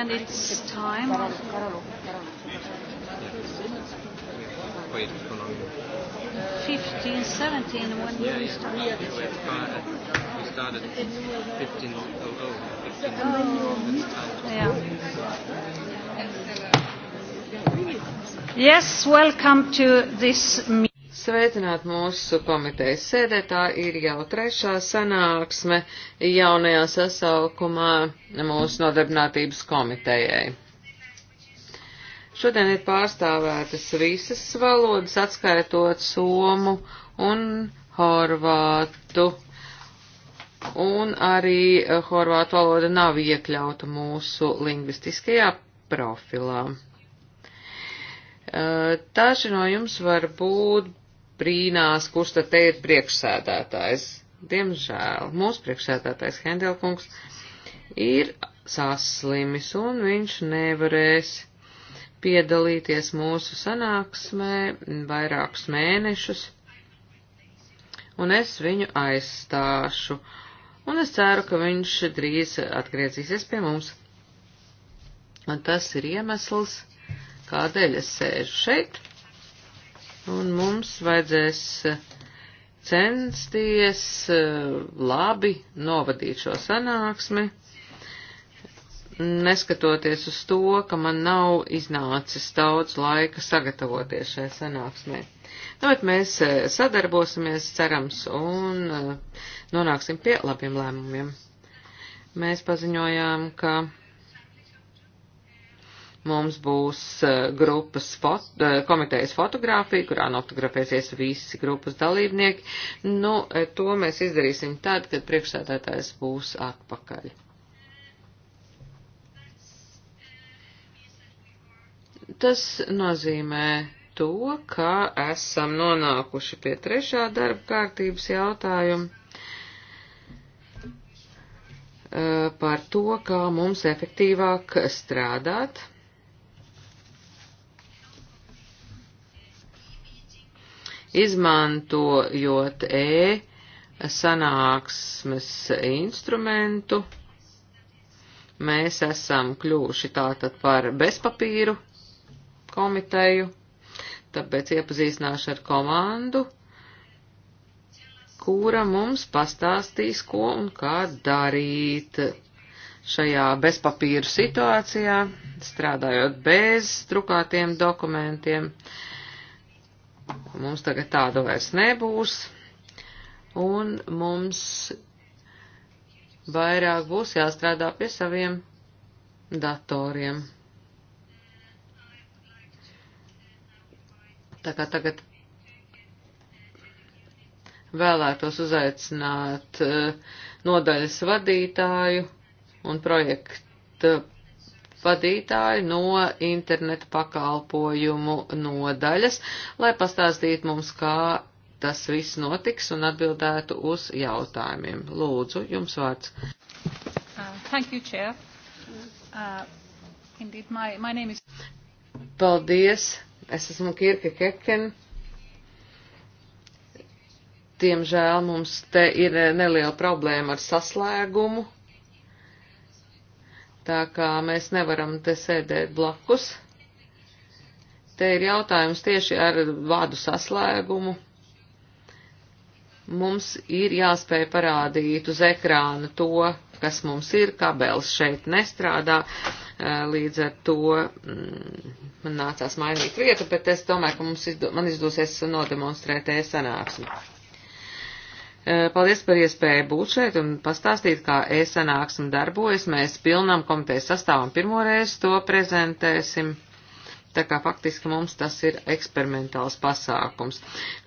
and it's time. Wait, how long? 15, 17, when yeah, we yeah. started. We started 15, oh, oh, 15. Oh. Yeah. Yes, welcome to this meeting. Sveicināt mūsu komitejas sēdē, tā ir jau trešā sanāksme jaunajā sasaukumā mūsu nodarbinātības komitejai. Šodien ir pārstāvētas visas valodas, atskaitot somu un horvātu. Un arī eh, horvātu valoda nav iekļauta mūsu lingvistiskajā profilā. Eh, Daži no jums varbūt brīnās, kurš tad te ir priekšsēdētājs. Diemžēl mūsu priekšsēdētājs Hendelkungs ir saslimis un viņš nevarēs piedalīties mūsu sanāksmē vairākus mēnešus, un es viņu aizstāšu, un es ceru, ka viņš drīz atgriezīsies pie mums. Un tas ir iemesls, kādēļ es sēžu šeit un mums vajadzēs eh, censties eh, labi novadīt šo sanāksmi, neskatoties uz to, ka man nav iznācis daudz laika sagatavoties šai sanāksmē. Nu, bet mēs eh, sadarbosimies, cerams, un nonāksim pie labiem lēmumiem. Mēs paziņojām, ka Mums būs eh, grupas fot, eh, komitejas fotografija, kurā nofotografēsies visi grupas dalībnieki. Nu, eh, to mēs izdarīsim tad, kad priekšsēdētājs būs atpakaļ. Tas nozīmē to, ka esam nonākuši pie trešā darba kārtības jautājuma par to, kā mums efektīvāk strādāt izmantojot e sanāksmes instrumentu. Mēs esam kļuvuši tātad par bezpapīru komiteju, tāpēc iepazīstināšu ar komandu, kura mums pastāstīs, ko un kā darīt šajā bezpapīru situācijā, strādājot bez drukātiem dokumentiem. Uh, Mums tagad tādu vairs nebūs, un mums vairāk būs jāstrādā pie saviem datoriem. Tā kā tagad vēlētos uzaicināt eh, nodaļas vadītāju un projektu vadītāju no interneta pakalpojumu nodaļas, lai pastāstītu mums, kā tas viss notiks un atbildētu uz jautājumiem. Lūdzu, jums vārds. Uh, thank you, Chair. Uh, indeed, my, my name is... Paldies. Es esmu Kirke Keken. Tiemžēl mums te ir neliela problēma ar saslēgumu. Tā kā mēs nevaram te sēdēt blakus. Te ir jautājums tieši ar vādu saslēgumu. Mums ir jāspēj parādīt uz ekrāna to, kas mums ir, kabels šeit nestrādā, līdz ar to mm, man nācās mainīt vietu, bet es domāju, ka mums izdo, man izdosies nodemonstrēt e-sanāksmi. Paldies par iespēju būt šeit un pastāstīt, kā e-sanāksme darbojas. Mēs pilnam komitejas sastāvam pirmoreiz to prezentēsim. Tā kā faktiski mums tas ir eksperimentāls pasākums.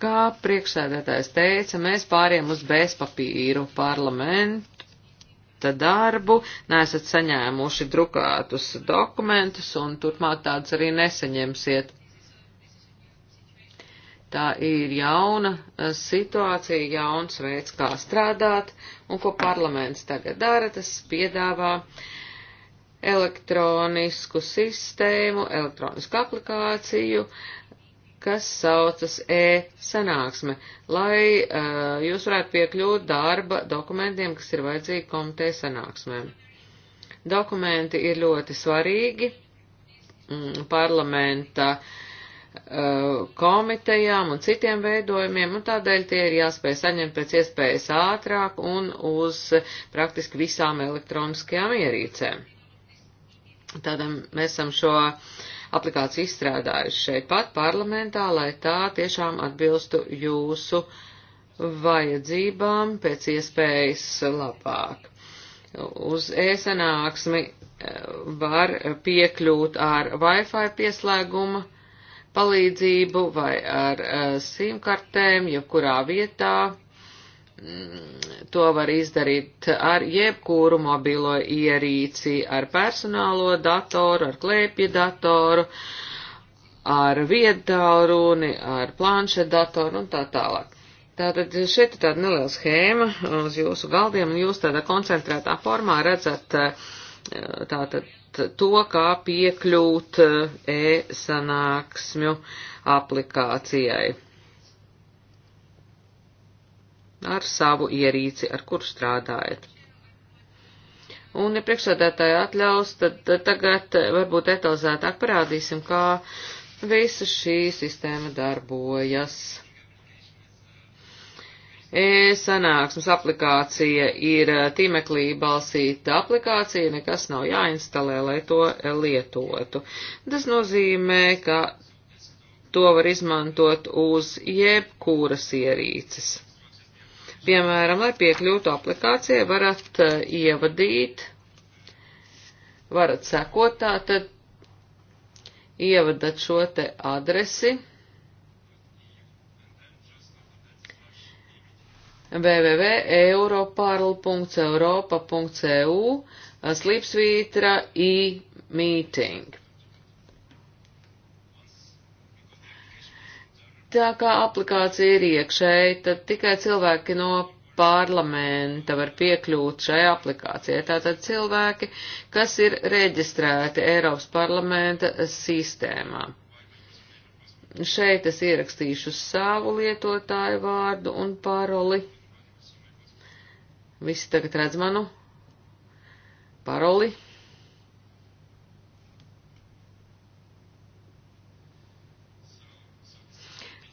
Kā priekšsēdētājs teica, mēs pāriem uz bezpapīru parlamenta darbu, neesat saņēmuši drukātus dokumentus un turpmāk tāds arī nesaņemsiet. Tā ir jauna eh, situācija, jauns veids, kā strādāt, un ko parlaments tagad dara, tas piedāvā elektronisku sistēmu, elektronisku aplikāciju, kas saucas e-sanāksme, lai uh, jūs varētu piekļūt darba dokumentiem, kas ir vajadzīgi komiteja sanāksmēm. Dokumenti ir ļoti svarīgi. Mm, parlamenta uh, Uh, komitejām un citiem veidojumiem, un tādēļ tie ir jāspēj saņemt pēc iespējas ātrāk un uz praktiski visām elektroniskajām ierīcēm. Tādēļ mēs esam šo aplikāciju izstrādājuši šeit pat parlamentā, lai tā tiešām atbilstu jūsu vajadzībām pēc iespējas labāk. Uz e-sanāksmi uh, var piekļūt ar Wi-Fi pieslēgumu palīdzību vai ar eh, simkartēm, jebkurā vietā. Mm, to var izdarīt ar jebkuru mobilo ierīci, ar personālo datoru, ar klēpju datoru, ar viedtālruni, ar planšetdatoru un tā tālāk. Tātad šeit ir tāda neliela schēma uz jūsu galdiem, un jūs tādā koncentrētā formā redzat eh, tātad to, kā piekļūt eh, e-sanāksmju aplikācijai ar savu ierīci, ar kuru strādājat. Un, ja priekšsādātāji atļaus, tad tagad eh, varbūt detalizētāk parādīsim, kā visa šī sistēma darbojas. E-sanāksmes aplikācija ir e, tīmeklī balsīta aplikācija, nekas nav jāinstalē, lai to e, lietotu. Tas nozīmē, ka to var izmantot uz jebkuras ierīces. Piemēram, lai piekļūtu aplikācijai, varat e, ievadīt, varat sekot tātad, ievadat šo te adresi www.europarl.europa.eu uh, slīpsvītra e-meeting. Tā kā aplikācija ir iekšēji, tad tikai cilvēki no parlamenta var piekļūt šai aplikācijai. Tātad cilvēki, kas ir reģistrēti Eiropas parlamenta sistēmā. Šeit es ierakstīšu savu lietotāju vārdu un paroli. Visi tagad redz manu paroli.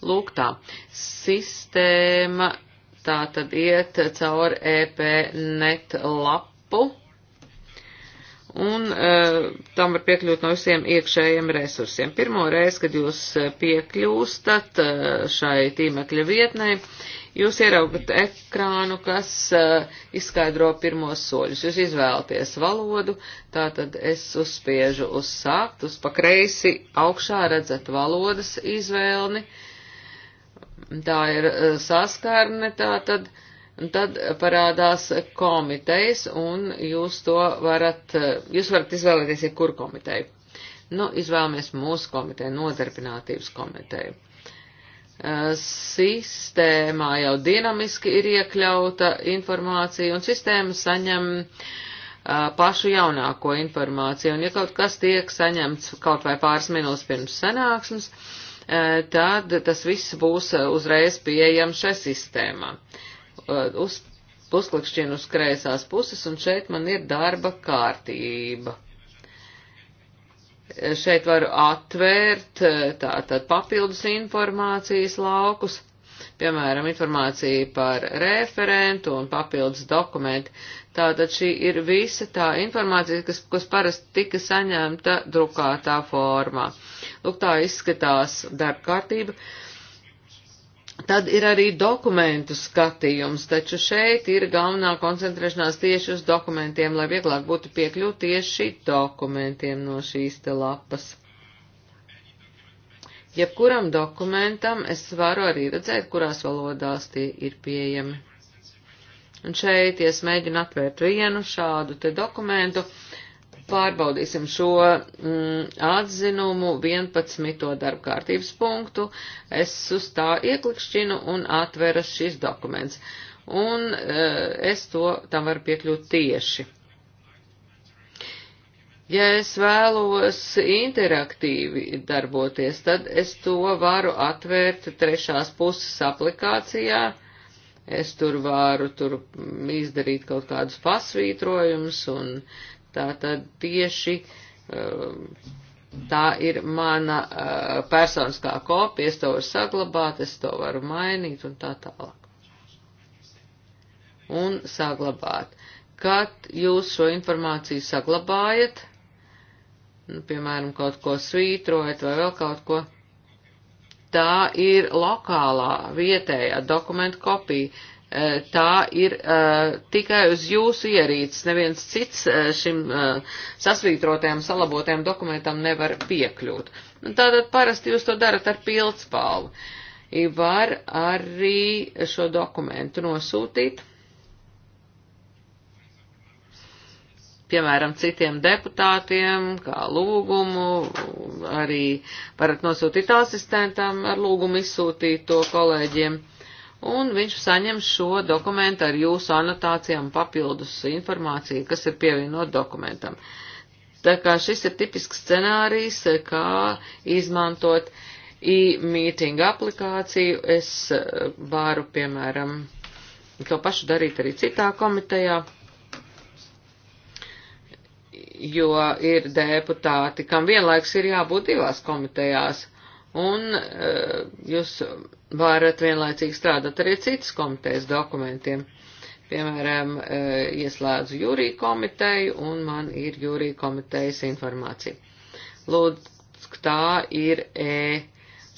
Lūk tā, sistēma tā tad iet caur EP net lapu un uh, tam var piekļūt no visiem iekšējiem resursiem. Pirmo reizi, kad jūs piekļūstat uh, šai tīmekļa vietnei, jūs ieraugat ekrānu, kas uh, izskaidro pirmos soļus. Jūs izvēlaties valodu, tātad es uzspiežu uz sākt, uz pa kreisi augšā redzat valodas izvēlni. Tā ir uh, saskarne, tātad. Uh, Un tad parādās komitejas, un jūs to varat, jūs varat izvēlēties jebkuru komiteju. Nu, izvēlamies mūsu komiteju, nodarbinātības komiteju. Eh, sistēmā jau dinamiski ir iekļauta informācija, un sistēma saņem uh, pašu jaunāko informāciju, un ja kaut kas tiek saņemts kaut vai pāris minūtes pirms sanāksmes, eh, tad tas viss būs uzreiz pieejams šai sistēmā. Uh, Uh, uz pusklikšķienu uz kreisās puses, un šeit man ir darba kārtība. Šeit varu atvērt uh, tātad papildus informācijas laukus, piemēram, informācija par referentu un papildus dokumenti. Tātad šī ir visa tā informācija, kas, kas parasti tika saņemta drukātā formā. Lūk, tā izskatās darba kārtība. Uh, Tad ir arī dokumentu skatījums, taču šeit ir galvenā koncentrēšanās tieši uz dokumentiem, lai vieglāk būtu piekļūt tieši dokumentiem no šīs te lapas. Jebkuram dokumentam es varu arī redzēt, kurās valodās tie ir pieejami. Un šeit, ja es mēģinu atvērt vienu šādu te dokumentu, uh, pārbaudīsim šo mm, atzinumu 11. darba kārtības punktu. Es uz tā ieklikšķinu un atveras šis dokuments. Un e, es to tam varu piekļūt tieši. Ja es vēlos interaktīvi darboties, tad es to varu atvērt trešās puses aplikācijā. Es tur varu tur izdarīt kaut kādus pasvītrojumus un Tātad tieši um, tā ir mana uh, personiskā kopija, es to varu saglabāt, es to varu mainīt un tā tālāk. Un saglabāt. Kad jūs šo informāciju saglabājat, nu, piemēram, kaut ko svītrojat vai vēl kaut ko, tā ir lokālā vietējā dokumentu kopija Eh, tā ir uh, tikai uz jūsu ierīces. Neviens cits uh, šim uh, sasvītrotajam, salabotajam dokumentam nevar piekļūt. Un nu, tātad parasti jūs to darat ar pildspalvu. Var arī šo dokumentu nosūtīt, piemēram, citiem deputātiem, kā lūgumu, arī varat nosūtīt asistentam ar lūgumu izsūtīt to kolēģiem. Uh, un viņš saņem šo dokumentu ar jūsu anotācijām papildus informāciju, kas ir pievienot dokumentam. Tā kā šis ir tipisks scenārijs, kā izmantot e-meeting aplikāciju, es eh, varu, piemēram, to pašu darīt arī citā komitejā jo ir deputāti, kam vienlaiks ir jābūt divās komitejās un eh, jūs varat vienlaicīgi strādāt arī citas komitejas dokumentiem. Piemēram, eh, ieslēdzu jūrī komiteju un man ir jūrī komitejas informācija. Lūdzu, tā ir e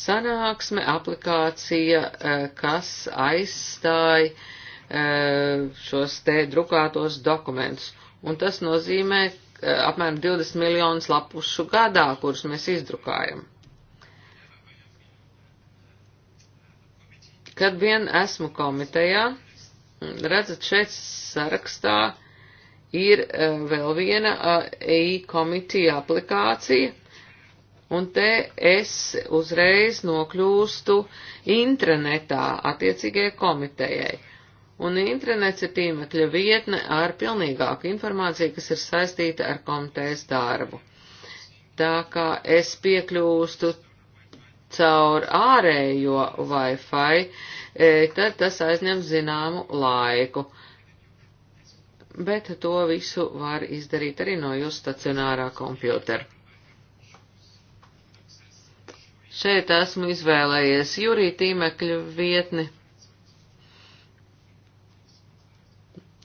sanāksme, aplikācija, eh, kas aizstāja šos te drukātos dokumentus. Un tas nozīmē apmēram 20 miljonus lapušu gadā, kurus mēs izdrukājam. Kad vien esmu komitejā, redzat, šeit sarakstā ir e, vēl viena EI komitija aplikācija, un te es uzreiz nokļūstu intranetā attiecīgajai komitejai. Un intranets ir tīmekļa vietne ar pilnīgāku informāciju, kas ir saistīta ar komitejas darbu. Tā kā es piekļūstu caur ārējo Wi-Fi, e, tad tas aizņem zināmu laiku. Bet to visu var izdarīt arī no jūsu stacionārā kompjutera. Šeit esmu izvēlējies Jurī tīmekļu vietni.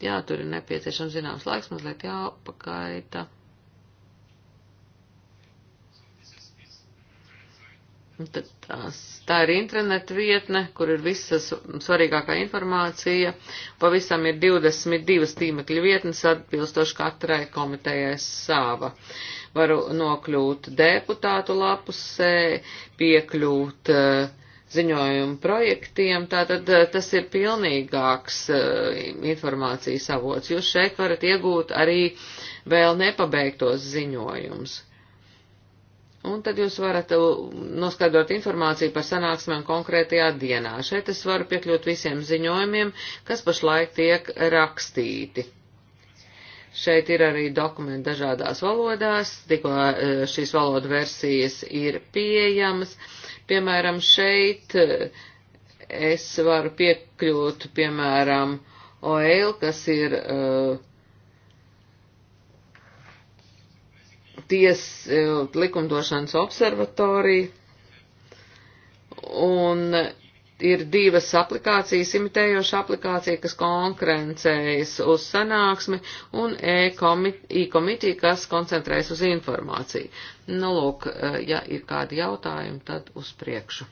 Jā, tur ir nepieciešams zināms laiks, mazliet jāpakaita. Nu, tad tās, tā ir interneta vietne, kur ir visa svarīgākā informācija. Pavisam ir 22 tīmekļa vietnes atbilstoši katrai komitejai sāva. Varu nokļūt deputātu lapusē, piekļūt eh, ziņojumu projektiem, tātad eh, tas ir pilnīgāks eh, informācijas avots. Jūs šeit varat iegūt arī vēl nepabeigtos ziņojumus Un tad jūs varat uh, noskaidrot informāciju par sanāksmēm konkrētajā dienā. Šeit es varu piekļūt visiem ziņojumiem, kas pašlaik tiek rakstīti. Šeit ir arī dokumenti dažādās valodās, tikko uh, šīs valodu versijas ir pieejamas. Piemēram, šeit uh, es varu piekļūt, piemēram, OEL, kas ir uh, ties e, likumdošanas observatorija, un ir divas aplikācijas, imitējoša aplikācija, kas konkurencējas uz sanāksmi, un e-komitī, e kas koncentrējas uz informāciju. Nu, lūk, e, ja ir kādi jautājumi, tad uz priekšu.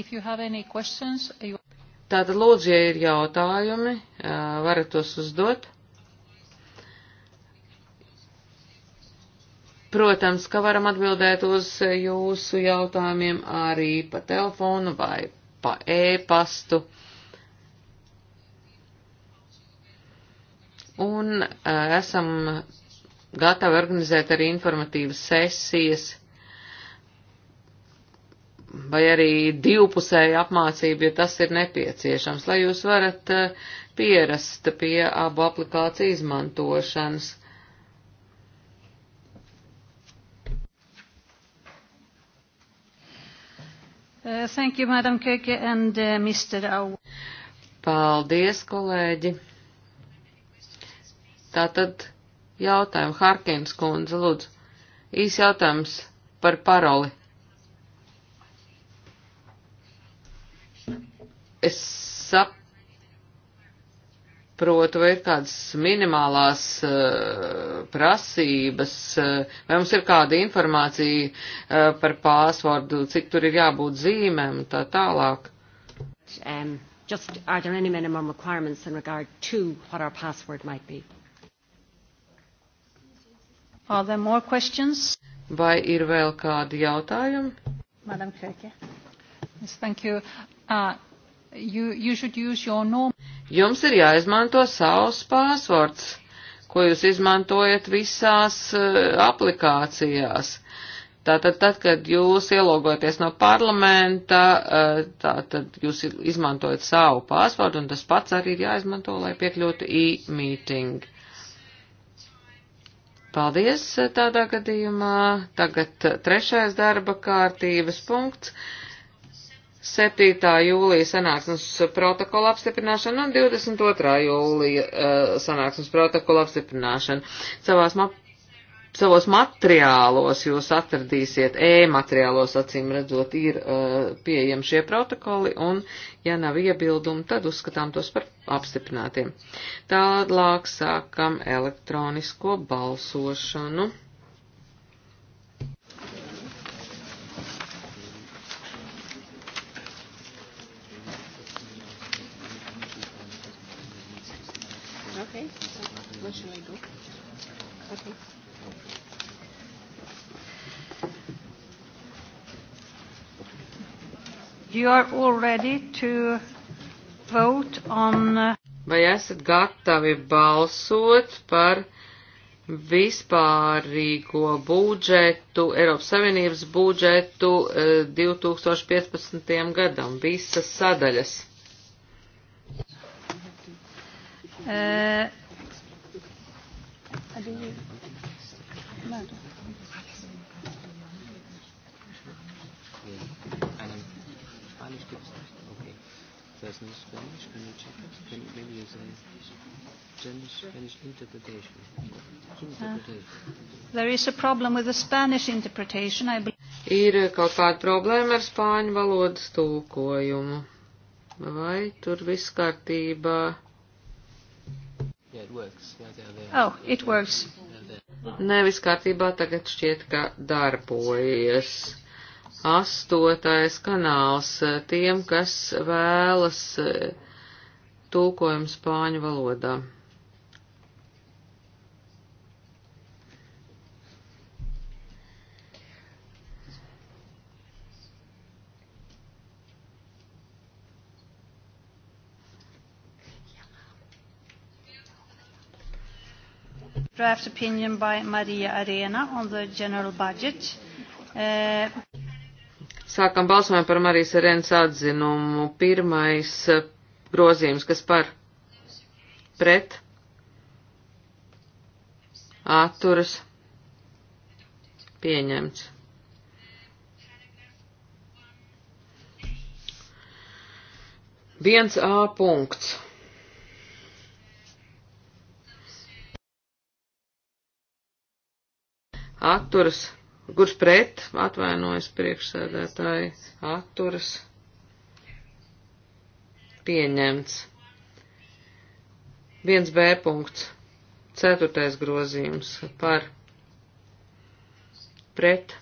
If you have any questions, you... Tātad lūdzu, ja ir jautājumi, varat tos uzdot. Protams, ka varam atbildēt uz jūsu jautājumiem arī pa telefonu vai pa e-pastu. Un uh, esam gatavi organizēt arī informatīvas sesijas vai arī divpusēja apmācība, ja tas ir nepieciešams, lai jūs varat eh, pierast pie abu aplikāciju izmantošanas. Uh, thank you, Madam Köke and uh, Mr. Au. Paldies, kolēģi. Tātad jautājumu Harkins kundze, lūdzu. Īs jautājums par paroli. es saprotu, vai ir kādas minimālās uh, prasības, uh, vai mums ir kāda informācija uh, par pāsvordu, cik tur ir jābūt zīmēm un tā tālāk. Um, just, are there any minimum requirements in regard to what our password might be? Are there more questions? Vai ir vēl kādi jautājumi? Madam Kirke. Yes, thank you. Uh, You, you should use your norm. Jums ir jāizmanto savs pārsvards, ko jūs izmantojat visās uh, aplikācijās. Tātad, tad, kad jūs ielogoties no parlamenta, uh, tātad jūs izmantojat savu pārsvardu, un tas pats arī ir jāizmanto, lai piekļūtu e-meeting. Paldies eh, tādā gadījumā. Tagad trešais darba kārtības punkts. Uh, 7. jūlija sanāksmes protokola apstiprināšana un 22. jūlija uh, sanāksmes protokola apstiprināšana. Savās ma savos materiālos jūs atradīsiet, e-materiālos acīm redzot, ir uh, pieejami šie protokoli un, ja nav iebildumi, tad uzskatām tos par apstiprinātiem. Tālāk sākam elektronisko balsošanu. You are all ready to vote on. Uh, Vai esat gatavi balsot par vispārīgo budžetu, Eiropas Savienības budžetu 2015. Uh, gadam, visas sadaļas? Uh, Spanish gibt es nicht. Okay. There's no Spanish. Can you check it? Can you maybe use a Spanish, Spanish interpretation? interpretation? Uh, there is a problem with the Spanish interpretation. I Ir kaut kāda problēma ar spāņu valodas tūkojumu. Vai tur viss kārtībā? Yeah, it works. Yeah, they're there. Oh, it works. Nevis kārtībā tagad šķiet, ka darbojas. Astotais kanāls eh, tiem, kas vēlas eh, tulkojumu spāņu valodā. draft opinion by Maria Arena on the general budget. Uh, Sākam balsojumu par Marijas Arēnas atzinumu. Pirmais eh, grozījums, kas par pret atturas pieņemts. Viens A punkts. atturas, kurš pret, atvainojas priekšsēdētāji, atturas, pieņemts. 1b punkts, 4. grozījums par pret,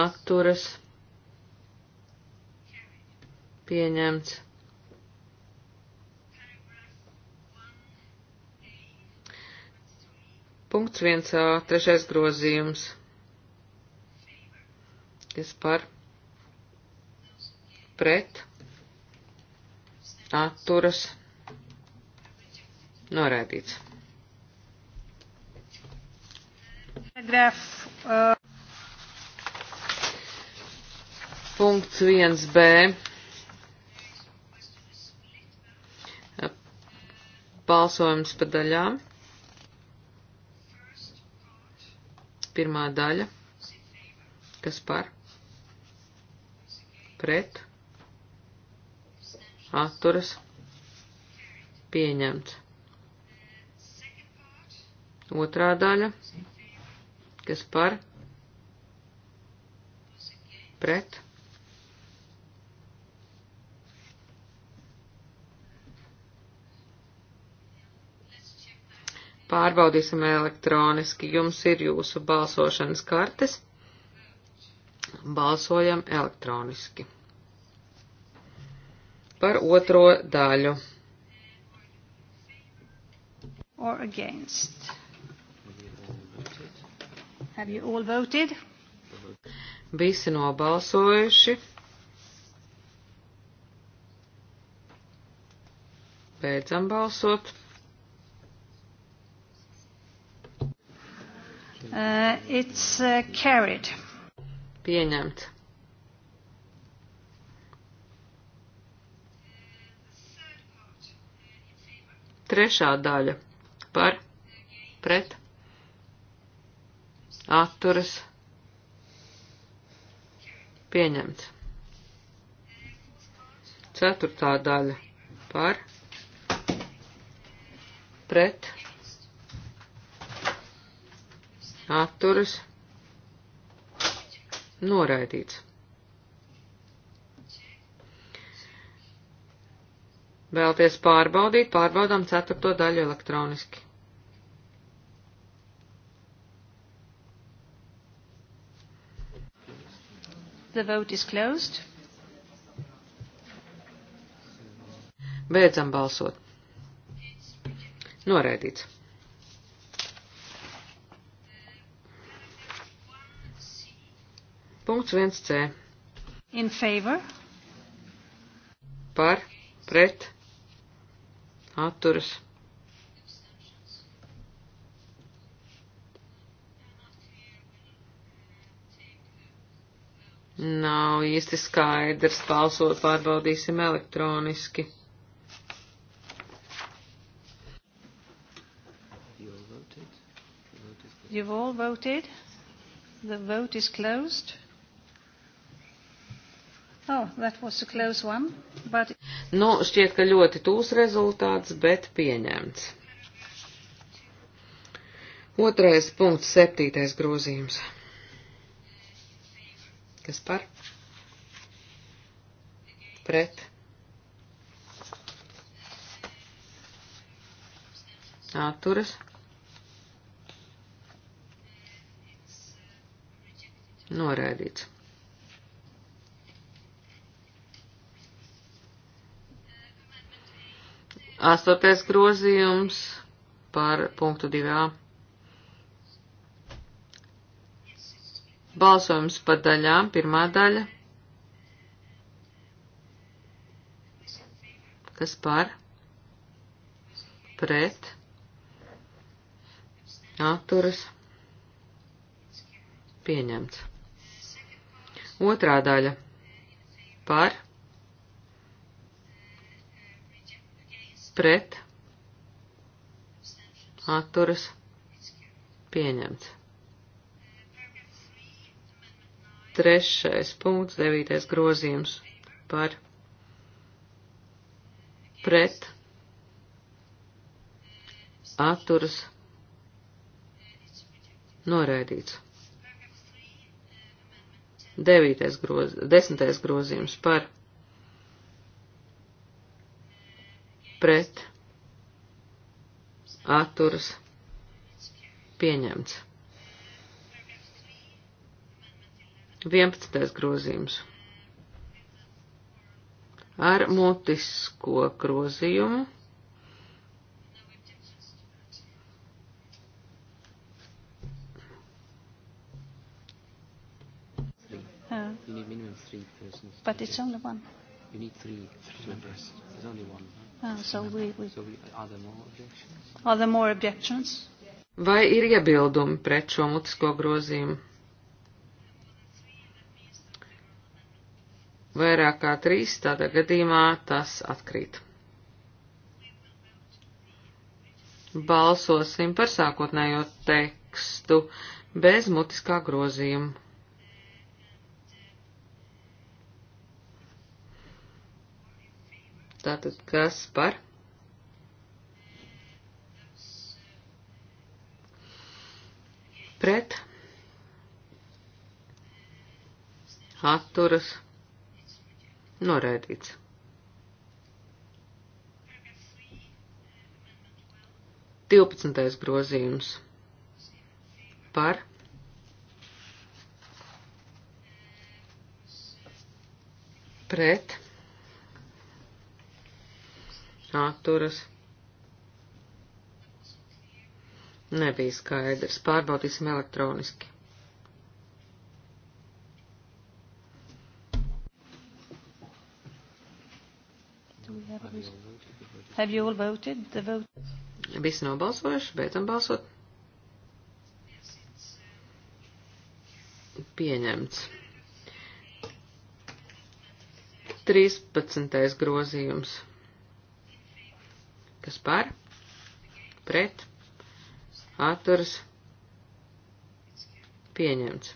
atturas, pieņemts. Punkts 1a, trešais grozījums. Kas par? Pret. Atturas. Noraidīts. Paragraf. Uh... Punkts 1b. Balsojums pa daļām. pirmā daļa, kas par, pret, atturas, pieņemts. Otrā daļa, kas par, pret, Pārbaudīsim elektroniski. Jums ir jūsu balsošanas kartes. Balsojam elektroniski. Par otro daļu. Or against. Have you all voted? Visi nobalsojuši. Beidzam balsot. Uh, it's uh, carried. Pieņemts. Trešā daļa par pret atturas pieņemts. Ceturtā daļa par pret atturas atturas, noraidīts. Vēlties pārbaudīt, pārbaudām ceturto daļu elektroniski. The vote is closed. Beidzam balsot. Noraidīts. Punkts 1C. In favor. Par, pret, atturas. Nav īsti skaidrs, balsot pārbaudīsim elektroniski. You've all voted. The vote is closed. Oh, one, but... Nu, šķiet, ka ļoti tūs rezultāts, bet pieņemts. Otrais punkts, septītais grozījums. Kas par? Pret. Atturas. Noraidīts. Astotais grozījums par punktu 2a. Balsojums par daļām. Pirmā daļa. Kas par? Pret. Atturas. Pieņemts. Otrā daļa. Par. pret, atturas, pieņemts. Trešais punkts, devītais grozījums par pret, atturas, noraidīts. Devītais groz, desmitais grozījums par pret, atturas, pieņemts. 11. grozījums. Ar mutisko grozījumu. Uh, you need minimum three persons. But it's only one. You need three, three members. There's only one. Uh, so we, we... So we, are, there more objections? are there more objections? Vai ir iebildumi pret šo mutisko grozījumu? Vairāk kā trīs tādā gadījumā tas atkrīt. Balsosim par sākotnējo tekstu bez mutiskā grozījuma. Tātad kas par? Pret. Atturas. Noraidīts. Divpadsmitais grozījums. Par. Pret atturas. Nebija skaidrs. Pārbaudīsim elektroniski. Have you all voted? The vote? Visi nobalsojuši, beidzam balsot. Pieņemts. 13. grozījums. Kas par? Pret. Atturas. Pieņemts.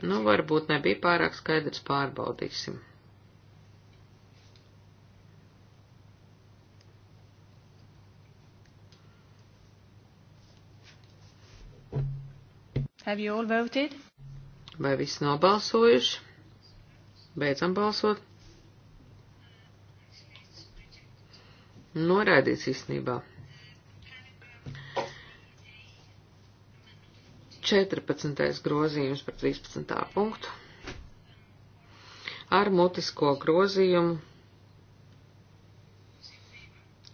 Nu, varbūt nebija pārāk skaidrs, pārbaudīsim. Have you all voted? Vai viss nobalsojuši? Beidzam balsot. Noraidīts īstenībā. 14. grozījums par 13. punktu. Ar mutisko grozījumu.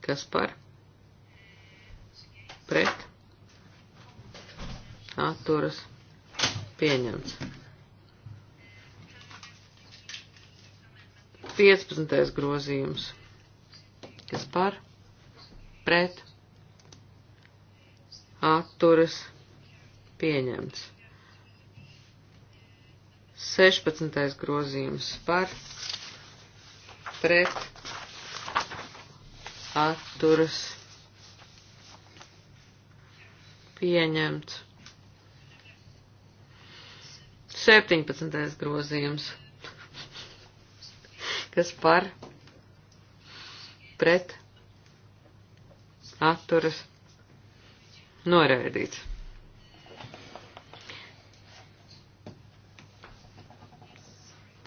Kas par? Pret. Atturas. Pieņemts. 15. grozījums. Kas par? Pret. Atturas. Pieņemts. 16. grozījums par pret atturas pieņemts. 17. grozījums. Kas par pret atturas noraidīts.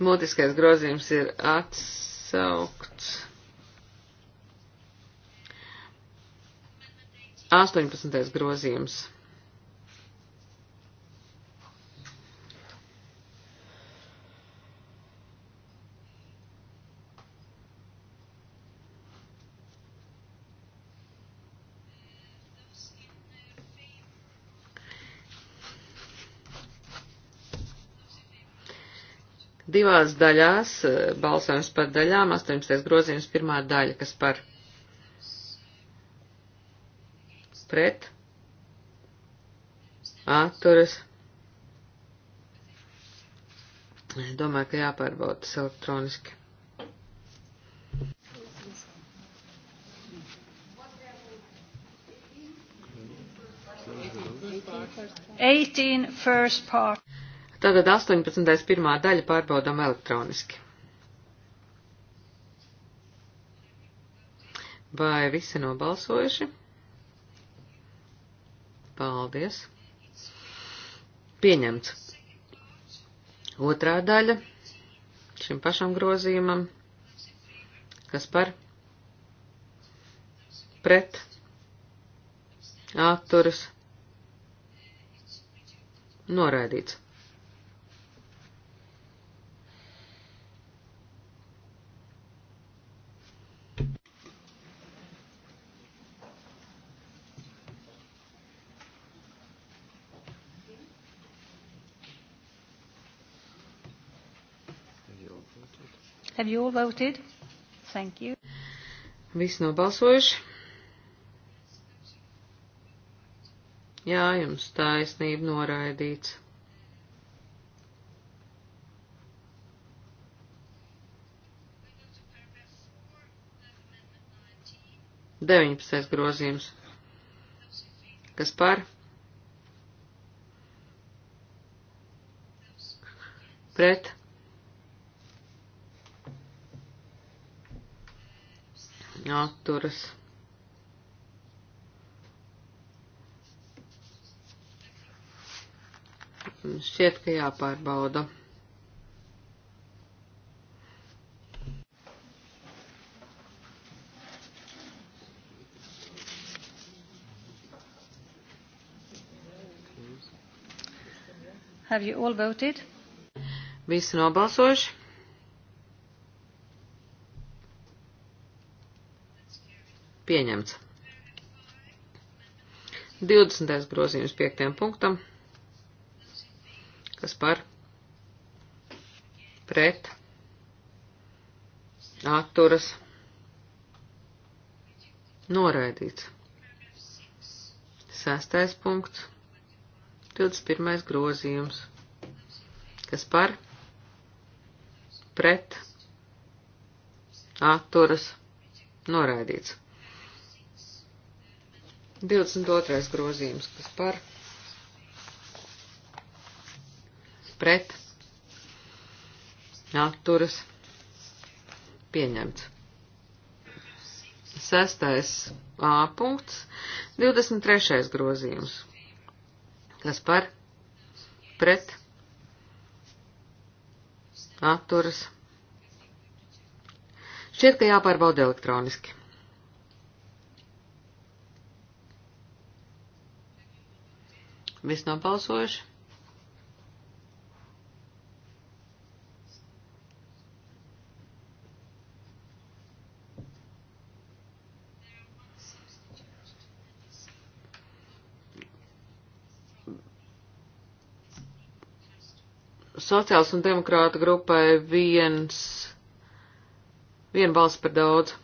Mūtiskais grozījums ir atsaukts. 18. grozījums. divās daļās, e, balsojums par daļām, 18. grozījums pirmā daļa, kas par pret atturas. Domāju, ka jāpārbaudas elektroniski. Eighteen first part. Tātad 18.1. daļa pārbaudām elektroniski. Vai visi nobalsojuši? Paldies. Pieņemts. Otrā daļa šim pašam grozījumam, kas par pret atturas noraidīts. Have you all voted? Thank you. Viss nobalsojuši. Jā, jums taisnība noraidīts. Deviņpadsmitais grozījums. Kas par? Pret? atturas. Šķiet, ka jāpārbauda. Have you all voted? Visi nobalsojuši? Pieņemts. 20. grozījums 5. punktam. Kas par? Pret. Atturas. Noraidīts. 6. punkts. 21. grozījums. Kas par? Pret. Atturas. Noraidīts. 22. grozījums, kas par pret atturas pieņemts. Sestais A punkts, 23. grozījums, kas par pret atturas. Šķiet, ka jāpārbauda elektroniski. Viss nobalsojuši. Sociāls un demokrāta grupai viens, viena balss par daudz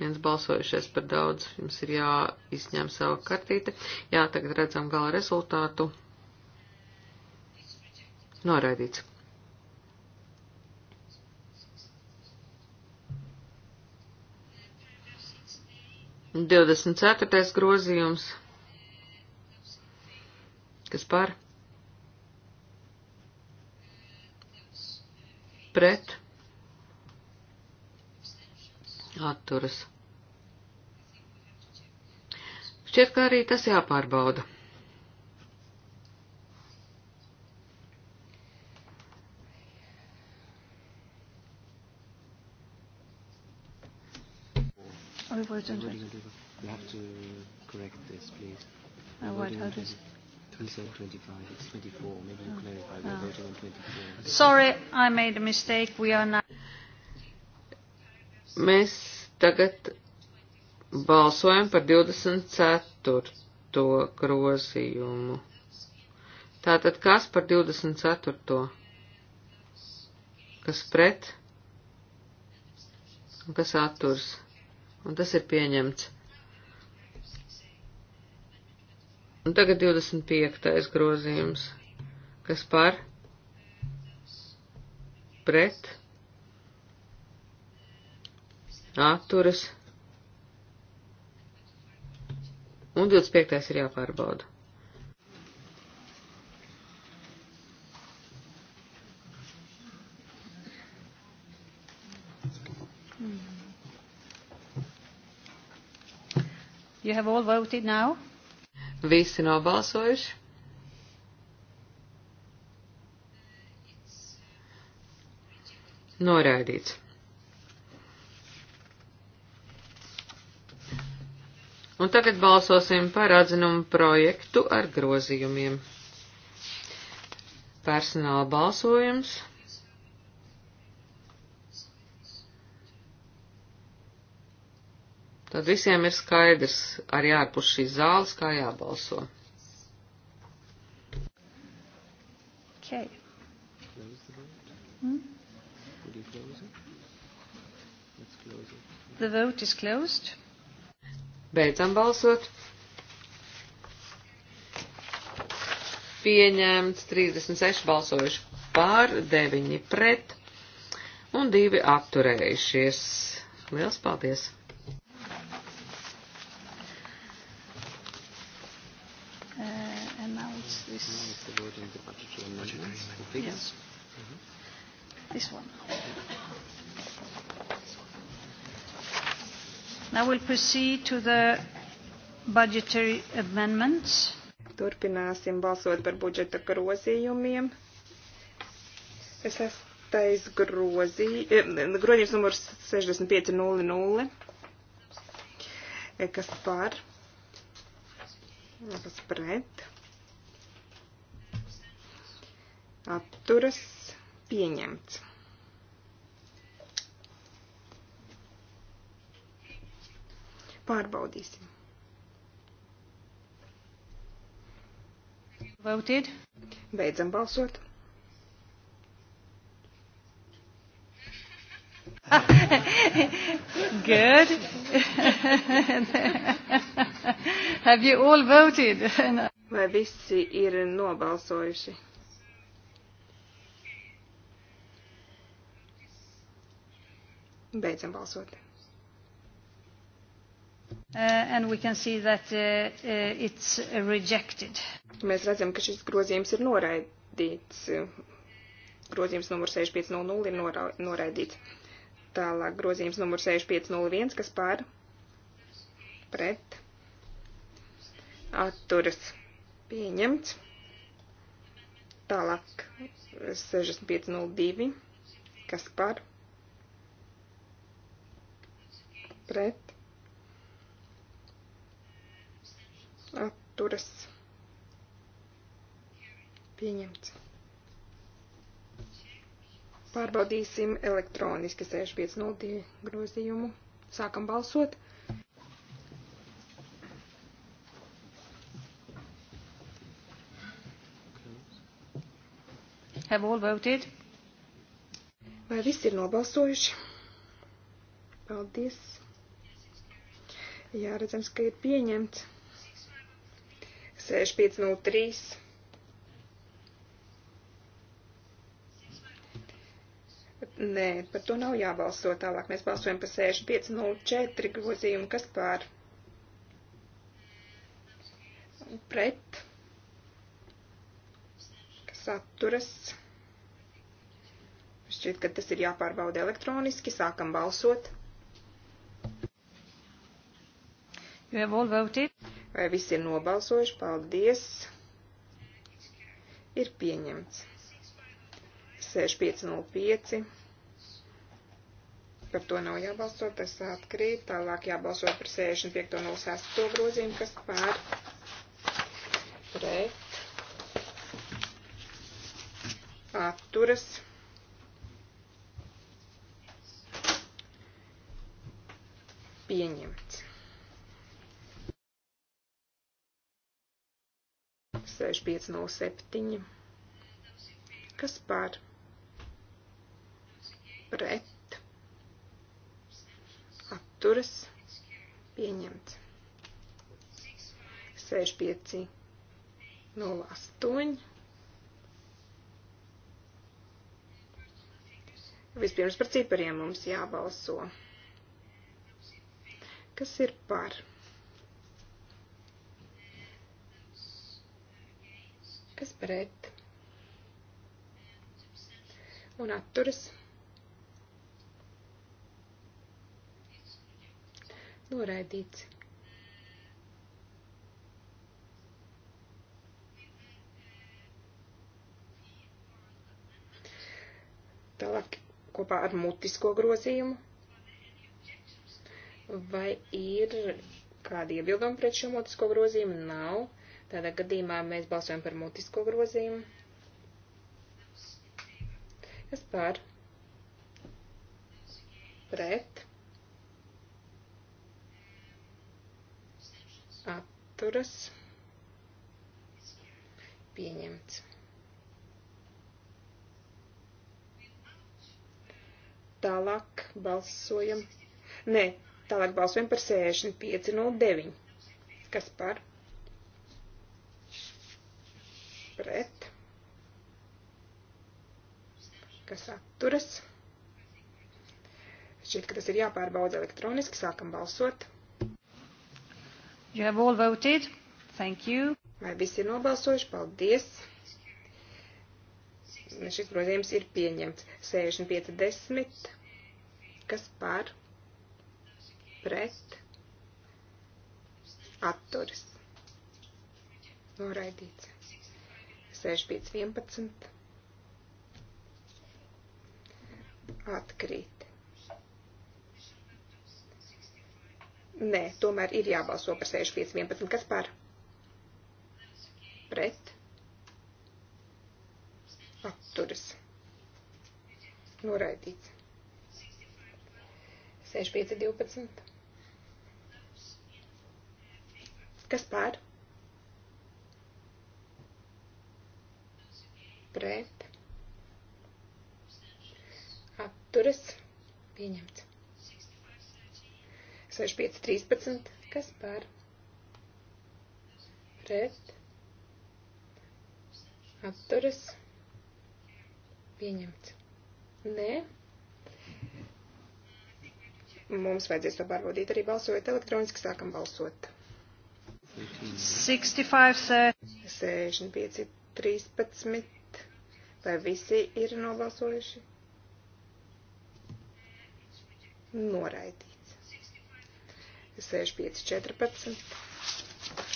viens balsojušies par daudz, jums ir jāizņem sava kartīte. Jā, tagad redzam gala rezultātu. Noraidīts. Divdesmit ceturtais grozījums. Kas par? Pret atturas. Šķiet, ka arī tas jāpārbauda. We have to correct this, please. Uh, what, how does... 25, it's 24. Maybe you oh. clarify. We're oh. voting on 24. Sorry, I made a mistake. We are now... Mēs tagad balsojam par 24. grozījumu. Tātad kas par 24. kas pret un kas atturs. Un tas ir pieņemts. Un tagad 25. grozījums. Kas par? Pret? atturas, un 25. ir jāpārbauda. You have all voted now? Visi nobalsojuši. Noraidīts. Un tagad balsosim par atzinumu projektu ar grozījumiem. Personāla balsojums. Tad visiem ir skaidrs arī ārpus šīs zāles, kā jābalso. Okay. Hmm? The vote is closed. Beidzam balsot. Pieņemts 36 balsojuši pār, 9 pret un 2 atturējušies. Liels paldies! Uh, this. Now the word in the budgetary amendments. Yes. Mm-hmm. This one. Now we'll proceed to the budgetary amendments. Turpināsim balsot par budžeta grozījumiem. Es esmu grozī, eh, grozījums numurs 6500, eh, kas par, kas pret, atturas pieņemts. Pārbaudīsim. Voted. Beidzam balsot. Good. Have you all voted? Vai visi ir nobalsojuši? Beidzam balsot. Uh, and we can see that uh, uh, it's rejected. Mēs redzam, ka šis grozījums ir noraidīts. Grozījums numur 6500 ir norā, noraidīts. Tālāk grozījums numur 6501, kas pār pret atturas pieņemts. Tālāk 6502, kas par pret atturas pieņemts. Pārbaudīsim elektroniski 650 grozījumu. Sākam balsot. Have all voted? Vai visi ir nobalsojuši? Paldies. Jā, redzams, ka ir pieņemts. 6503. 65. Nē, par to nav jābalso tālāk. Mēs balsojam par 6504 grozījumu, kas pār pret, kas atturas. Šķiet, ka tas ir jāpārbauda elektroniski. Sākam balsot. You have all voted. Vai visi ir nobalsojuši? Paldies. Ir pieņemts. 6505. Par to nav jābalso, tas atkrīt. Tālāk jābalso par 65.06. grozījumu, kas pār pret atturas. Pieņemts. 6507. Kas par? Pret. Atturas. Pieņemts. 65 08. Vispirms par cipariem mums jābalso. Kas ir par? kas pret un atturas noraidīts. Tālāk kopā ar mutisko grozījumu. Vai ir kādi iebildumi pret šo mutisko grozījumu? Nav. Tādā gadījumā mēs balsojam par mutisko grozījumu. Kas par? Pret. Atturas. Pieņemts. Tālāk balsojam. Nē, tālāk balsojam par 65.09. Kas par? pret, kas atturas. Šķiet, ka tas ir jāpārbauda elektroniski. Sākam balsot. You have all voted. Thank you. Vai visi ir nobalsojuši? Paldies. Nu, šis grozījums ir pieņemts. 65.10. Kas par? Pret? Atturas. Noraidīts. 6511 atkrīt. Nē, tomēr ir jābalso par 6511. Kas par? Pret. Atturas. Noraidīts. 6512. Kas par? pret, atturas, pieņemts. 65.13, kas par, pret, atturas, pieņemts. Nē. Mums vajadzēs to pārbaudīt arī balsojot elektroniski, sākam balsot. 65, 65, 13 Vai visi ir nobalsojuši? Noraidīts. 65.14.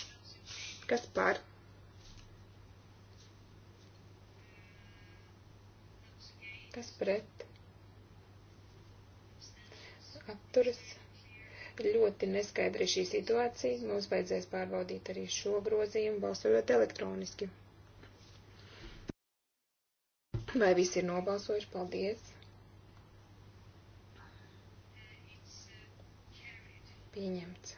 Kas par? Kas pret? Apturas. Ļoti neskaidri šī situācija. Mums vajadzēs pārbaudīt arī šo grozījumu, balsojot elektroniski. 65.14. Vai visi ir nobalsojuši? Paldies. Pieņemts.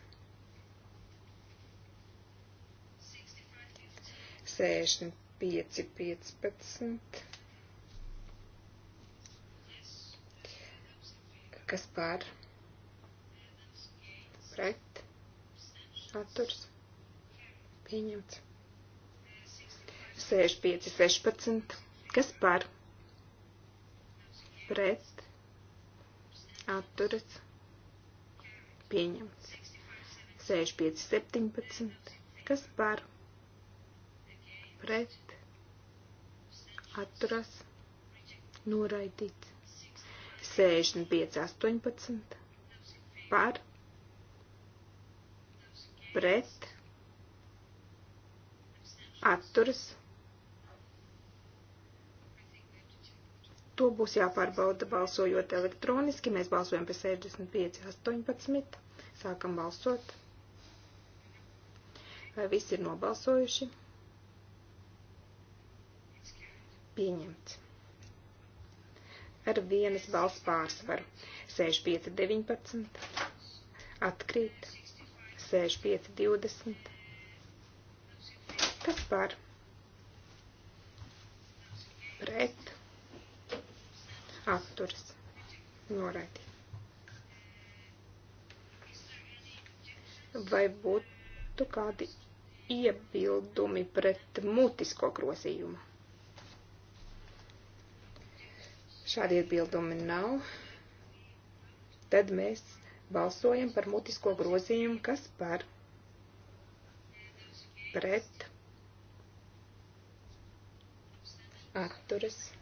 65, 15. Kas pār? Pret. Atturs. Pieņemts. 65, 16. Kas par? Pret. Atturas. Pieņemts. 65, 17. Kas par? Pret. Atturas. Noraidīts. 65, 18. Par. Pret. Atturas to būs jāpārbauda balsojot elektroniski. Mēs balsojam par 65, 18. Sākam balsot. Vai visi ir nobalsojuši? Pieņemts. Ar vienas balss pārsvaru. 65, 19. Atkrīt. 65, 20. Kas par? Pret atturas noraidīt. Vai būtu kādi iebildumi pret mutisko grozījumu? Šādi iebildumi nav. Tad mēs balsojam par mutisko grozījumu, kas par pret atturas noraidīt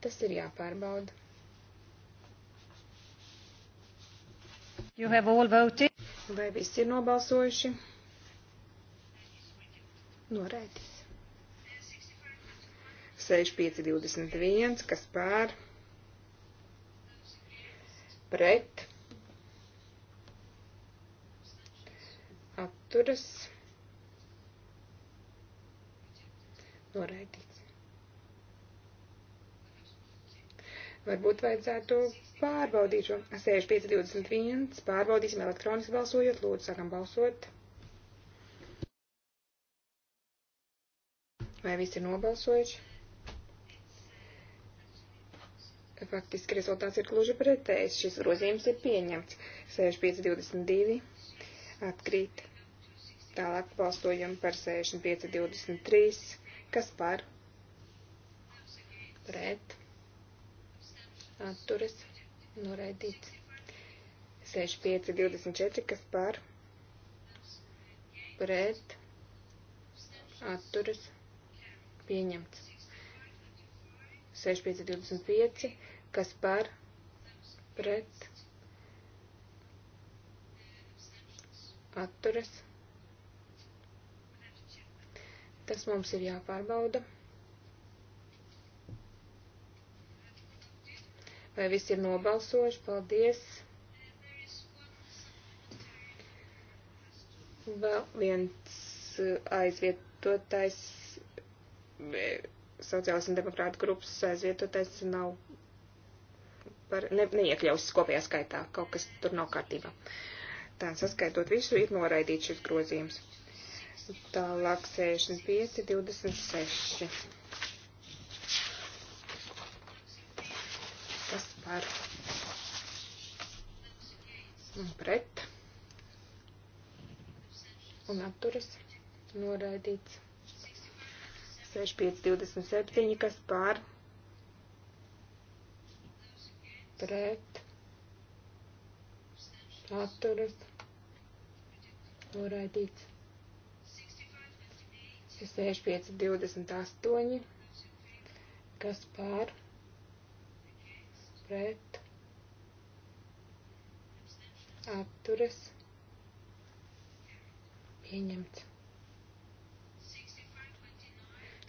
Tas ir jāpārbauda. You have all voted. Vai visi ir nobalsojuši? Noraidīts. 6521, kas pār, pret, atturas, noraidīts. Varbūt vajadzētu pārbaudīt šo 6521. Pārbaudīsim elektroniski balsojot. Lūdzu, sākam balsot. Vai visi ir nobalsojuši? Faktiski rezultāts ir gluži pretējs. Šis grozījums ir pieņemts. 6522 atkrīt. Tālāk balsojam par 6523. Kas par? Pret atturas noraidīts. 65, 24, kas par pret atturas pieņemts. 65, 25, kas par pret atturas. Tas mums ir jāpārbauda. Vai visi ir nobalsojuši? Paldies! Vēl viens uh, aizvietotājs, sociālas un demokrāta grupas aizvietotājs nav par, ne, neiekļausis kopējā skaitā, kaut kas tur nav kārtībā. Tā saskaitot visu, ir noraidīts šis grozījums. Tālāk 65, 26. par un pret un atturas noraidīts. 6527, kas pār pret atturas noraidīts. 6528, kas pār pret pret atturas pieņemts.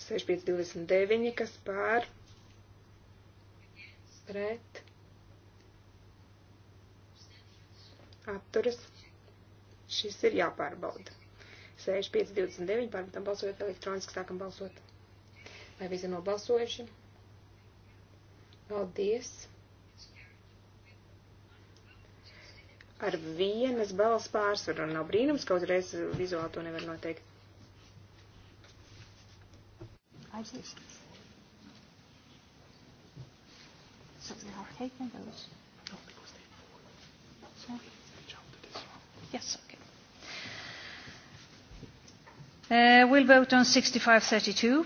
6529, kas pār pret atturas. Šis ir jāpārbauda. 6529, pārmetam balsojot elektroniski, sākam balsot. Vai visi nobalsojuši? Paldies! ar vienas balss pārsvaru, un nav brīnums, kaut reiz vizuāli to nevar noteikt. Yes, okay. Uh, we'll vote on 6532.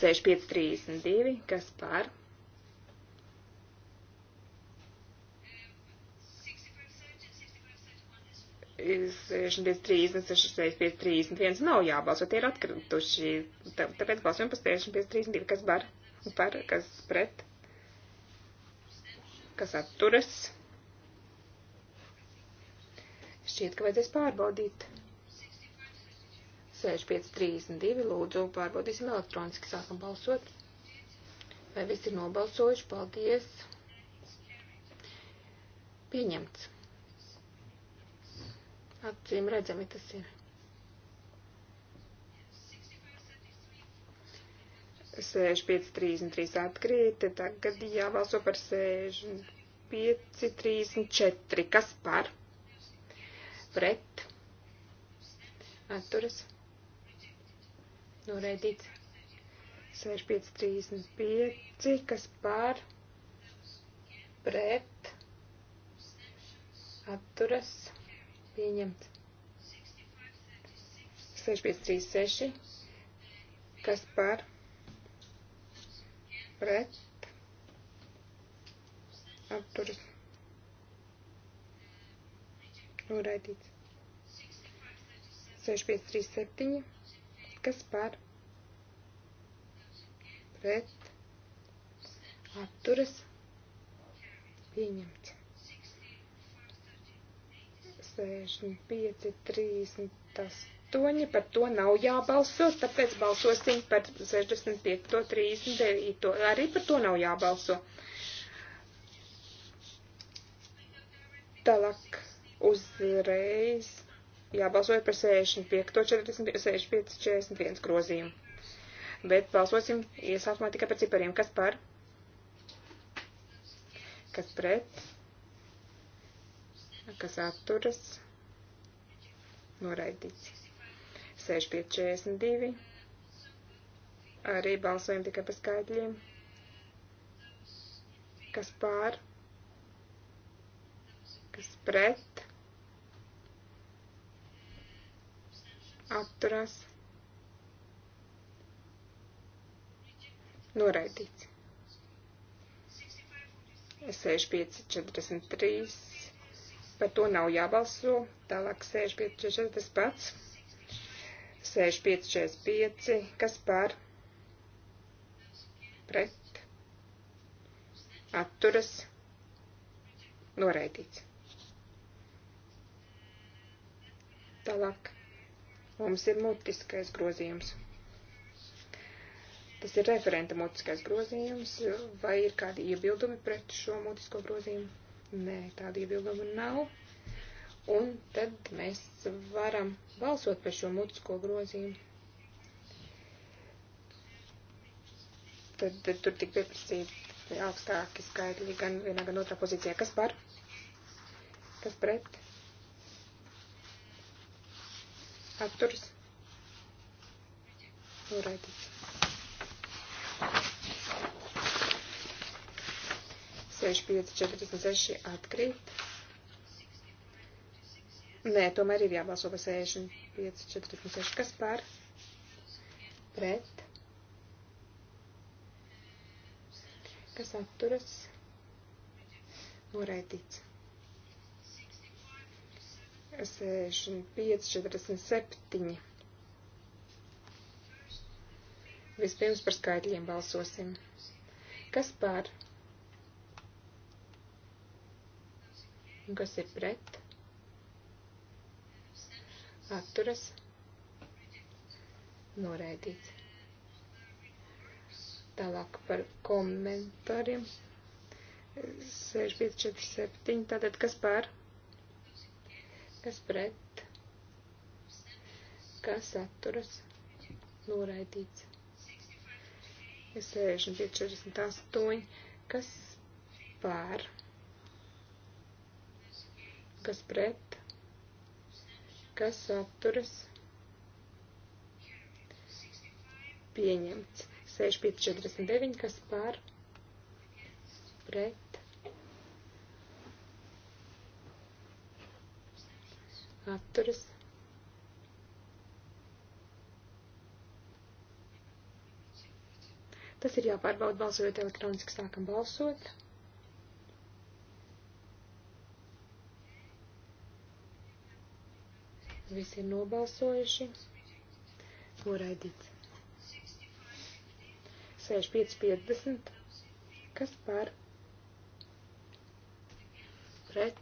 6532, kas par? 65, 36, 5, 31 nav jābalso, tie ir atkrituši. Tāpēc balsojam par 65, 32, kas par, par, kas pret, kas atturas. Šķiet, ka vajadzēs pārbaudīt. 65, 32, lūdzu, pārbaudīsim elektroniski, sākam balsot. Vai visi ir nobalsojuši? Paldies! Pieņemts. Acīm redzami tas ir. 65,33 atkrīt, tagad jābalso par 65,34. Kas par? Pret? Atturas? Noreidīts. 65,35. Kas par? Pret? Atturas? pieņemts. 6536, kas par pret apturas noraidīts. 6537, kas par pret apturas pieņemts. 65, 38, par to nav jābalso, tāpēc balsosim par 65, 39, arī par to nav jābalso. Tālāk uzreiz jābalsoja par 65, 45, 65, 41 grozījumu. Bet balsosim iesākumā tikai par cipariem. Kas par? Kas pret? kas atturas noraidīts. 6542 arī balsojam tikai par skaitļiem. Kas pār, kas pret, atturas, noraidīts. 6543 Par to nav jābalso. Tālāk 6544 tas pats. 6545, kas par pret atturas noraidīts. Tālāk mums ir mutiskais grozījums. Tas ir referenta mutiskais grozījums, vai ir kādi iebildumi pret šo mutisko grozījumu? Nē, tāda iebilduma nav. Un tad mēs varam balsot par šo mutisko grozījumu. Tad, tad tur tik pieprasīti augstāki skaitļi gan vienā, gan otrā pozīcijā. Kas par? Kas pret? Atturs? Noraidīts. 65, 46 atkrīt. Nē, tomēr ir jābalso par 65, 46. Kas par? Pret. Kas atturas? Noraidīts. 65, 47. Vispirms par skaitļiem balsosim. Kas par? Pret kas ir pret, atturas, noraidīts. Tālāk par komentāriem. 6547, tātad kas par, kas pret, kas atturas, noraidīts. 6548, kas par, kas pret, kas atturas, pieņemts. 6549, kas par, pret, atturas. Tas ir jāpārbauda balsojot elektroniski, sākam balsot. Visi ir nobalsojuši. Noraidīts. 65,50. Kas par? Pret.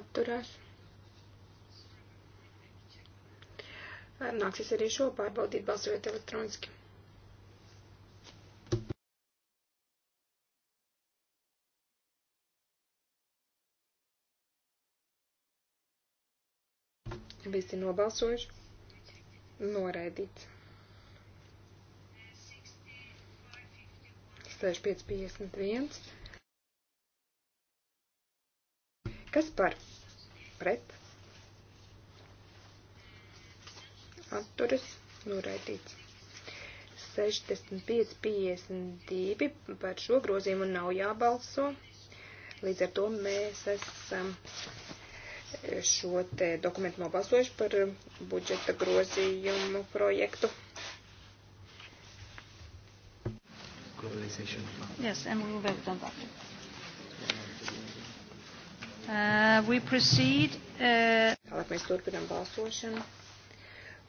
Atturās. Nāksies arī šo pārbaudīt balsojot elektroniski. Visi nobalsojuši. Noraidīts. 6551. Kas par? Pret. Atturas. Noraidīts. 6552 par šo grozījumu nav jābalso. Līdz ar to mēs esam šo te dokumentu nobalsojuši par eh, budžeta grozījumu projektu. Yes, and we will vote on that. Uh, we proceed. Uh... Tālāk mēs turpinām balsošanu,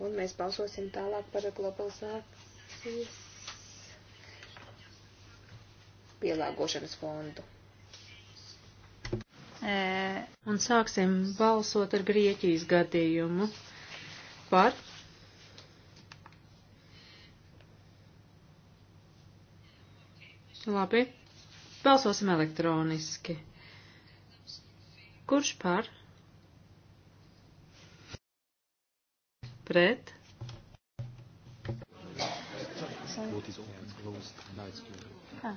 un mēs balsosim tālāk par globalizācijas pielāgošanas fondu. Un sāksim balsot ar Grieķijas gadījumu par. Labi. Balsosim elektroniski. Kurš par? Pret? Vote is open, closed. Now it's closed. Ah.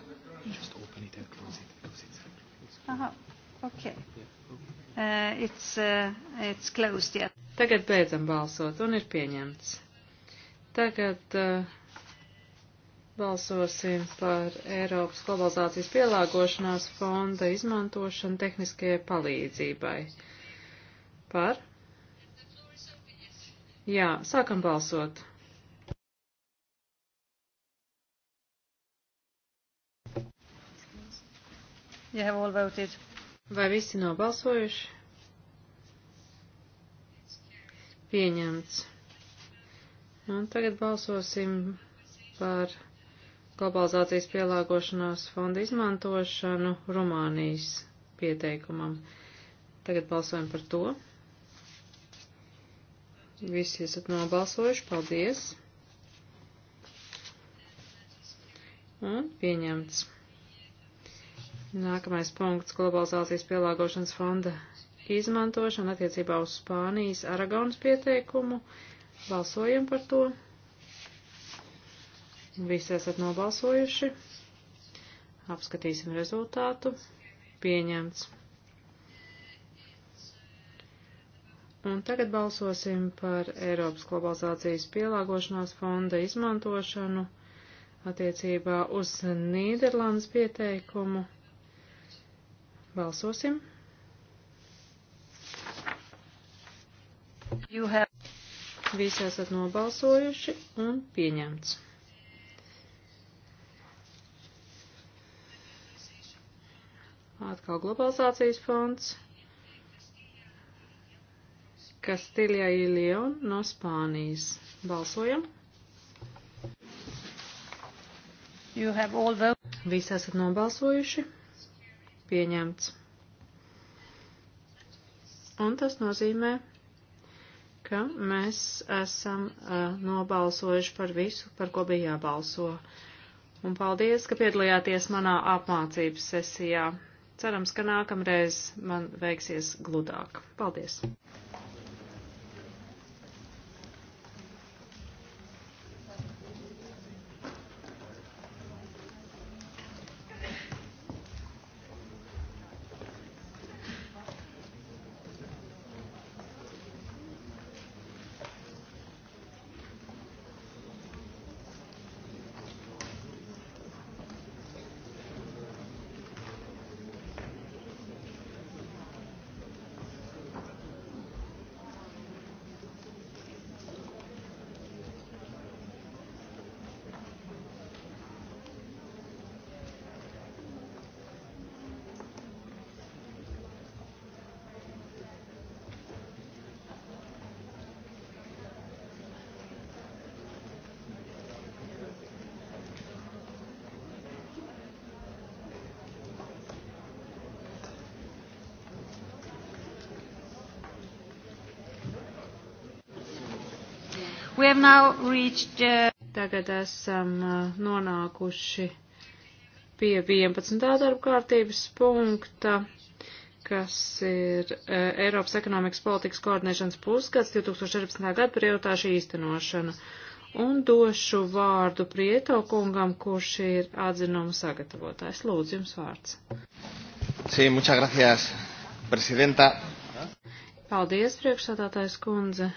Just open it and close it. Close it. Aha. Okay. Uh, it's, uh, it's closed, yeah. Tagad beidzam balsot un ir pieņemts. Tagad uh, balsosim par Eiropas globalizācijas pielāgošanās fonda izmantošanu tehniskajai palīdzībai. Par? Jā, sākam balsot. You have all voted. Vai visi nobalsojuši? Pieņemts. Un tagad balsosim par globalizācijas pielāgošanās fonda izmantošanu Rumānijas pieteikumam. Tagad balsojam par to. Visi esat nobalsojuši, paldies. Un pieņemts. Nākamais punkts - globalizācijas pielāgošanas fonda izmantošana attiecībā uz Spānijas Aragonas pieteikumu. Balsojam par to. Visi esat nobalsojuši. Apskatīsim rezultātu. Pieņemts. Un tagad balsosim par Eiropas globalizācijas pielāgošanās fonda izmantošanu attiecībā uz Nīderlandes pieteikumu. Balsosim. Have... Visi esat nobalsojuši un pieņemts. Atkal globalizācijas fonds. Kastilja y Leon no Spānijas. Balsojam. You have all the... Visi esat nobalsojuši pieņemts. Un tas nozīmē, ka mēs esam uh, nobalsojuši par visu, par ko bija jābalso. Un paldies, ka piedalījāties manā apmācības sesijā. Cerams, ka nākamreiz man veiksies gludāk. Paldies! Reached, uh... Tagad esam uh, nonākuši pie 11. darba kārtības punkta, kas ir uh, Eiropas ekonomikas politikas koordinēšanas pusgads 2014. gada prioritāšu īstenošana. Un došu vārdu Prieto kungam, kurš ir atzinuma sagatavotājs. Lūdzu, jums vārds. Sí, muchas gracias, presidenta. Paldies, priekšsādātājs kundze.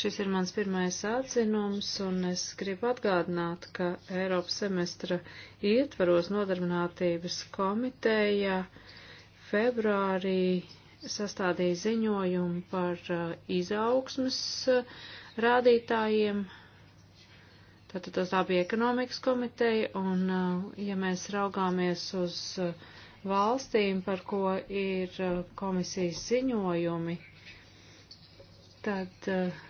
Šis ir mans pirmais atzinums, un es gribu atgādināt, ka Eiropas semestra ietvaros nodarbinātības komiteja februārī sastādīja ziņojumu par uh, izaugsmas uh, rādītājiem. Tātad tā bija ekonomikas komiteja, un uh, ja mēs raugāmies uz valstīm, par ko ir komisijas ziņojumi, tad uh,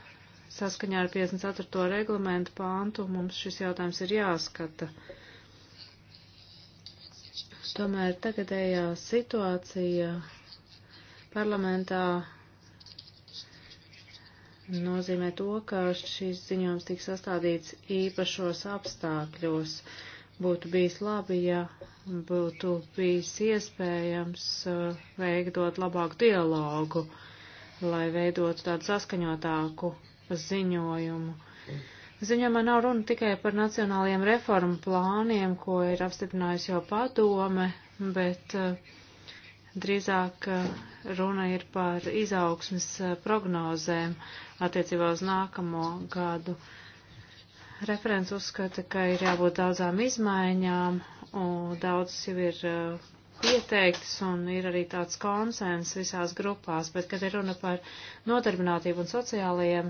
Saskaņā ar 54. reglamentu pāntu mums šis jautājums ir jāskata. Tomēr tagadējā situācija parlamentā nozīmē to, ka šīs ziņojums tiks sastādīts īpašos apstākļos. Būtu bijis labi, ja būtu bijis iespējams uh, veidot labāku dialogu, lai veidotu tādu saskaņotāku ziņojumu. Ziņojumā nav runa tikai par nacionālajiem reformu plāniem, ko ir apstiprinājusi jau padome, bet eh, drīzāk eh, runa ir par izaugsmes eh, prognozēm attiecībā uz nākamo gadu. Referents uzskata, ka ir jābūt daudzām izmaiņām, un daudzas jau ir pieteikts un ir arī tāds konsens visās grupās, bet, kad ir runa par nodarbinātību un sociālajiem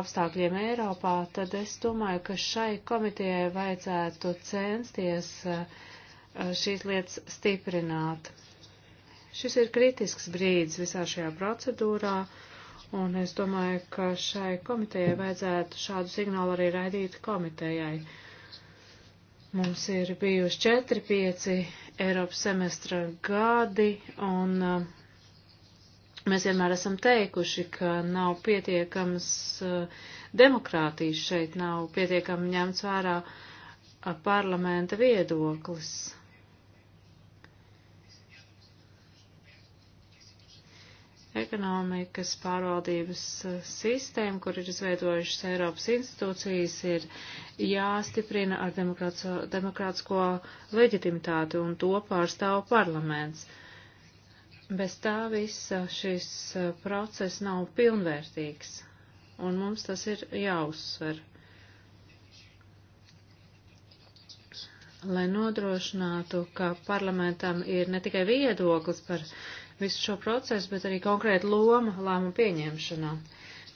apstākļiem Eiropā, tad es domāju, ka šai komitejai vajadzētu censties eh, šīs lietas stiprināt. Šis ir kritisks brīdis visā šajā procedūrā, un es domāju, ka šai komitejai vajadzētu šādu signālu arī raidīt komitejai. Mums ir bijuši četri, pieci Eiropas semestra gadi, un uh, mēs vienmēr esam teikuši, ka nav pietiekams uh, demokrātijas šeit, nav pietiekami ņemts vērā uh, parlamenta viedoklis. ekonomikas pārvaldības eh, sistēma, kur ir izveidojušas Eiropas institūcijas, ir jāstiprina ar demokrātisko leģitimitāti, un to pārstāv parlaments. Bez tā visa šis eh, process nav pilnvērtīgs, un mums tas ir jāuzsver. Lai nodrošinātu, ka parlamentam ir ne tikai viedoklis par uh, visu šo procesu, bet arī konkrēta loma lēmumu pieņemšanā.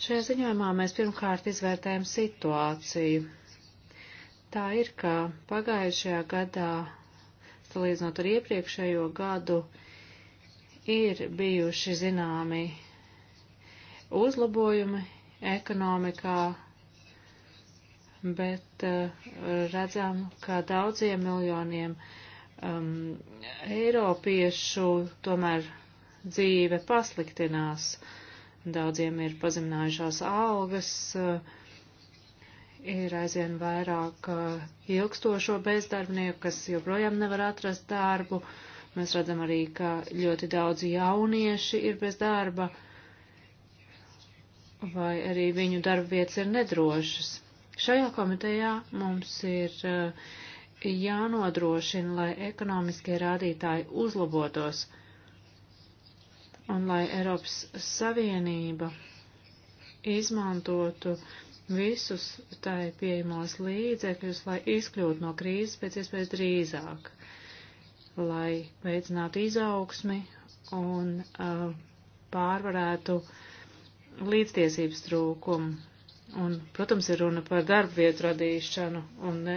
Šajā ziņojumā mēs pirmkārt izvērtējam situāciju. Tā ir, ka pagājušajā gadā, salīdzinot ar iepriekšējo gadu, ir bijuši zināmi uzlabojumi ekonomikā, bet uh, redzam, ka daudziem miljoniem um, eiropiešu tomēr dzīve pasliktinās. Daudziem ir pazeminājušās algas, ir aizvien vairāk uh, ilgstošo bezdarbnieku, kas joprojām nevar atrast darbu. Mēs redzam arī, ka ļoti daudz jaunieši ir bez darba, vai arī viņu darba vietas ir nedrošas. Šajā komitejā mums ir uh, jānodrošina, lai ekonomiskie rādītāji uzlabotos un lai Eiropas Savienība izmantotu visus tai pieejamos līdzekļus, lai izkļūtu no krīzes pēc iespējas drīzāk, lai veicinātu izaugsmi un uh, pārvarētu līdztiesības trūkumu. Un, protams, ir runa par darba vietu radīšanu un ne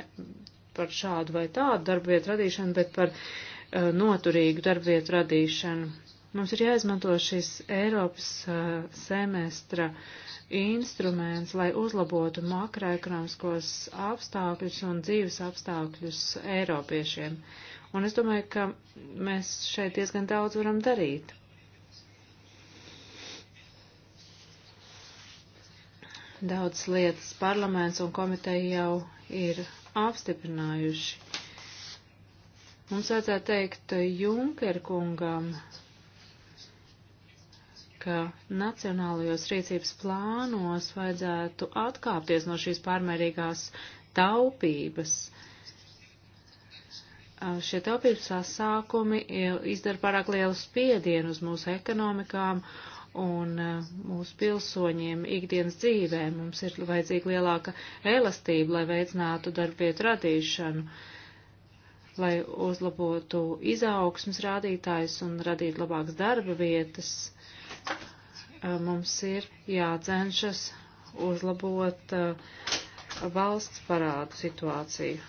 par šādu vai tādu darba vietu radīšanu, bet par uh, noturīgu darba vietu radīšanu Mums ir jāizmanto šis Eiropas uh, semestra instruments, lai uzlabotu makroekonomiskos apstākļus un dzīves apstākļus Eiropiešiem. Un es domāju, ka mēs šeit diezgan daudz varam darīt. Daudz lietas parlaments un komiteja jau ir apstiprinājuši. Mums vajadzētu teikt Junker kungam, ka nacionālajos rīcības plānos vajadzētu atkāpties no šīs pārmērīgās taupības. Šie taupības sākumi e, izdara pārāk lielu spiedienu uz mūsu ekonomikām un e, mūsu pilsoņiem ikdienas dzīvē. Mums ir vajadzīga lielāka elastība, lai veicinātu darbvietu radīšanu, lai uzlabotu izaugsmas rādītājs un radītu labākas darba vietas mums ir jācenšas uzlabot valsts parādu situāciju.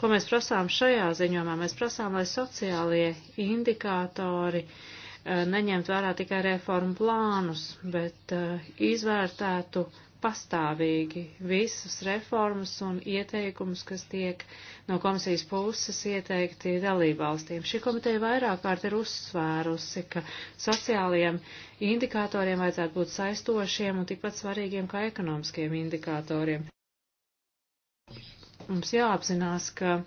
Ko mēs prasām šajā ziņojumā? Mēs prasām, lai sociālie indikātori neņemt vērā tikai reformu plānus, bet izvērtētu pastāvīgi visus reformas un ieteikumus, kas tiek no komisijas puses ieteikti dalībvalstīm. Šī komiteja vairāk kārt ir uzsvērusi, ka sociālajiem indikatoriem vajadzētu būt saistošiem un tikpat svarīgiem kā ekonomiskiem indikatoriem. Mums jāapzinās, ka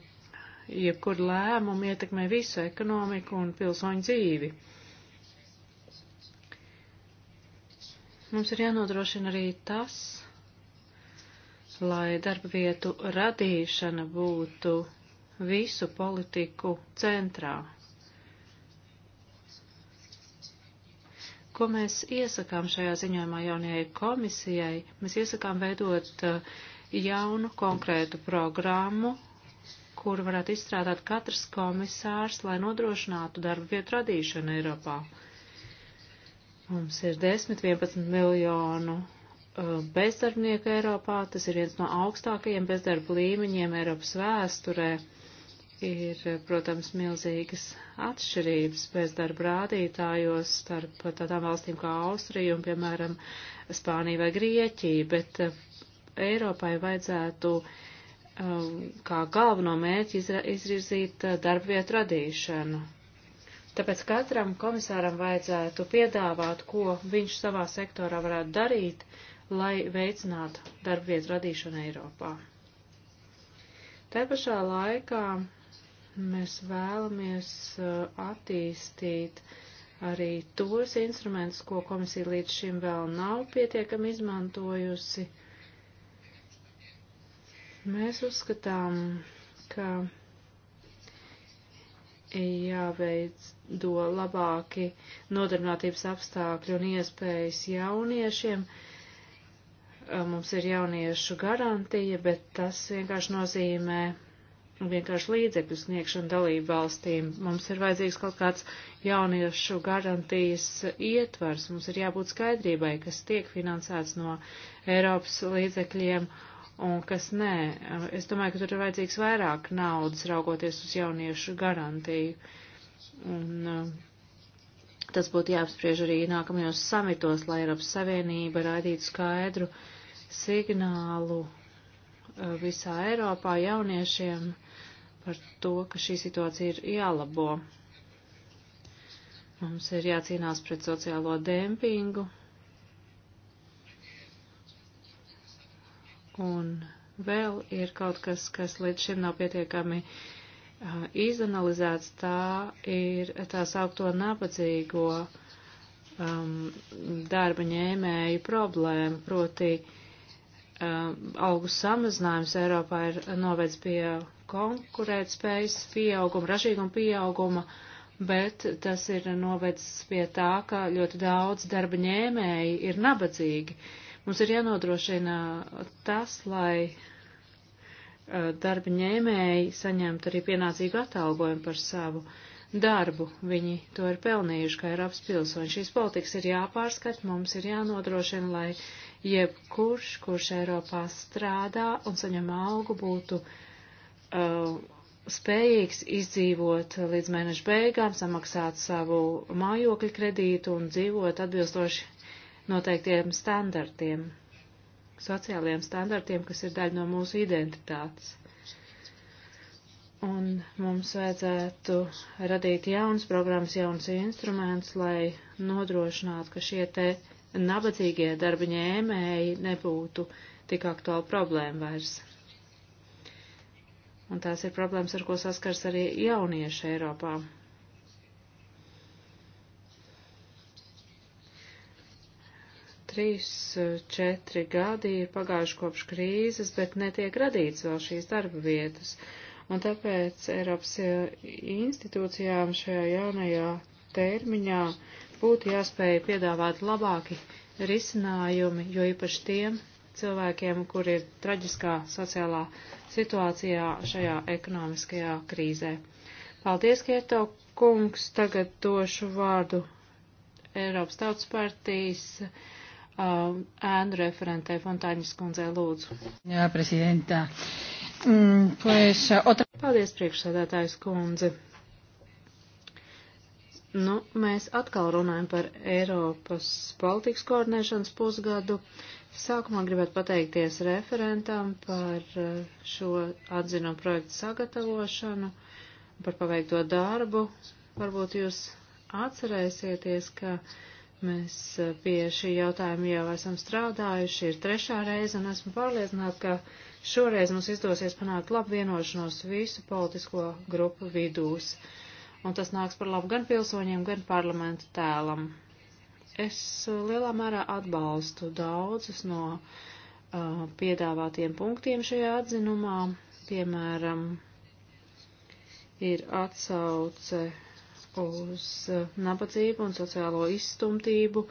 jebkur lēmumu ietekmē visu ekonomiku un pilsoņu dzīvi. Mums ir jānodrošina arī tas, lai darba vietu radīšana būtu visu politiku centrā. Ko mēs iesakām šajā ziņojumā jaunajai komisijai? Mēs iesakām veidot eh, jaunu konkrētu programmu, kuru varētu izstrādāt katrs komisārs, lai nodrošinātu darba vietu radīšanu Eiropā. Mums ir 10-11 miljonu uh, bezdarbnieku Eiropā, tas ir viens no augstākajiem bezdarba līmeņiem Eiropas vēsturē. Ir, uh, protams, milzīgas atšķirības bezdarba rādītājos starp tādām valstīm kā Austrija un, piemēram, Spānija vai Grieķija, bet uh, Eiropai vajadzētu kā galveno mērķi izra izrizīt darba vietu radīšanu Tāpēc katram komisāram vajadzētu piedāvāt, ko viņš savā sektorā varētu darīt, lai veicinātu darbvietu radīšanu Eiropā. Tā pašā laikā mēs vēlamies uh, attīstīt arī tos instrumentus, ko komisija līdz šim vēl nav pietiekami izmantojusi. Mēs uzskatām, ka jāveido labāki nodarbinātības apstākļi un iespējas jauniešiem. Mums ir jauniešu garantija, bet tas vienkārši nozīmē vienkārši līdzekļu sniegšanu dalību valstīm. Mums ir vajadzīgs kaut kāds jauniešu garantijas ietvars. Mums ir jābūt skaidrībai, kas tiek finansēts no Eiropas līdzekļiem un kas nē. Es domāju, ka tur ir vajadzīgs vairāk naudas raugoties uz jauniešu garantiju. Un eh, tas būtu jāapspriež arī nākamajos samitos, lai Eiropas Savienība raidītu skaidru signālu eh, visā Eiropā jauniešiem par to, ka šī situācija ir jālabo. Mums ir jācīnās pret sociālo dempingu, Un vēl ir kaut kas, kas līdz šim nav pietiekami uh, izanalizēts, tā ir tā saukto nabadzīgo um, darba ņēmēju problēma, proti um, algu samazinājums Eiropā ir novedis pie konkurētspējas pieauguma, ražīguma pieauguma, bet tas ir novedis pie tā, ka ļoti daudz darba ņēmēji ir nabadzīgi. Uh, Mums ir jānodrošina tas, lai uh, darba ņēmēji saņemtu arī pienācīgu atalgojumu par savu darbu. Viņi to ir pelnījuši, kā Eiropas pilsoņi. Šīs politikas ir jāpārskat, mums ir jānodrošina, lai jebkurš, kurš Eiropā strādā un saņem algu, būtu uh, spējīgs izdzīvot līdz mēneša beigām, samaksāt savu mājokļu kredītu un dzīvot atbilstoši noteiktiem standartiem, sociālajiem standartiem, kas ir daļa no mūsu identitātes. Un mums vajadzētu radīt jaunas programmas, jaunas instrumentus, lai nodrošinātu, ka šie te nabadzīgie darba ņēmēji nebūtu tik aktuāla problēma vairs. Un tās ir problēmas, ar ko saskars arī jaunieši Eiropā. Trīs, četri gadi ir pagājuši kopš krīzes, bet netiek radīts vēl šīs darba vietas. Un tāpēc Eiropas e, institūcijām šajā jaunajā termiņā būtu jāspēj piedāvāt labāki risinājumi, jo īpaši tiem cilvēkiem, kur ir traģiskā sociālā situācijā šajā ekonomiskajā krīzē. Paldies, Kieto kungs, tagad došu vārdu Eiropas Tautas partijas Uh, ēnu referentē Fontāņas kundzē lūdzu. Jā, prezidentā. Mm, pues, otra... Paldies, priekšsēdētājs kundze. Nu, mēs atkal runājam par Eiropas politikas koordinēšanas pusgadu. Sākumā gribētu pateikties referentam par uh, šo atzino projektu sagatavošanu, par paveikto darbu. Varbūt jūs atcerēsieties, ka uh, Mēs e, pie šī jautājuma jau esam strādājuši, ir trešā reize, un esmu pārliecināta, ka šoreiz mums izdosies panākt labu vienošanos visu politisko grupu vidūs, un tas nāks par labu gan pilsoņiem, gan parlamentu tēlam. Es e, lielā mērā atbalstu daudzus no uh, piedāvātiem punktiem šajā atzinumā, piemēram, ir atsauce uz eh, nabadzību un sociālo izstumtību.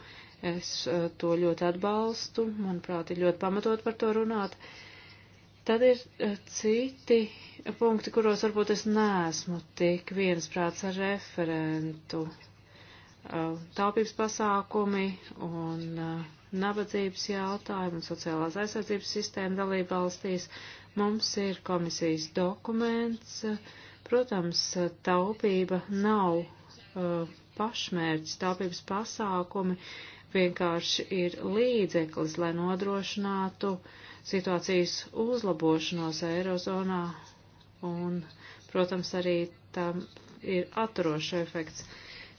Es eh, to ļoti atbalstu, manuprāt, ir ļoti pamatot par to runāt. Tad ir eh, citi punkti, kuros varbūt es neesmu tik viensprāts ar referentu. Taupības pasākumi un nabadzības jautājumu un sociālās aizsardzības sistēma dalība valstīs. Mums ir komisijas dokuments. Protams, taupība nav Uh, pašmērķis, taupības pasākumi vienkārši ir līdzeklis, lai nodrošinātu situācijas uzlabošanos Eirozonā un, protams, arī tam ir atturošs efekts.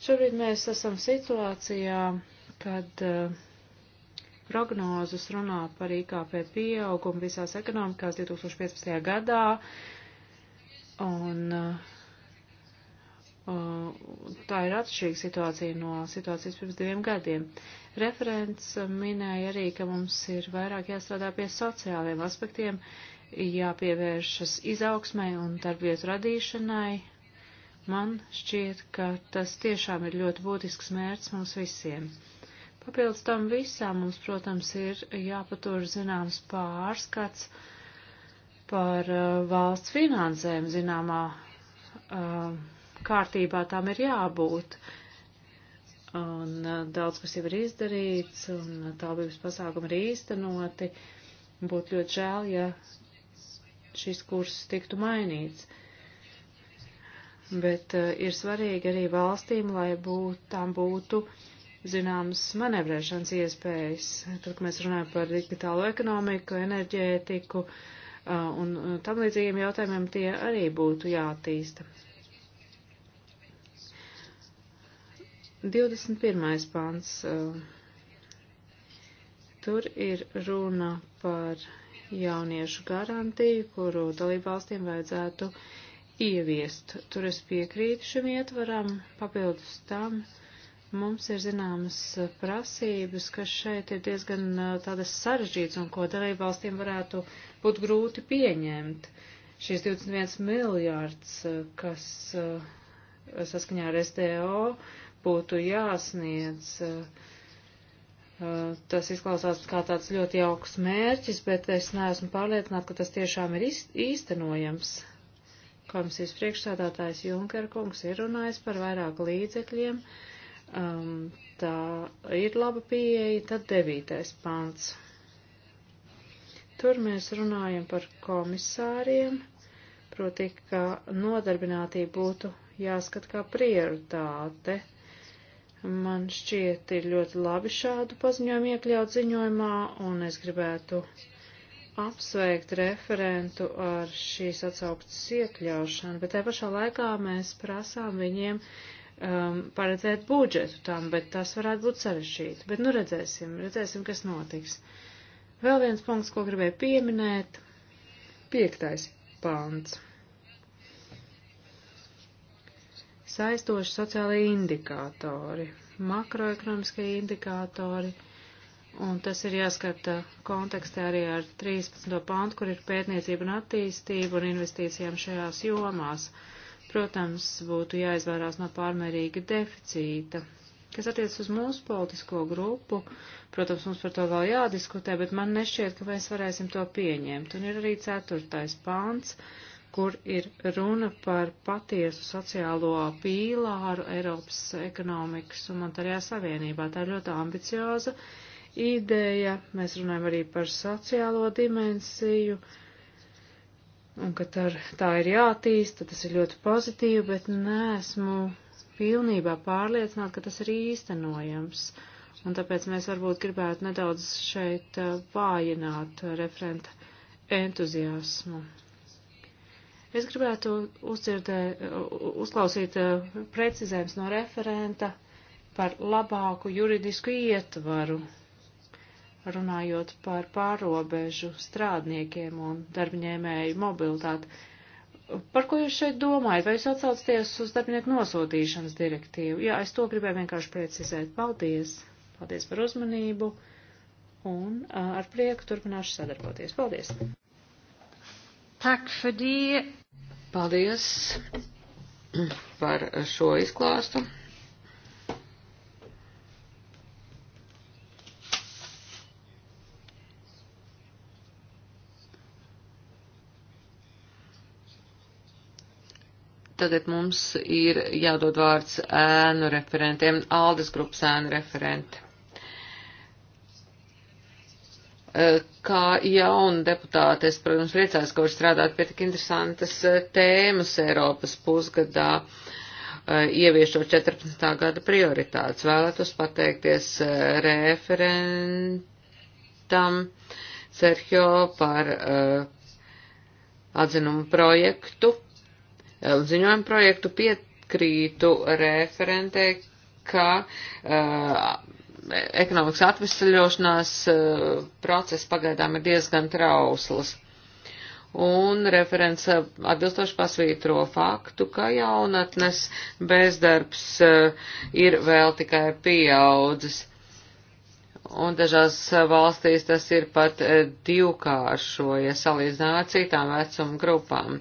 Šobrīd mēs esam situācijā, kad uh, prognozes runā par IKP pieaugumu visās ekonomikās 2015. gadā, un uh, Tā ir atšķirīga situācija no situācijas pirms diviem gadiem. Referents minēja arī, ka mums ir vairāk jāstrādā pie sociāliem aspektiem, jāpievēršas izaugsmai un darbvietu radīšanai. Man šķiet, ka tas tiešām ir ļoti būtisks mērķis mums visiem. Papildus tam visām mums, protams, ir jāpatur zināms pārskats par uh, valsts finansēm zināmā. Uh, kārtībā tām ir jābūt. Un uh, daudz kas jau ir izdarīts, un uh, tālbības pasākumi ir īstenoti. Būtu ļoti žēl, ja šis kurs tiktu mainīts. Bet uh, ir svarīgi arī valstīm, lai būt, tām būtu zināmas manevrēšanas iespējas. Tad, kad mēs runājam par digitālo ekonomiku, enerģētiku uh, un uh, tam līdzīgiem jautājumiem, tie arī būtu jātīsta. 21. pāns. Uh, tur ir runa par jauniešu garantiju, kuru dalībvalstīm vajadzētu ieviest. Tur es piekrītu šim ietvaram, papildus tam mums ir zināmas prasības, kas šeit ir diezgan uh, tādas sarežģītas un ko dalībvalstīm varētu būt grūti pieņemt. Šis 21 miljārds, kas uh, saskaņā ar SDO būtu jāsniedz. Eh, eh, tas izklausās kā tāds ļoti jauks mērķis, bet es neesmu pārliecināta, ka tas tiešām ir īstenojams. Komisijas priekšstādātājs Junkera kungs ir runājis par vairāk līdzekļiem. Um, tā ir laba pieeja, tad devītais pants. Tur mēs runājam par komisāriem, proti, ka nodarbinātība būtu jāskat kā prioritāte. Man šķiet ir ļoti labi šādu paziņojumu iekļaut ziņojumā, un es gribētu apsveikt referentu ar šīs atsauktnes iekļaušanu, bet tajā pašā laikā mēs prasām viņiem um, paredzēt budžetu tam, bet tas varētu būt sarežģīti. Bet nu redzēsim, redzēsim, kas notiks. Vēl viens punkts, ko gribēju pieminēt. Piektais pants. saistoši sociālai indikātori, makroekonomiskie indikātori, un tas ir jāskata kontekstā arī ar 13. pantu, kur ir pētniecība un attīstība un investīcijām šajās jomās. Protams, būtu jāizvairās no pārmērīga deficīta. Kas attiec uz mūsu politisko grupu, protams, mums par to vēl jādiskutē, bet man nešķiet, ka mēs varēsim to pieņemt. Un ir arī ceturtais pāns, uh, kur ir runa par patiesu sociālo pīlāru Eiropas ekonomikas un monetārajā savienībā. Tā ir ļoti ambicioza ideja. Mēs runājam arī par sociālo dimensiju un ka tar, tā ir jātīsta, tas ir ļoti pozitīvi, bet nesmu pilnībā pārliecināta, ka tas ir īstenojams. Un tāpēc mēs varbūt gribētu nedaudz šeit uh, vājināt referenta entuziasmu. Es gribētu uzdzirdē, uzklausīt e, precizējums no referenta par labāku juridisku ietvaru, runājot par pārobežu strādniekiem un darbņēmēju mobilitāti. Par ko jūs šeit domājat? Vai jūs atsaucaties uz darbinieku nosūtīšanas direktīvu? Jā, es to gribēju vienkārši precizēt. Paldies! Paldies par uzmanību! Un e, ar prieku turpināšu sadarboties. Paldies! Tak for det. Paldies par šo izklāstu. Tagad mums ir jādod vārds ēnu referentiem, Aldes grupas ēnu referenti. Eh, kā jauna deputāte, es, protams, priecājos, ka var strādāt pie tik interesantas eh, tēmas Eiropas pusgadā, eh, ieviešot 14. gada prioritātes. Vēlētos pateikties referentam Sergio par atzinumu projektu, ziņojumu projektu piekrītu referentei, ka uh, ekonomikas atvesaļošanās eh, process pagaidām ir diezgan trausls. Un referents eh, atbilstoši pasvītro faktu, ka jaunatnes bezdarbs eh, ir vēl tikai pieaudzis un dažās valstīs tas ir pat eh, divkāršo, ja salīdzinām ar citām vecuma grupām.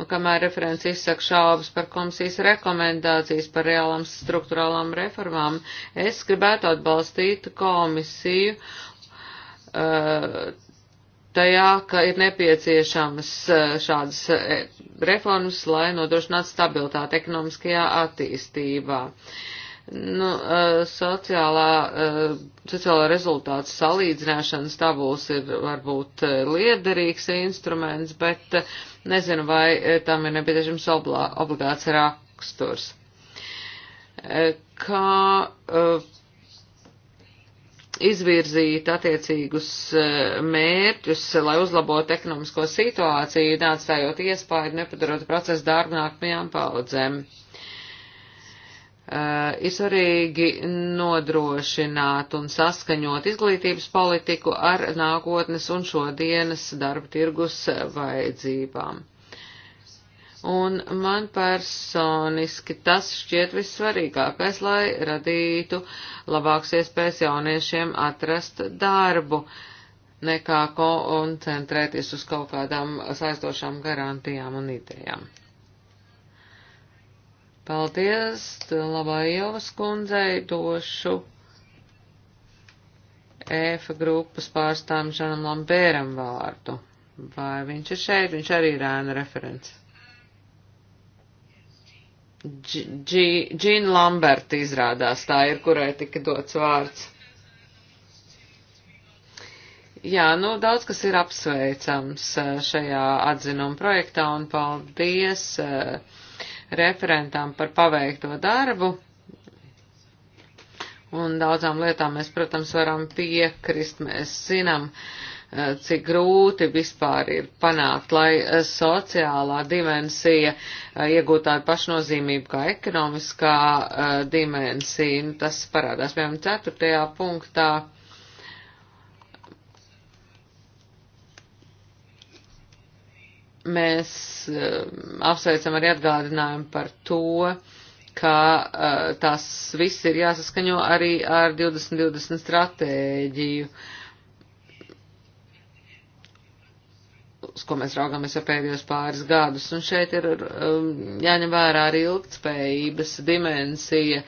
Un kamēr referents izsaka šaubas par komisijas rekomendācijas par reālām struktūrālām reformām, es gribētu atbalstīt komisiju uh, tajā, ka ir nepieciešamas eh, šādas reformas, lai nodrošinātu stabilitāti ekonomiskajā attīstībā. Uh, Nu, eh, sociālā, eh, sociālā rezultāta salīdzināšanas tabulas ir varbūt eh, liederīgs instruments, bet nezinu, vai tam ir nepieciešams obligāts raksturs. Kā izvirzīt attiecīgus mērķus, lai uzlabotu ekonomisko situāciju, neatstājot iespēju, nepadarot procesu dārgākajām paudzēm. Eh, ir svarīgi nodrošināt un saskaņot izglītības politiku ar nākotnes un šodienas darba tirgus vajadzībām. Un man personiski tas šķiet vissvarīgākais, lai radītu labāks iespējas jauniešiem atrast darbu, nekā koncentrēties uz kaut kādām saistošām garantijām un idejām. Paldies, Labājovas kundzei došu EFA grupas pārstāvam Žanam Lambēram vārdu. Vai viņš ir šeit? Viņš arī ir ēna referents. Džīna Lamberta izrādās tā ir, kurai tika dots vārds. Jā, nu daudz kas ir apsveicams eh, šajā atzinuma projektā un paldies uh, referentām par paveikto darbu. Un daudzām lietām mēs, protams, varam piekrist. Mēs zinām, eh, cik grūti vispār ir panākt, lai eh, sociālā dimensija eh, iegūtā pašnozīmību kā ekonomiskā dimensija. Nu, tas parādās, piemēram, ceturtajā punktā Mēs eh, apsveicam arī atgādinājumu par to, ka eh, tās viss ir jāsaskaņo arī ar 2020 stratēģiju. uz ko mēs raugamies jau pēdējos pāris gadus, un šeit ir um, jāņem vērā arī ilgtspējības dimensija,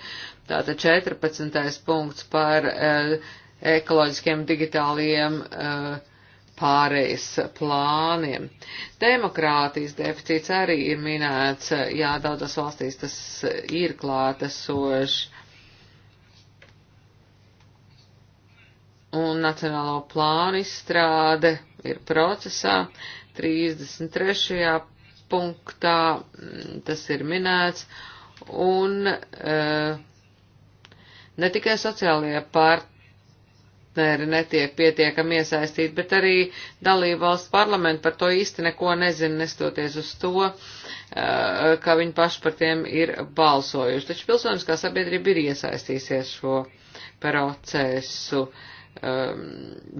tātad 14. punkts par uh, ekoloģiskiem digitāliem uh, pārejas plāniem. Demokrātijas deficīts arī ir minēts, jā, daudzas valstīs tas ir klātesoši. Un nacionālo plānu izstrāde ir procesā. 33. punktā mm, tas ir minēts. Un uh, ne tikai sociālajie partneri, partneri netiek pietiekami iesaistīti, bet arī dalību valsts parlamenti par to īsti neko nezina, nestoties uz to, uh, ka viņi paši par tiem ir balsojuši. Taču pilsoniskā sabiedrība ir iesaistīsies šo procesu um,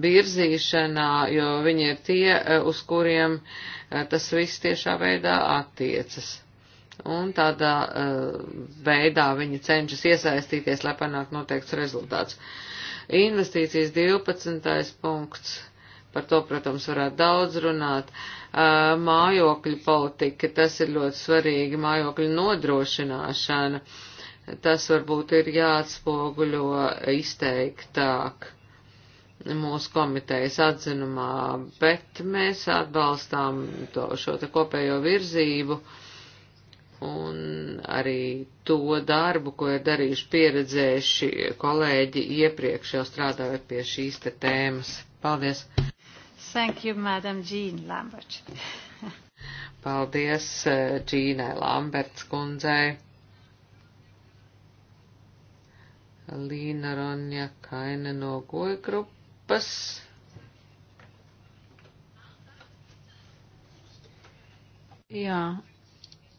virzīšanā, jo viņi ir tie, uh, uz kuriem uh, tas viss tiešā veidā attiecas. Un tādā veidā viņi cenšas iesaistīties, lai panāktu noteikts rezultāts. Uh, Investīcijas 12. punkts. Par to, protams, varētu daudz runāt. Mājokļu politika, tas ir ļoti svarīgi, mājokļu nodrošināšana. Tas varbūt ir jāatspoguļo izteiktāk mūsu komitejas atzinumā, bet mēs atbalstām to, šo te kopējo virzību. Uh, un arī to darbu, ko ir darījuši pieredzējuši kolēģi iepriekš jau strādājot pie šīs te tēmas. Paldies! Thank you, Madam Jean Lambert. Paldies Džīnai eh, Lamberts kundzei. Līna Ronja Kaine no goja grupas. Jā,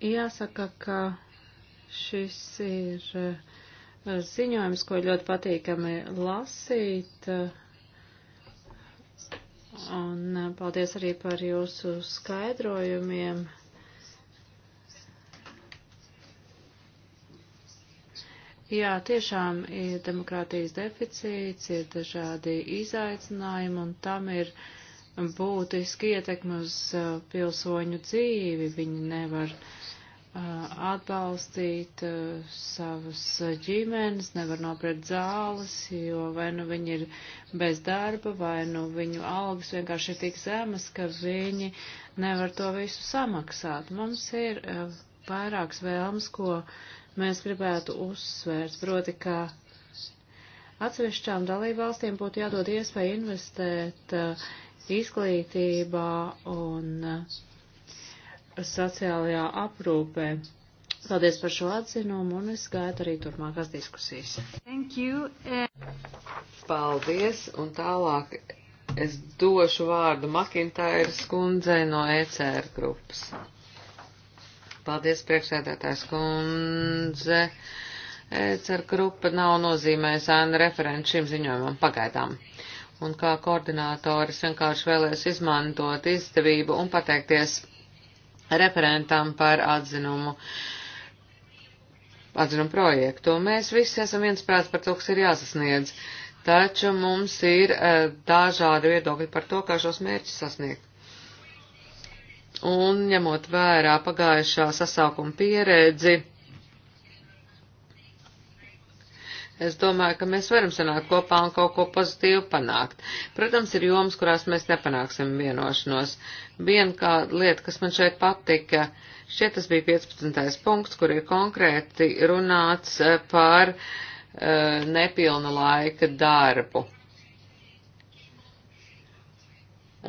Jāsaka, ka šis ir eh, ziņojums, ko ļoti patīkami lasīt. Un eh, paldies arī par jūsu skaidrojumiem. Jā, tiešām ir demokrātijas deficīts, ir dažādi izaicinājumi, un tam ir būtiski ietekme uz eh, pilsoņu dzīvi. Viņi nevar uh, atbalstīt savas ģimenes, nevar nopirkt zāles, jo vai nu viņi ir bez darba, vai nu viņu algas vienkārši ir tik zemas, ka viņi nevar to visu samaksāt. Mums ir vairāks vēlms, ko mēs gribētu uzsvērt, proti, ka atsevišķām dalībvalstīm būtu jādod iespēja investēt izglītībā un uh, sociālajā aprūpē. Paldies par šo atzinumu un es gaidu arī turpmākās diskusijas. Thank you. Eh, Paldies un tālāk es došu vārdu Makintājas kundzei no ECR grupas. Paldies priekšsēdētājs kundze. ECR grupa nav nozīmējusi ēnu referentu šim ziņojumam pagaidām un kā koordinātoris vienkārši vēlēs izmantot izdevību un pateikties referentam par atzinumu. Atzinu projektu. Mēs visi esam viensprāts par to, kas ir jāsasniedz, taču mums ir uh, dažādi viedokļi par to, kā šos mērķus sasniegt. Un ņemot vērā pagājušā sasaukuma pieredzi, Es domāju, ka mēs varam sanākt kopā un kaut ko pozitīvu panākt. Protams, ir jomas, kurās mēs nepanāksim vienošanos. Viena kā lieta, kas man šeit patika, šķiet tas bija 15. punkts, kur ir konkrēti runāts eh, par uh, nepilna laika darbu.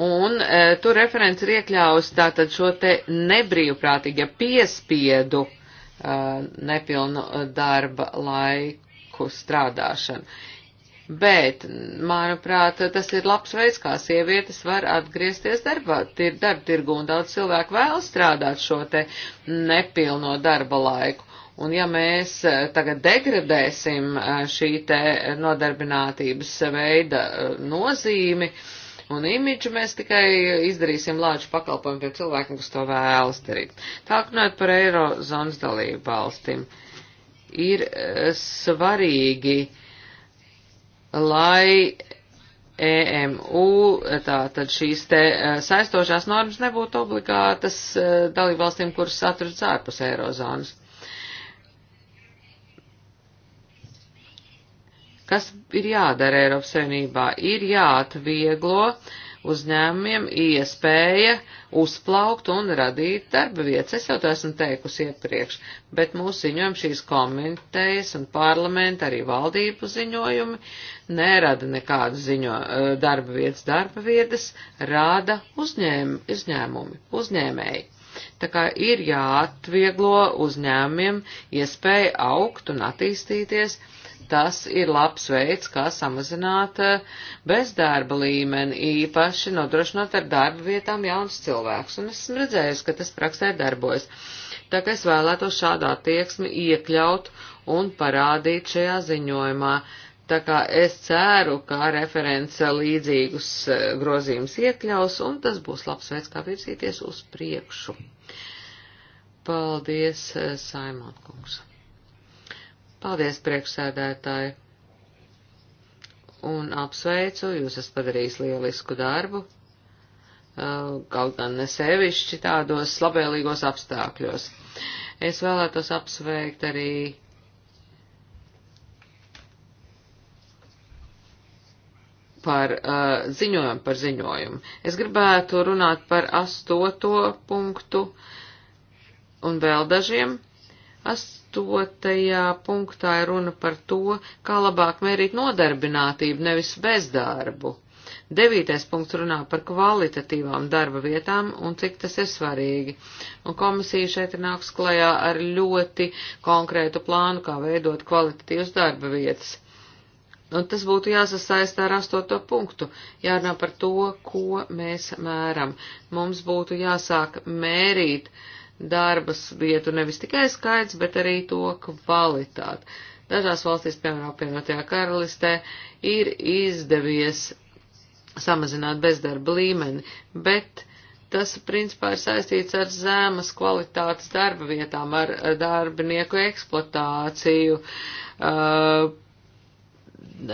Un uh, eh, tur referents ir iekļaus tātad šo te nebrīvprātīgie piespiedu uh, nepilnu darba laiku ēku strādāšanu. Bet, manuprāt, tas ir labs veids, kā sievietes var atgriezties darbā, tir, darba tirgu, un daudz cilvēku vēl strādāt šo te nepilno darba laiku. Un ja mēs e, tagad degradēsim e, šī te nodarbinātības veida e, nozīmi un imidžu, mēs tikai izdarīsim lāču pakalpojumu tiem cilvēkiem, kas to vēlas darīt. Tā, runājot par Eirozonas dalību valstīm. Uh, ir eh, svarīgi, lai EMU, eh, tātad šīs te eh, saistošās normas nebūtu obligātas dalībvalstīm, kuras atrodas ārpus eirozonas. Kas ir jādara Eiropas Savienībā? Ir jāatvieglo uh, uzņēmumiem iespēja uzplaukt un radīt darba vietas. Es jau to esmu teikusi iepriekš, bet mūsu ziņojumi šīs komitejas un parlamenta arī valdību ziņojumi nerada nekādu ziņo, e, darba vietas, darba vietas rada uzņēm, uzņēmumi, uzņēmēji. Tā kā ir jāatvieglo uzņēmumiem iespēja augt un attīstīties tas ir labs veids, kā samazināt eh, bezdarba līmeni, īpaši nodrošinot ar darba vietām jaunus cilvēkus, un esmu redzējis, ka tas praksē darbojas. Tā kā es vēlētos šādu attieksmi iekļaut un parādīt šajā ziņojumā. Tā kā es ceru, ka referents līdzīgus eh, grozījumus iekļaus, un tas būs labs veids, kā virzīties uz priekšu. Paldies, eh, Saimon kungs. Paldies, priekšsēdētāji! Un apsveicu, jūs esat padarījis lielisku darbu, uh, kaut gan ne sevišķi tādos labvēlīgos apstākļos. Es vēlētos apsveikt arī par uh, ziņojumu par ziņojumu. Es gribētu runāt par astoto punktu un vēl dažiem. Ast astotajā punktā ir runa par to, kā labāk mērīt nodarbinātību, nevis bezdarbu. Devītais punkts runā par kvalitatīvām darba vietām un cik tas ir svarīgi. Un komisija šeit ir nāks klajā ar ļoti konkrētu plānu, kā veidot kvalitatīvas darba vietas. Un tas būtu jāsasaista ar astoto punktu, jārunā par to, ko mēs mēram. Mums būtu jāsāk mērīt uh, darbas vietu, nevis tikai skaits, bet arī to kvalitāti. Dažās valstīs, piemēram, apvienotajā karalistē, ir izdevies samazināt bezdarba līmeni, bet tas principā ir saistīts ar zemes kvalitātes darba vietām, ar darbinieku eksploatāciju,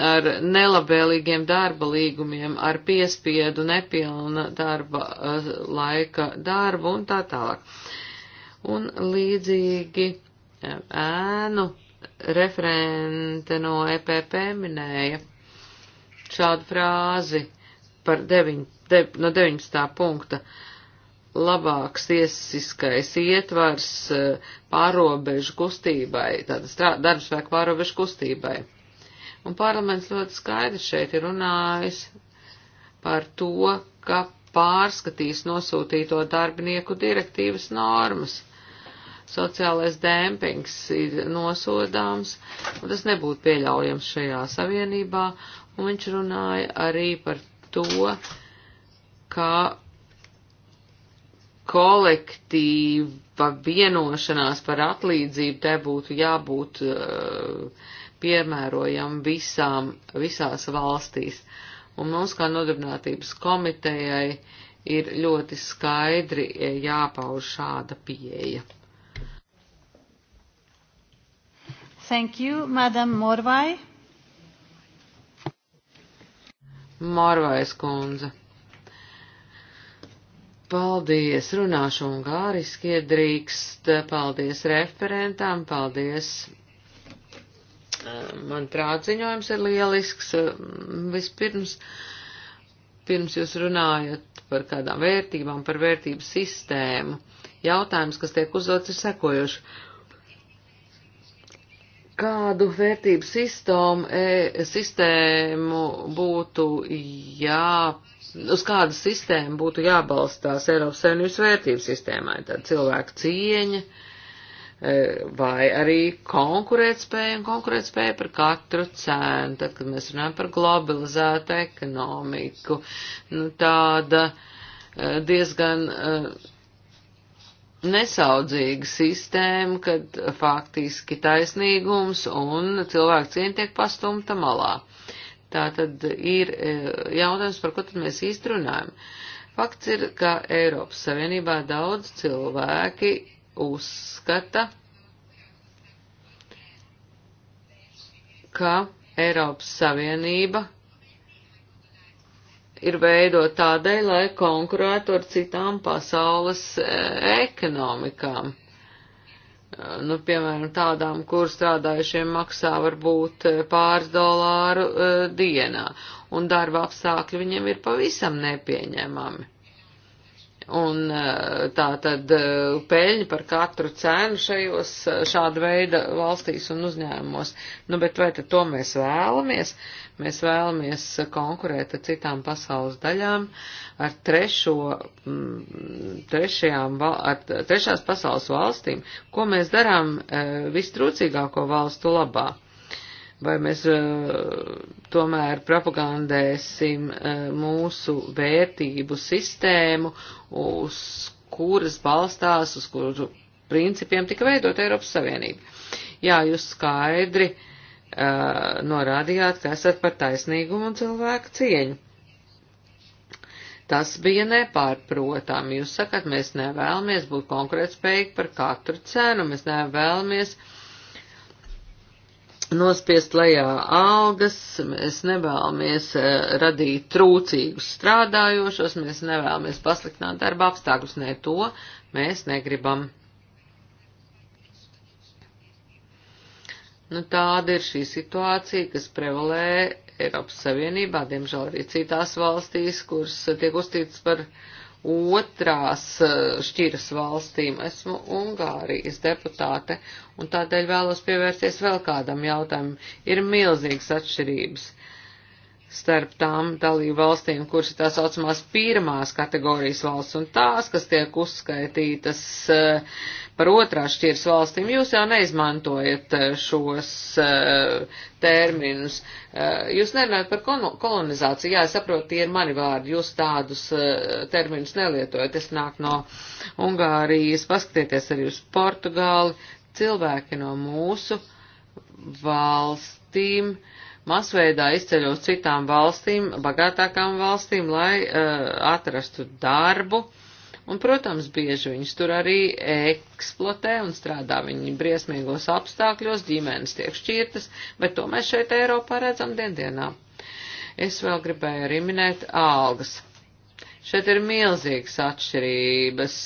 ar nelabvēlīgiem darba līgumiem, ar piespiedu nepilna darba laika darbu un tā tālāk. Un līdzīgi eh, ēnu referente no EPP minēja šādu frāzi par 9, de, no 19. punkta labāks tiesiskais ietvars eh, pārobežu kustībai, tāda darbspēka pārobežu kustībai. Un parlaments ļoti skaidri šeit ir runājis par to, ka pārskatīs nosūtīto darbinieku direktīvas normas sociālais dēmpings ir nosodāms, un tas nebūtu pieļaujams šajā savienībā, un viņš runāja arī par to, kā kolektīva vienošanās par atlīdzību te būtu jābūt uh, eh, piemērojam visām, visās valstīs. Un mums kā nodarbinātības komitejai ir ļoti skaidri eh, jāpauž šāda pieeja. Thank you, Madam Morvai. Morvais kundze. Paldies, runāšu ungāriski, iedrīkst, paldies referentām, paldies. Man prāciņojums ir lielisks. Vispirms, pirms jūs runājat par kādām vērtībām, par vērtību sistēmu, jautājums, kas tiek uzdots, ir sekojoši kādu vērtību sistēmu, e, sistēmu būtu jā, uz kādu sistēmu būtu jābalstās Eiropas Savienības vērtības sistēmai, tad cilvēku cieņa e, vai arī konkurētspēja un konkurētspēja par katru cenu, tad, kad mēs runājam par globalizētu ekonomiku, nu, tāda e, diezgan uh, nesaudzīga sistēma, kad faktiski taisnīgums un cilvēku cieņa tiek pastumta malā. Tā tad ir e, jautājums, par ko tad mēs īsti runājam. Fakts ir, ka Eiropas Savienībā daudz cilvēki uzskata, ka Eiropas Savienība ir veidot tādēļ, lai konkurētu ar citām pasaules e, ekonomikām. E, nu, piemēram, tādām, kur strādājušiem maksā varbūt e, pāris dolāru uh, dienā, un darba apstākļi viņiem ir pavisam nepieņemami. Un eh, tā tad eh, peļņa par katru cenu šajos eh, šāda veida valstīs un uzņēmumos. Nu, bet vai tad to mēs vēlamies? Mēs vēlamies konkurēt ar citām pasaules daļām, ar, trešo, mm, trešajām, ar trešās pasaules valstīm, ko mēs darām vistrūcīgāko valstu labā vai mēs uh, tomēr propagandēsim uh, mūsu vērtību sistēmu, uz kuras balstās, uz kuru principiem tika veidot Eiropas Savienība. Jā, jūs skaidri uh, norādījāt, ka esat par taisnīgumu un cilvēku cieņu. Tas bija nepārprotam. Jūs sakat, mēs nevēlamies būt konkurētspējīgi par katru cenu, mēs nevēlamies uh, nospiest lejā algas, mēs nevēlamies eh, radīt trūcīgus strādājošos, mēs nevēlamies pasliktināt darba apstākļus, ne to mēs negribam. Nu, tāda ir šī situācija, kas prevalē Eiropas Savienībā, diemžēl arī citās valstīs, kuras tiek uztīts par uh, otrās eh, šķiras valstīm. Esmu Ungārijas deputāte, un tādēļ vēlos pievērsties vēl kādam jautājumam. Ir milzīgas atšķirības starp tām dalību valstīm, kuras ir tā saucamās pirmās kategorijas valsts un tās, kas tiek uzskaitītas eh, par otrās šķiras valstīm, jūs jau neizmantojat eh, šos eh, terminus. Jūs nerunājat par kolonizāciju, jā, es saprotu, tie ir mani vārdi, jūs tādus terminus nelietojat, es nāku no Ungārijas, paskatieties arī uz Portugāli, cilvēki no mūsu valstīm, uh, masveidā izceļ uz citām valstīm, bagātākām valstīm, lai uh, atrastu darbu. Un, protams, bieži viņus tur arī eksploatē un strādā viņi briesmīgos apstākļos, ģimenes tiek šķirtas, bet to mēs šeit Eiropā redzam diendienā. Es vēl gribēju arī minēt algas. Šeit ir milzīgas atšķirības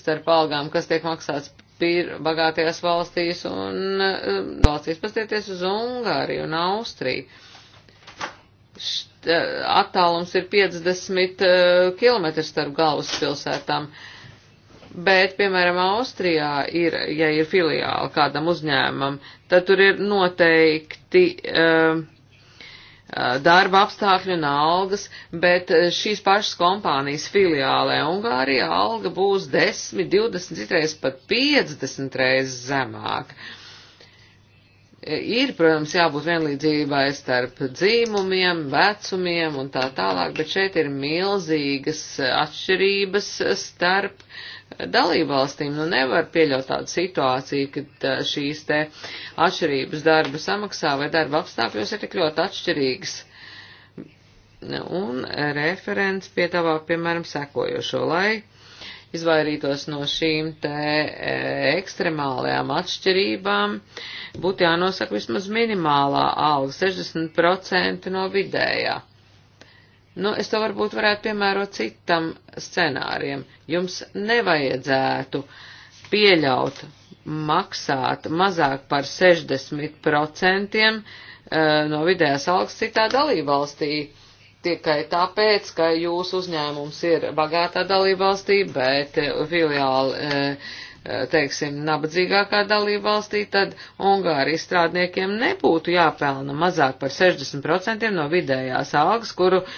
starp algām, kas tiek maksāts pir, bagātajās valstīs un um, valstīs pastieties uz Ungāriju un Austriju. Št, attālums ir 50 uh, km starp galvaspilsētām. Bet, piemēram, Austrijā ir, ja ir filiāli kādam uzņēmumam, tad tur ir noteikti uh, darba apstākļi un algas, bet šīs pašas kompānijas filiālē Ungārijā alga būs 10, 20, citreiz pat 50 reizes zemāka. Ir, protams, jābūt vienlīdzībai starp dzīmumiem, vecumiem un tā tālāk, bet šeit ir milzīgas atšķirības starp uh, dalībvalstīm. Nu nevar pieļaut tādu situāciju, kad šīs te atšķirības darba samaksā vai darba apstākļos ir tik ļoti atšķirīgas. Un referents piedāvā, piemēram, sekojošo, lai izvairītos no šīm te ekstremālajām atšķirībām, būtu jānosaka vismaz minimālā alga 60% no vidējā. Nu, es to varbūt varētu piemērot citam scenārijam. Jums nevajadzētu pieļaut maksāt mazāk par 60% eh, no vidējās algas citā dalībvalstī tikai tāpēc, ka jūsu uzņēmums ir bagātā dalībvalstī, bet filiāli. E, Eh, teiksim, nabadzīgākā dalība valstī, tad Ungārijas strādniekiem nebūtu jāpelna mazāk par 60% no vidējās algas, kuru uh,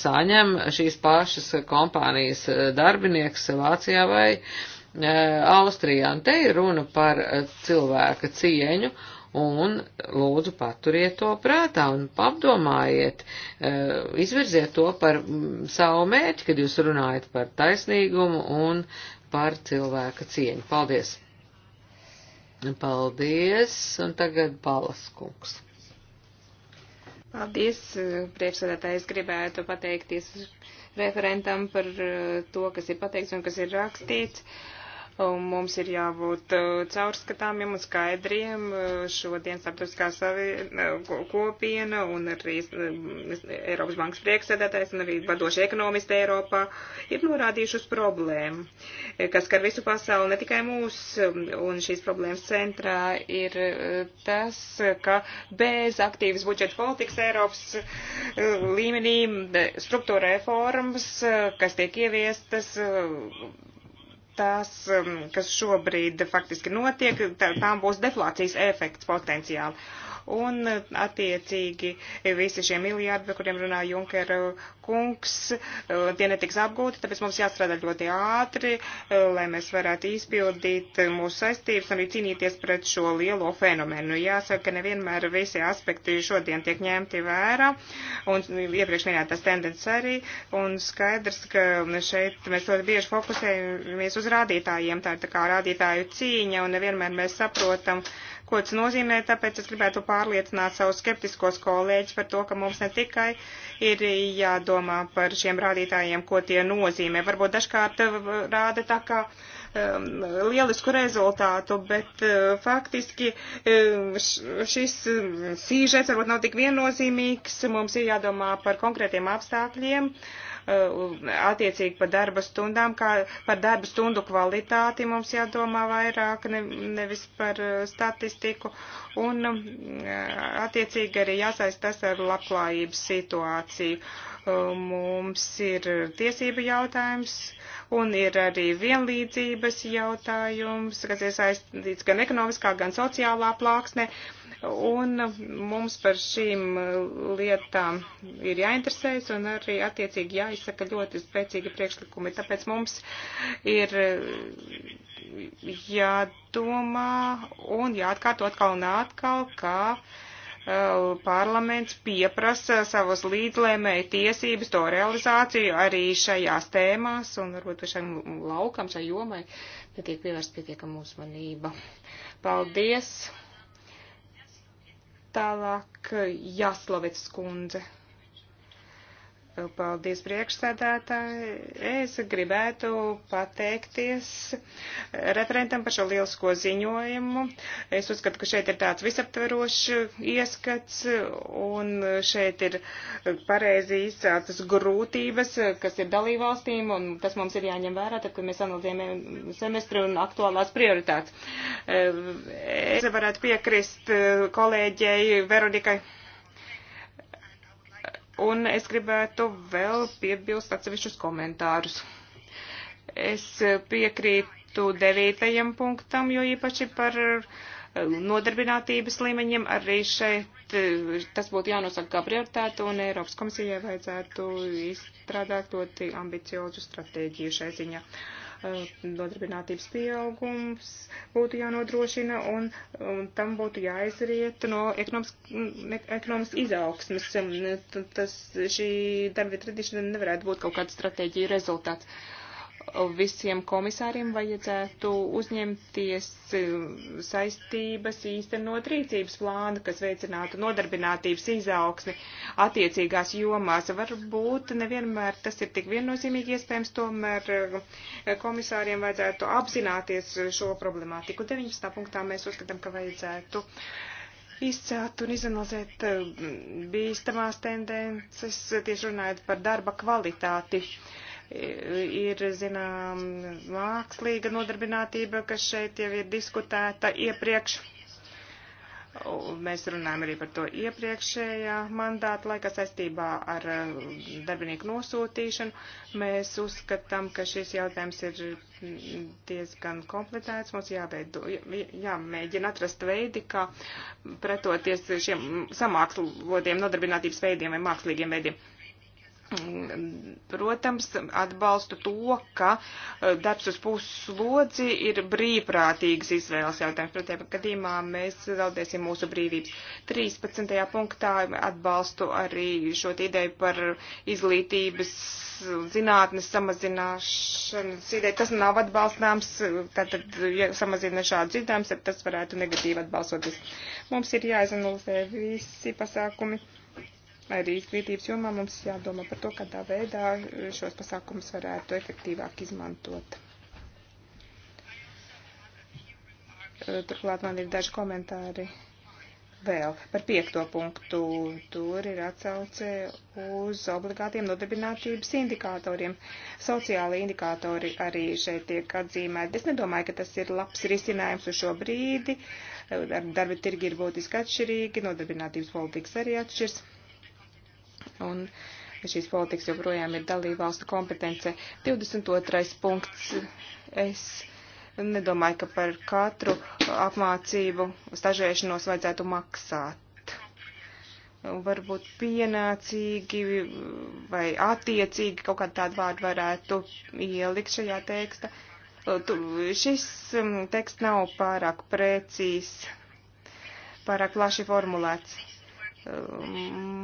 saņem šīs pašas kompānijas eh, darbinieks Vācijā vai uh, Austrijā. Un te ir runa par cilvēka cieņu. Un lūdzu paturiet to prātā un apdomājiet, uh, izvirziet to par mm, savu mērķi, kad jūs runājat par taisnīgumu un par cilvēka cieņu. Paldies! Paldies! Un tagad Balas kungs. Paldies, eh, priekšsēdētājs, gribētu pateikties referentam par eh, to, kas ir pateikts un kas ir rakstīts. Uh, Un mums ir jābūt uh, caurskatāmiem un skaidriem uh, šodien starptautiskā uh, kopiena un arī Eiropas bankas priekšsēdētājs un arī vadoši ekonomisti Eiropā ir norādījuši uz problēmu, eh, kas skar visu pasauli, ne tikai mūs. Um, un šīs problēmas centrā ir tas, ka bez aktīvas budžeta politikas Eiropas līmenī struktūra reformas, kas tiek ieviestas, tās, um, kas šobrīd faktiski notiek, tām būs deflācijas efekts potenciāli un eh, attiecīgi eh, visi šie miljārdi, par kuriem runā Junkera eh, kungs, tie netiks apgūti, tāpēc mums jāstrādā ļoti ātri, lai mēs varētu izpildīt mūsu saistības un arī cīnīties pret šo lielo fenomenu. Jāsaka, ka nevienmēr visi aspekti šodien tiek ņemti vērā, un iepriekš minētās tendences arī, un skaidrs, ka šeit mēs ļoti bieži fokusējamies uz rādītājiem, tā ir tā kā rādītāju cīņa, un nevienmēr mēs saprotam, uh, ko tas nozīmē, tāpēc es gribētu pārliecināt savus skeptiskos kolēģus par to, ka mums ne tikai ir jādomā par šiem rādītājiem, ko tie nozīmē. Varbūt dažkārt rāda tā kā um, lielisku rezultātu, bet uh, faktiski um, šis um, sīžets varbūt nav tik viennozīmīgs. Mums ir jādomā par konkrētiem apstākļiem. Uh, Uh, attiecīgi par darba stundām, kā par darba stundu kvalitāti mums jādomā vairāk, ne, nevis par uh, statistiku, un um, attiecīgi arī jāsaistās ar labklājības situāciju. Uh, Mums ir tiesība jautājums un ir arī vienlīdzības jautājums, kas ir saistīts gan ekonomiskā, gan sociālā plāksnē. Un mums par šīm lietām ir jāinteresējas un arī attiecīgi jāizsaka ļoti spēcīgi priekšlikumi. Tāpēc mums ir jādomā un jāatkārto atkal un atkal, kā parlaments pieprasa savas līdzlēmēju tiesības, to realizāciju arī šajās tēmās un varbūt šajam laukam, šai jomai netiek pievērst pietiekama uzmanība. Paldies! Tālāk Jaslovets kundze. Paldies priekšsēdētāji. Es gribētu pateikties referentam par šo lielisko ziņojumu. Es uzskatu, ka šeit ir tāds visaptverošs ieskats un šeit ir pareizi izcēltas grūtības, kas ir dalībvalstīm un tas mums ir jāņem vērā, tad, kad mēs analizējam semestri un aktuālās prioritātes. Es varētu piekrist kolēģei Veronikai. Un es gribētu vēl piebilst atsevišķus komentārus. Es piekrītu devītajam punktam, jo īpaši par eh, nodarbinātības līmeņiem arī šeit eh, tas būtu jānosaka kā prioritāte, un Eiropas komisijai vajadzētu izstrādāt ļoti ambiciozu stratēģiju šai ziņā. Uh, Eh, nodarbinātības pieaugums būtu jānodrošina un, un tam būtu jāizriet no ekonomiskas izaugsmes. Tas, šī darba tradišana nevarētu būt kaut kāda stratēģija rezultāts visiem komisāriem vajadzētu uzņemties um, saistības īstenot rīcības plānu, kas veicinātu nodarbinātības izaugsmi attiecīgās jomās. Varbūt nevienmēr tas ir tik viennozīmīgi iespējams, tomēr uh, komisāriem vajadzētu apzināties šo problemātiku. 19. punktā mēs uzskatām, ka vajadzētu izcelt un izanalizēt um, bīstamās tendences, tieši runājot par darba kvalitāti. Uh, ir, zinām, mākslīga nodarbinātība, kas šeit jau ir diskutēta iepriekš. Mēs runājam arī par to iepriekšējā mandāta laika saistībā ar uh, darbinieku nosūtīšanu. Mēs uzskatām, ka šis jautājums ir diezgan komplicēts. Mums jāveido, jāmēģina atrast veidi, kā pretoties šiem samākslotiem nodarbinātības veidiem vai mākslīgiem veidiem protams, atbalstu to, ka e, darbs uz puslodzi ir brīvprātīgas izvēles jautājums. Pretējā gadījumā mēs zaudēsim mūsu brīvības. 13. punktā atbalstu arī šo ideju par izglītības zinātnes samazināšanas ideju. Tas nav atbalstāms, tātad, ja samazina šādu zinātnes, tad tas varētu negatīvi atbalstoties. Mums ir jāizanalizē visi pasākumi arī izglītības jomā mums jādomā par to, kādā veidā eh, šos pasākumus varētu efektīvāk izmantot. Eh, turklāt man ir daži komentāri vēl par piekto punktu. Tur ir atsauce uz obligātiem nodarbinātības indikatoriem. Sociāli indikatori arī šeit tiek atzīmēti. Es nedomāju, ka tas ir labs risinājums uz šo brīdi. Eh, darba tirgi ir būtiski atšķirīgi, nodarbinātības politikas arī atšķirs Un šīs politikas joprojām ir dalība valstu kompetence. 22. punkts. Es nedomāju, ka par katru apmācību stažēšanos vajadzētu maksāt. Varbūt pienācīgi vai attiecīgi kaut kādu tādu vārdu varētu ielikt šajā tekstā. Šis mm, teksts nav pārāk precīzs, pārāk plaši formulēts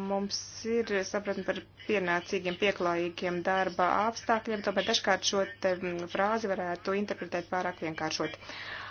mums ir sapratni par pienācīgiem, pieklājīgiem darba apstākļiem, tomēr dažkārt šo te frāzi varētu interpretēt pārāk vienkāršot. Uh,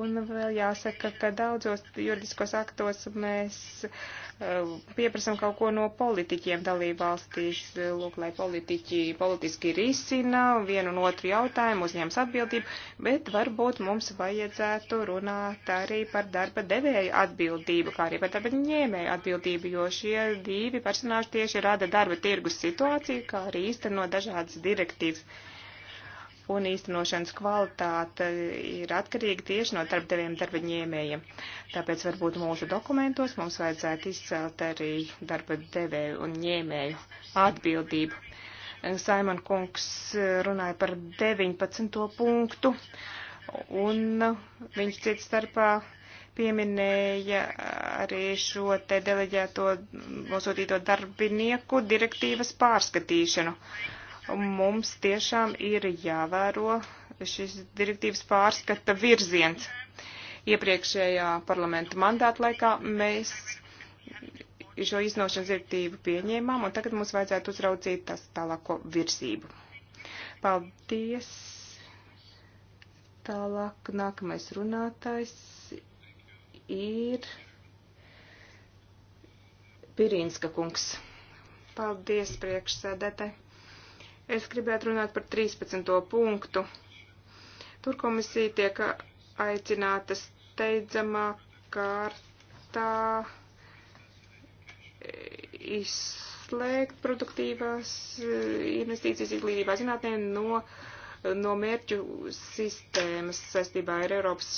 Un vēl jāsaka, ka daudzos juridiskos aktos mēs uh, pieprasam kaut ko no politiķiem dalībvalstīs. Lūk, lai politiķi politiski risina vienu un otru jautājumu, uzņems atbildību, bet varbūt mums vajadzētu runāt arī par darba devēju atbildību, kā arī par darba ņēmēju atbildību, jo šie divi personāži tieši rada darba tirgus situāciju, kā arī īsteno dažādas direktīvas un īstenošanas kvalitāte ir atkarīga tieši no darbdeviem darba ņēmējiem. Tāpēc varbūt mūsu dokumentos mums vajadzētu izcelt arī darba devēju un ņēmēju atbildību. Saimon kungs runāja par 19. punktu, un viņš cits starpā pieminēja arī šo te deleģēto nosūtīto darbinieku direktīvas pārskatīšanu. Uh, Mums tiešām ir jāvēro šis direktīvas pārskata virziens. Iepriekšējā parlamenta mandāta laikā mēs šo iznošanas direktīvu pieņēmām, un tagad mums vajadzētu uzraudzīt tas tālāko virzību. Paldies! Tālāk nākamais runātājs ir Pirīnska kungs. Paldies priekšsēdētāji! Es gribētu runāt par 13. punktu. Tur komisija tiek aicināta steidzamā kārtā izslēgt produktīvās eh, investīcijas izglītībā zinātnē no, no mērķu sistēmas saistībā ar Eiropas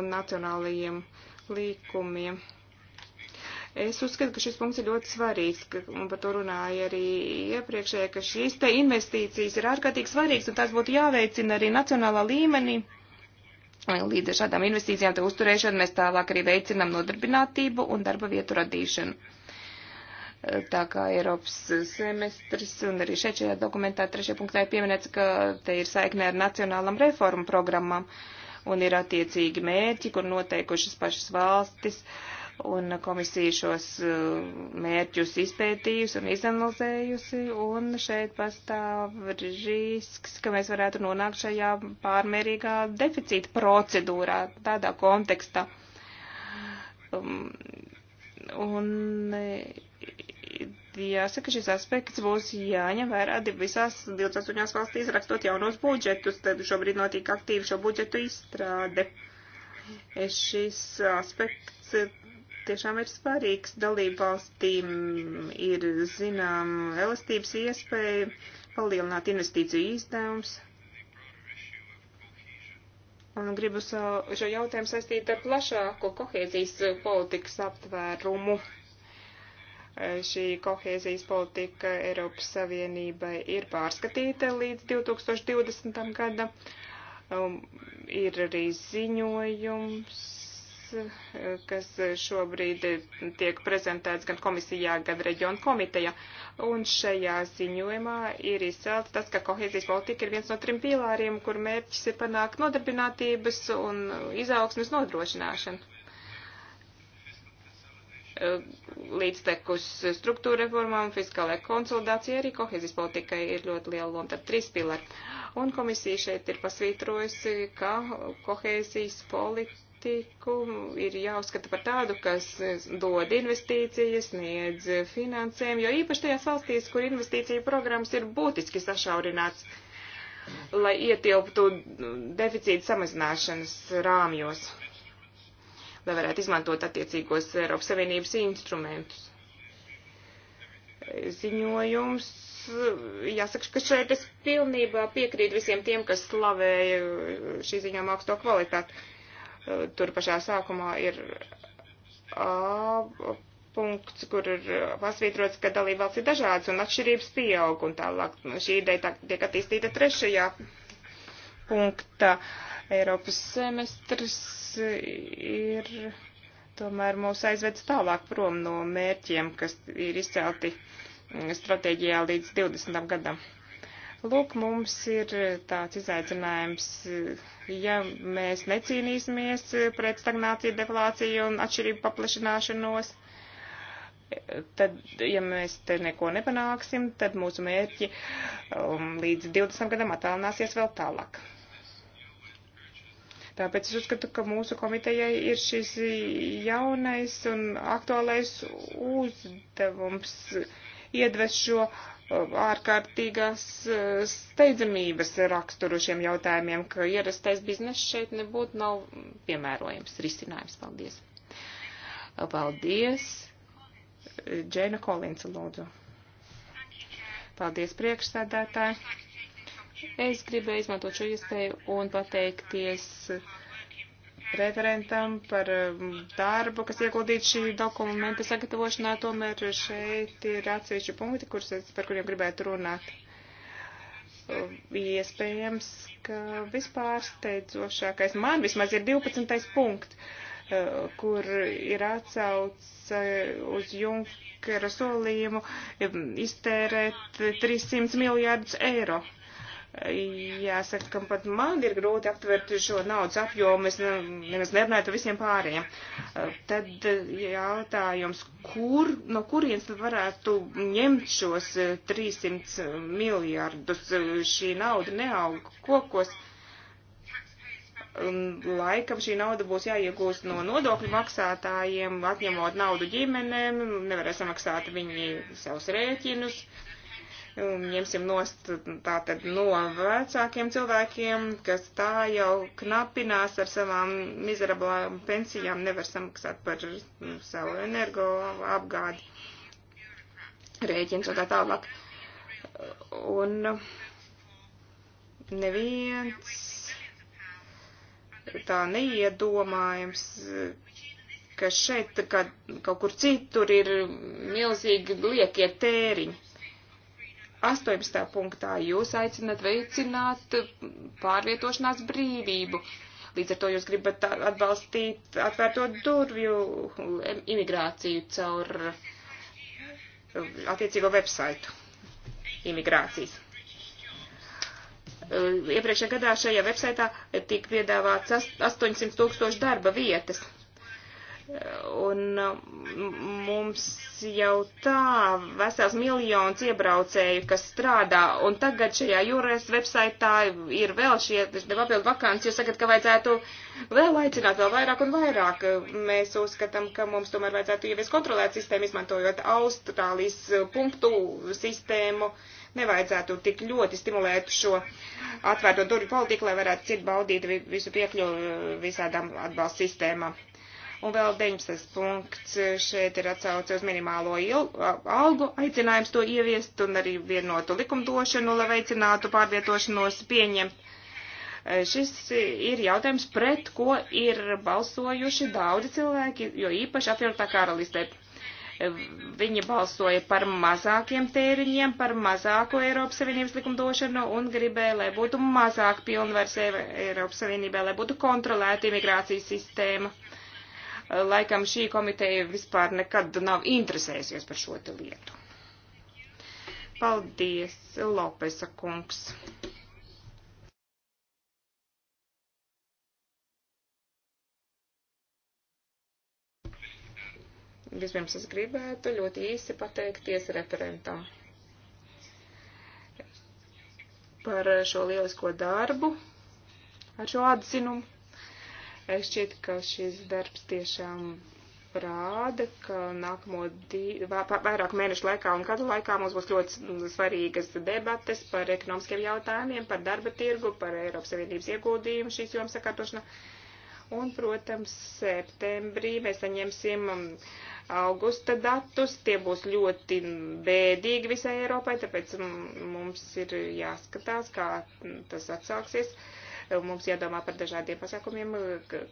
un nacionālajiem līkumiem. Es uzskatu, ka šis punkts ir ļoti svarīgs, ka, un par to runāja arī iepriekšēja, ka šīs te investīcijas ir ārkārtīgi svarīgas, un tās būtu jāveicina arī nacionālā līmenī. Līdz ar šādām investīcijām te uzturēšanu mēs tālāk arī veicinām nodarbinātību un darba vietu radīšanu. Tā kā Eiropas semestris un arī šeit šajā dokumentā trešajā punktā ir pieminēts, ka te ir saikne ar nacionālam reformu programmām un ir attiecīgi mērķi, kur noteikušas pašas valstis. Uh, un komisija šos uh, mērķus izpētījusi un izanalizējusi, un šeit pastāv risks, ka mēs varētu nonākt šajā pārmērīgā deficīta procedūrā, tādā kontekstā. Um, un e, jāsaka, šis aspekts būs jāņem vērā visās 28 valstīs rakstot jaunos budžetus, tad šobrīd notiek aktīvi šo budžetu izstrāde. E, šis aspekts tiešām ir svarīgs. Dalību valstīm ir, zinām, elastības iespēja palielināt investīciju izdevums. Un gribu šo jautājumu saistīt ar plašāko kohēzijas politikas aptvērumu šī kohēzijas politika Eiropas Savienībai ir pārskatīta līdz 2020. gada. Um, ir arī ziņojums kas eh, šobrīd eh, tiek prezentēts gan komisijā, gan reģionu komiteja. Un šajā ziņojumā ir izcelts tas, ka kohēzijas politika ir viens no trim pīlāriem, kur mērķis ir panākt nodarbinātības un izaugsmes nodrošināšanu eh, līdztekus struktūra reformām, fiskālajai konsolidācijai, arī kohezijas politikai ir ļoti liela loma, tad trīs pilari. Un komisija šeit ir pasvītrojusi, ka kohezijas politika politiku ir jāuzskata par tādu, kas dod investīcijas, sniedz finansējumu, jo īpaši tajās valstīs, kur investīciju programmas ir būtiski sašaurināts, lai ietilptu deficīta samazināšanas rāmjos, lai varētu izmantot attiecīgos Eiropas Savienības instrumentus. Ziņojums jāsaka, ka šeit es pilnībā piekrītu visiem tiem, kas slavēja šī ziņām augsto kvalitāti. Tur pašā sākumā ir A punkts, kur ir pasvītrots, ka dalībvalsts ir dažādas un atšķirības pieaug un tālāk. Šī ideja tā, tiek attīstīta trešajā punktā. Eiropas semestrs ir tomēr mūs aizvedis tālāk prom no mērķiem, kas ir izcelti mm, stratēģijā līdz 20. gadam. Lūk, mums ir tāds izaicinājums ja mēs necīnīsimies eh, pret stagnāciju, deflāciju un atšķirību paplašināšanos, tad, ja mēs te neko nepanāksim, tad mūsu mērķi um, līdz 20 gadam attālināsies vēl tālāk. Tāpēc es uzskatu, ka mūsu komitejai ir šis jaunais un aktuālais uzdevums iedvest šo ārkārtīgās eh, steidzamības raksturu šiem jautājumiem, ka ierastais biznes šeit nebūtu nav piemērojams risinājums. Paldies. Paldies. Džēna Kolins, lūdzu. Paldies priekšsēdētāji. Es gribēju izmantot šo iespēju un pateikties uh, referentam par um, darbu, kas ieguldīts šī dokumenta sagatavošanā. Tomēr šeit ir atsevišķi punkti, kurus es par kuriem gribētu runāt. Um, iespējams, ka vispārsteidzošākais man vismaz ir 12. punkts, uh, kur ir atsauce uz Junkera solījumu um, iztērēt 300 miljārdus eiro Jāsaka, ka pat man ir grūti aptvert šo naudas apjomu, es ne, nemaz nerunāju par visiem pārējiem. Eh, tad eh, jautājums, kur, no kurienes varētu ņemt šos 300 eh, miljārdus? Šī nauda neaug kokos. Laikam šī nauda būs jāiegūst no nodokļu maksātājiem, atņemot naudu ģimenēm, nevarēs samaksāt viņi savus rēķinus. Uh, Um, ņemsim nost tātad no vecākiem cilvēkiem, kas tā jau knapinās ar savām mizerablām pensijām, nevar samaksāt par mm, savu energo apgādi, rēķins un tā tālāk. Un neviens tā neiedomājams, ka šeit, ka kaut kur citur ir milzīgi liekie tēriņi 18. punktā jūs aicinat veicināt pārvietošanās brīvību. Līdz ar to jūs gribat atbalstīt atvērto durvju imigrāciju caur attiecīgo websaitu imigrācijas. Iepriekšējā gadā šajā websaitā tika piedāvāts 800 tūkstoši darba vietas Un mums jau tā vesels miljons iebraucēju, kas strādā, un tagad šajā jūras websaitā ir vēl šie papildu vakants, jūs sakat, ka vajadzētu vēl aicināt vēl vairāk un vairāk. Mēs uzskatām, ka mums tomēr vajadzētu ievies kontrolēt sistēmu, izmantojot Austrālijas punktu sistēmu. Nevajadzētu tik ļoti stimulēt šo atvērto durvju politiku, lai varētu citu baudīt visu piekļuvu visādām atbalsta sistēmām. Un vēl 19. punkts šeit ir atsauce uz minimālo algu, aicinājums to ieviest un arī vienotu likumdošanu, lai veicinātu pārvietošanos pieņemt. E, šis ir jautājums, pret ko ir balsojuši daudzi cilvēki, jo īpaši apvienotā karalistē e, viņi balsoja par mazākiem tēriņiem, par mazāko Eiropas Savienības likumdošanu un gribēja, lai būtu mazāk pilnvars Eiropas Savienībā, lai būtu kontrolēta imigrācijas sistēma. Laikam šī komiteja vispār nekad nav interesējusies par šo lietu. Paldies, Lopesa kungs. Vispirms es gribētu ļoti īsi pateikties referentam par šo lielisko darbu, ar šo atzinumu. Šķiet, ka šis darbs tiešām rāda, ka nākamo vairāku mēnešu laikā un gadu laikā mums būs ļoti svarīgas debates par ekonomiskiem jautājumiem, par darba tirgu, par Eiropas Savienības ieguldījumu šīs jomas sakārtošanā. Un, protams, septembrī mēs saņemsim augusta datus. Tie būs ļoti bēdīgi visai Eiropai, tāpēc mums ir jāskatās, kā tas atsāksies. Uh, Mums jādomā par dažādiem pasākumiem,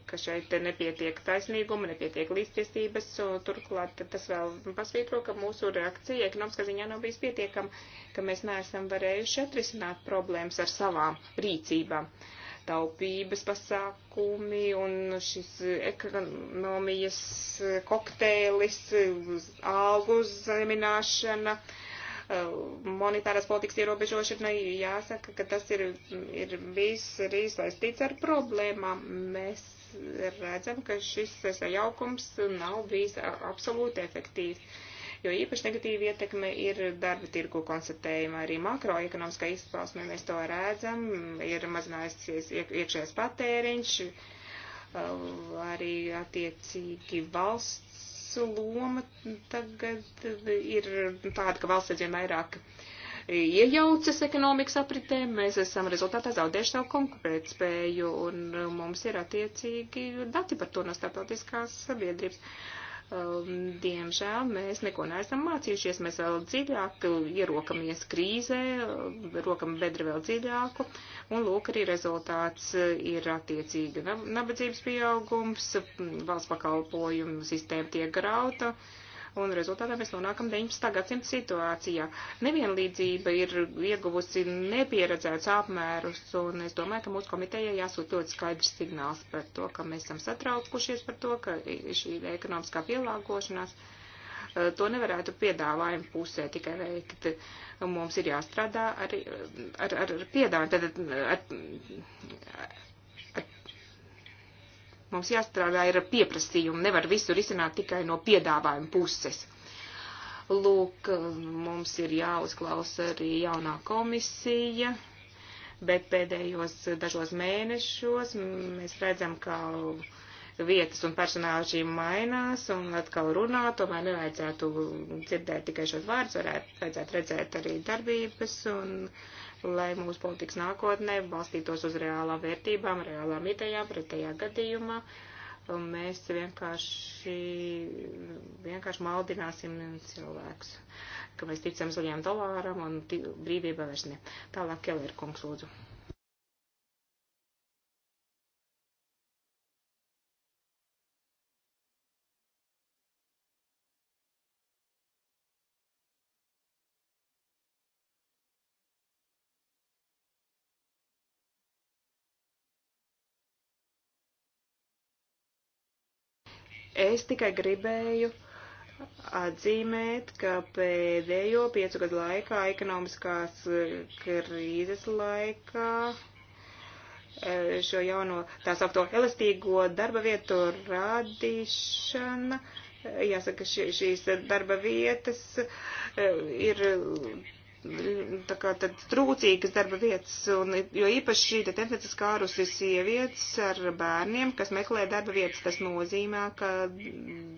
ka šeit nepietiek taisnīguma, nepietiek līdztiesības. Turklāt tas vēl pasvītro, ka mūsu reakcija ekonomiskā ziņā nav bijis pietiekama, ka mēs neesam varējuši atrisināt problēmas ar savām rīcībām taupības pasākumi un šis ekonomijas kokteilis, algu zemināšana, uh, monetāras politikas ierobežošanai, jāsaka, ka tas ir, ir viss arī saistīts ar problēmām. Mēs redzam, ka šis sajaukums nav bijis absolūti efektīvs jo īpaši negatīva ietekme ir darba tirgu konstatējuma. Arī makroekonomiskā izpausmē mēs to redzam, ir mazinājusies iekšējais patēriņš, arī attiecīgi valsts loma tagad ir tāda, ka valsts aizvien vairāk iejaucas ekonomikas apritē, mēs esam rezultātā zaudējuši savu konkurētspēju, un mums ir attiecīgi dati par to no starptautiskās sabiedrības. Uh, Um, diemžēl mēs neko neesam mācījušies, mēs vēl dziļāk ierokamies krīzē, rokam bedri vēl dziļāku, un lūk arī rezultāts uh, ir attiecīga nabadzības pieaugums, valsts pakalpojumu sistēma tiek grauta. Uh, un rezultātā mēs nonākam 19. gadsimta situācijā. Nevienlīdzība ir ieguvusi nepieredzēts apmērus, un es domāju, ka mūsu komitejai jāsūt ļoti skaidrs signāls par to, ka mēs esam satraukušies par to, ka šī ekonomiskā pielāgošanās eh, to nevarētu piedāvājumu pusē tikai veikt. Mums ir jāstrādā arī ar, eh, ar, ar piedāvājumu, tad eh, ar, ar Mums jāstrādā ir ar pieprasījumu, nevar visu risināt tikai no piedāvājuma puses. Lūk, mums ir jāuzklausa arī jaunā komisija, bet pēdējos dažos mēnešos mēs redzam, ka vietas un personāži mainās un atkal runā, tomēr nevajadzētu dzirdēt tikai šos vārdus, varētu, vajadzētu redzēt arī darbības un uh, lai mūsu politikas nākotnē balstītos uz reālām vērtībām, reālām idejām, pretējā gadījumā. Mēs vienkārši, vienkārši maldināsim cilvēkus, ka mēs ticam zaļajam dolāram un brīvībai vairs ne. Tālāk Keller kungs lūdzu. Es tikai gribēju atzīmēt, ka pēdējo piecu gadu laikā, ekonomiskās eh, krīzes laikā, eh, šo jauno tā saukto elastīgo darba vietu radīšana, eh, jāsaka, šīs darba vietas ir tā kā tad trūcīgas darba vietas, un, jo īpaši šī te tendence skārus ir sievietes ar bērniem, kas meklē darba vietas. Tas nozīmē, ka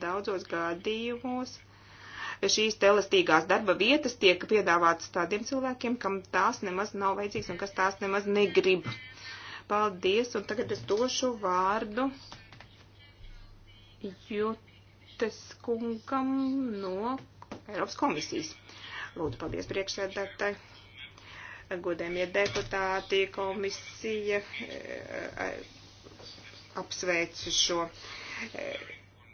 daudzos gadījumos šīs elastīgās darba vietas tiek piedāvātas tādiem cilvēkiem, kam tās nemaz nav vajadzīgas un kas tās nemaz negrib. Paldies, un tagad es došu vārdu Jutes kungam no Eiropas komisijas. Lūdzu, paldies priekšsēdētāji. Godējumie deputāti, komisija e, e, apsveic šo e,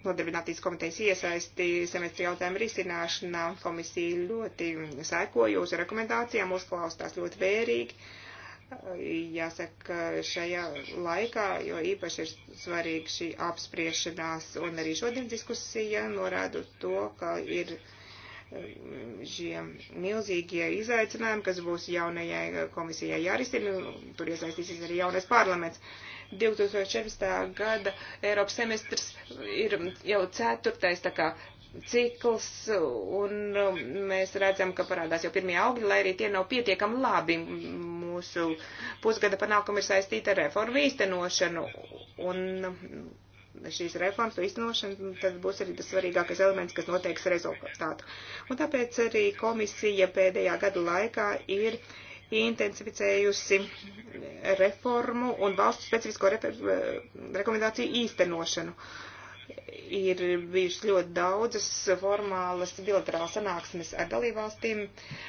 nodarbinātīs komitejas iesaisti semestri jautājumu risināšanā. Komisija ļoti sekoja jūsu rekomendācijām, uzklausās ļoti vērīgi. Jāsaka, šajā laikā, jo īpaši ir svarīga šī apspriešanās un arī šodien diskusija norāda to, ka ir šie milzīgie izaicinājumi, kas būs jaunajai komisijai jārisina, tur iesaistīsies arī jaunais parlaments. 2014. gada Eiropas semestrs ir jau ceturtais tā kā cikls, un um, mēs redzam, ka parādās jau pirmie augļi, lai arī tie nav pietiekami labi. Mūsu pusgada panākumi ir saistīti ar reformu īstenošanu, un šīs reformas, to iznošanu, tad būs arī tas svarīgākais elements, kas noteiks rezultātu. Un tāpēc arī komisija pēdējā gadu laikā ir intensificējusi reformu un valstu specifisko re rekomendāciju īstenošanu. Ir bijušas ļoti daudzas formālas bilaterālas sanāksmes ar dalībvalstīm.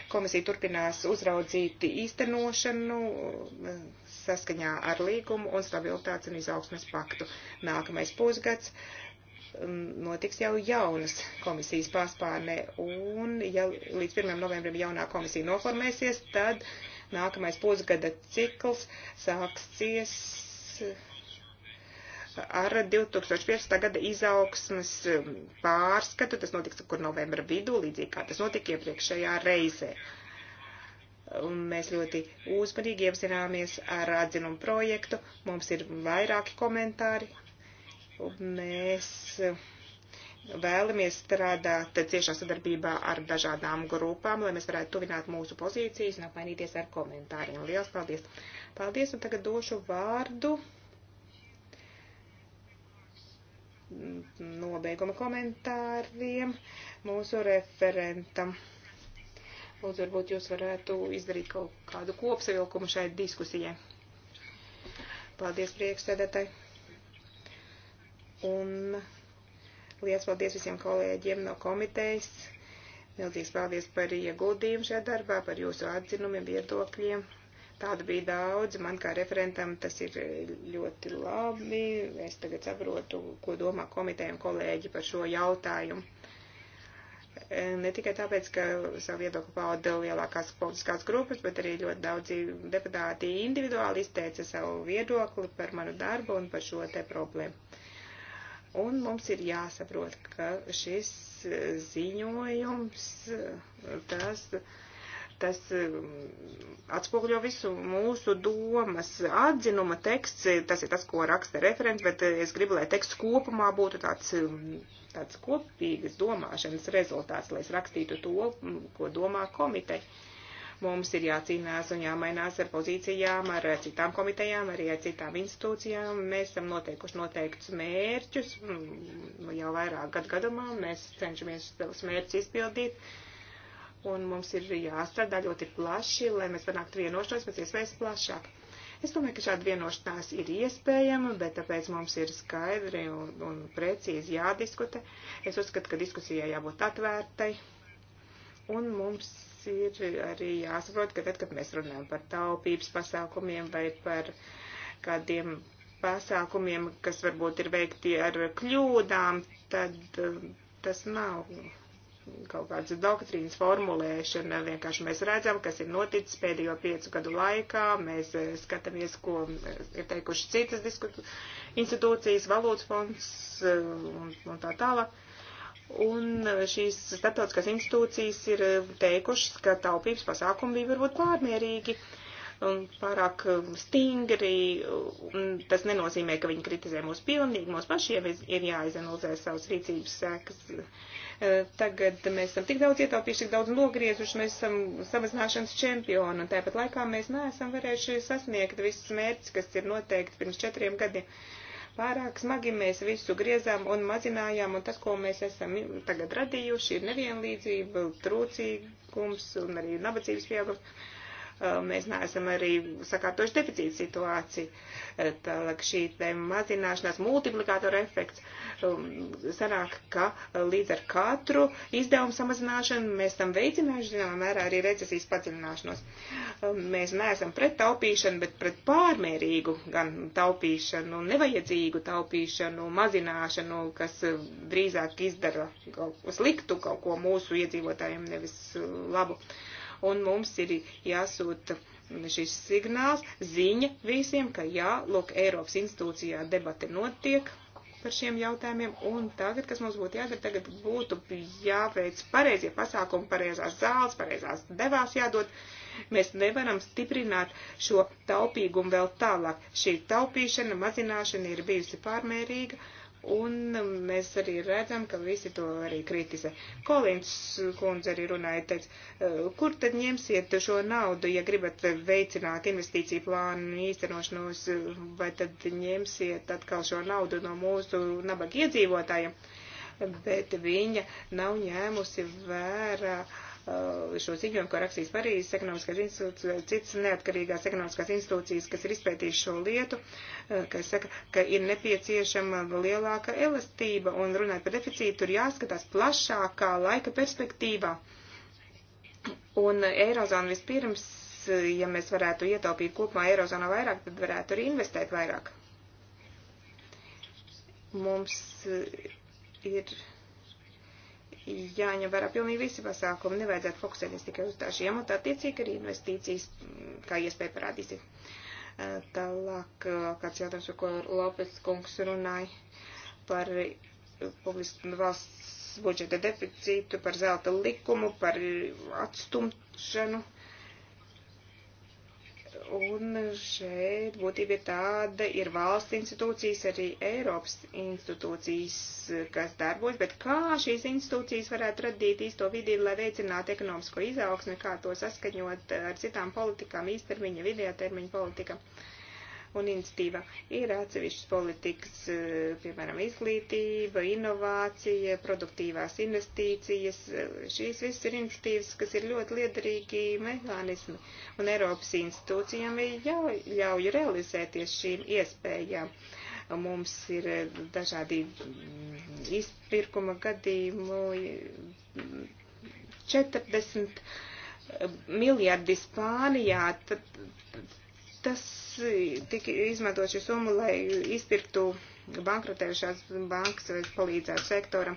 Komisija turpinās uzraudzīt īstenošanu, saskaņā ar līgumu un stabilitātes un izaugsmes paktu. Nākamais pusgads mm, notiks jau jaunas komisijas pārspārnē, un ja līdz 1. novembrim jaunā komisija noformēsies, tad nākamais pusgada cikls sāksies ar 2015. gada izaugsmas mm, pārskatu. Tas notiks, kur novembra vidū, līdzīgi kā tas notika iepriekšējā reizē. Uh, un mēs ļoti uzmanīgi iepazināmies ar atzinumu projektu. Mums ir vairāki komentāri. Mēs eh, vēlamies strādāt ciešā sadarbībā ar dažādām grupām, lai mēs varētu tuvināt mūsu pozīcijas un apmainīties ar komentāriem. Lielas paldies! Paldies, un tagad došu vārdu nobeiguma komentāriem mūsu referentam. Lūdzu, varbūt jūs varētu izdarīt kaut kādu kopsavilkumu šai diskusijai. Paldies priekšsēdētāji. Un liels paldies visiem kolēģiem no komitejas. Milzīgs paldies par ieguldījumu šajā darbā, par jūsu atzinumiem, viedokļiem. Tāda bija daudz, man kā referentam tas ir ļoti labi. Es tagad saprotu, ko domā komiteja un kolēģi par šo jautājumu ne tikai tāpēc, ka savu viedokli pauda lielākās politiskās grupas, bet arī ļoti daudzi deputāti individuāli izteica savu viedokli par manu darbu un par šo te problēmu. Un mums ir jāsaprot, ka šis ziņojums, tas, tas um, atspoguļo visu mūsu domas atzinuma teksts, tas ir tas, ko raksta referents, bet es gribu, lai teksts kopumā būtu tāds um, tāds kopīgas domāšanas rezultāts, lai es rakstītu to, mm, ko domā komiteja. Mums ir jācīnās un jāmainās ar pozīcijām, ar citām komitejām, arī ar citām institūcijām. Mēs esam noteikuši noteiktus mērķus, mm, jau vairāk gadu gadumā mēs cenšamies savus mērķus izpildīt un mums ir jāstrādā ļoti plaši, lai mēs panāktu vienošanos pēc iespējas plašāk. Es domāju, ka šāda vienošanās ir iespējama, bet tāpēc mums ir skaidri un, un precīzi jādiskutē. Es uzskatu, ka diskusijai jābūt atvērtai. Un mums ir arī jāsaprot, ka tad, kad mēs runājam par taupības pasākumiem vai par kādiem pasākumiem, kas varbūt ir veikti ar kļūdām, tad eh, tas nav kaut kādas doktrīnas formulēšana. Vienkārši mēs redzam, kas ir noticis pēdējo piecu gadu laikā. Mēs eh, skatāmies, ko eh, ir teikuši citas diskutu, institūcijas, valūtas fonds eh, un, un tā tālāk. Un šīs starptautiskās institūcijas ir teikušas, ka taupības pasākumi bija varbūt pārmērīgi. Uh, Um, pārāk um, stingri, um, un tas nenozīmē, ka viņi kritizē mūs pilnīgi, mūs pašiem ir jāizanalizē savas rīcības sēkas. Uh, tagad mēs esam tik daudz ietaupījuši, tik daudz nogriezuši, mēs esam samazināšanas čempioni, un tāpat laikā mēs neesam varējuši sasniegt visus mērķus, kas ir noteikti pirms četriem gadiem pārāk smagi mēs visu griezām un mazinājām, un tas, ko mēs esam tagad radījuši, ir nevienlīdzība, trūcīgums un arī nabadzības pieaugums. Eh, mēs neesam arī sakārtojuši deficīta situāciju. Eh, tālāk šī te mazināšanās multiplikātora efekts um, sanāk, ka eh, līdz ar katru izdevumu samazināšanu mēs tam veicinājuši, zināmā mērā, arī recesijas padziļināšanos. Mēs neesam pret taupīšanu, bet pret pārmērīgu gan taupīšanu, nevajadzīgu taupīšanu, mazināšanu, kas drīzāk izdara kaut ko sliktu, kaut ko mūsu iedzīvotājiem nevis labu. Uh, un mums ir jāsūta šis signāls, ziņa visiem, ka jā, lūk, Eiropas institūcijā debate notiek par šiem jautājumiem, un tagad, kas mums būtu jādara, tagad būtu jāveic pareizie pasākumi, pareizās zāles, pareizās devās jādod. Mēs nevaram stiprināt šo taupīgumu vēl tālāk. Šī taupīšana, mazināšana ir bijusi pārmērīga. Uh, Un mēs arī redzam, ka visi to arī kritizē. Kolīns kundze arī runāja, teica, eh, kur tad ņemsiet šo naudu, ja gribat veicināt investīciju plānu īstenošanos, vai tad ņemsiet atkal šo naudu no mūsu nabaga iedzīvotājiem. Bet viņa nav ņēmusi vērā. Uh, Uh, šo ziņojumu, ko rakstīs Parīzes ekonomiskās institūcijas, citas neatkarīgās ekonomiskās institūcijas, kas ir izpētījuši šo lietu, uh, kas saka, ka ir nepieciešama lielāka elastība un runāt par deficītu, tur jāskatās plašākā laika perspektīvā. Un Eirozona vispirms, uh, ja mēs varētu ietaupīt kopumā Eirozonā vairāk, tad varētu arī investēt vairāk. Mums ir jāņem vērā pilnīgi visi pasākumi, nevajadzētu fokusēties tikai uz dažiem, un tā tiecīgi arī investīcijas kā iespēja parādīsies. Eh, tālāk eh, kāds jautājums, par ko Lopes kungs runāja par eh, publisku valsts budžeta deficītu, par zelta likumu, par atstumšanu. Un šeit būtība ir tāda, ir valsts institūcijas, arī Eiropas institūcijas, kas darbojas, bet kā šīs institūcijas varētu radīt īsto vidi, lai veicinātu ekonomisko izaugsmi, kā to saskaņot ar citām politikām, īstermiņa, vidējā termiņa politikām. Uh, un iniciatīvā. Ir atsevišķas politikas, eh, piemēram, izglītība, inovācija, produktīvās investīcijas. Eh, šīs visas ir iniciatīvas, kas ir ļoti liederīgi mehānismi, un Eiropas institūcijām ir jāļauj realizēties šīm iespējām. Mums ir eh, dažādi mm, izpirkuma gadījumi, 40 miljardi Spānijā, tad tas e, tika izmantot šī summa, lai izpirktu bankrotējušās bankas vai palīdzētu sektoram.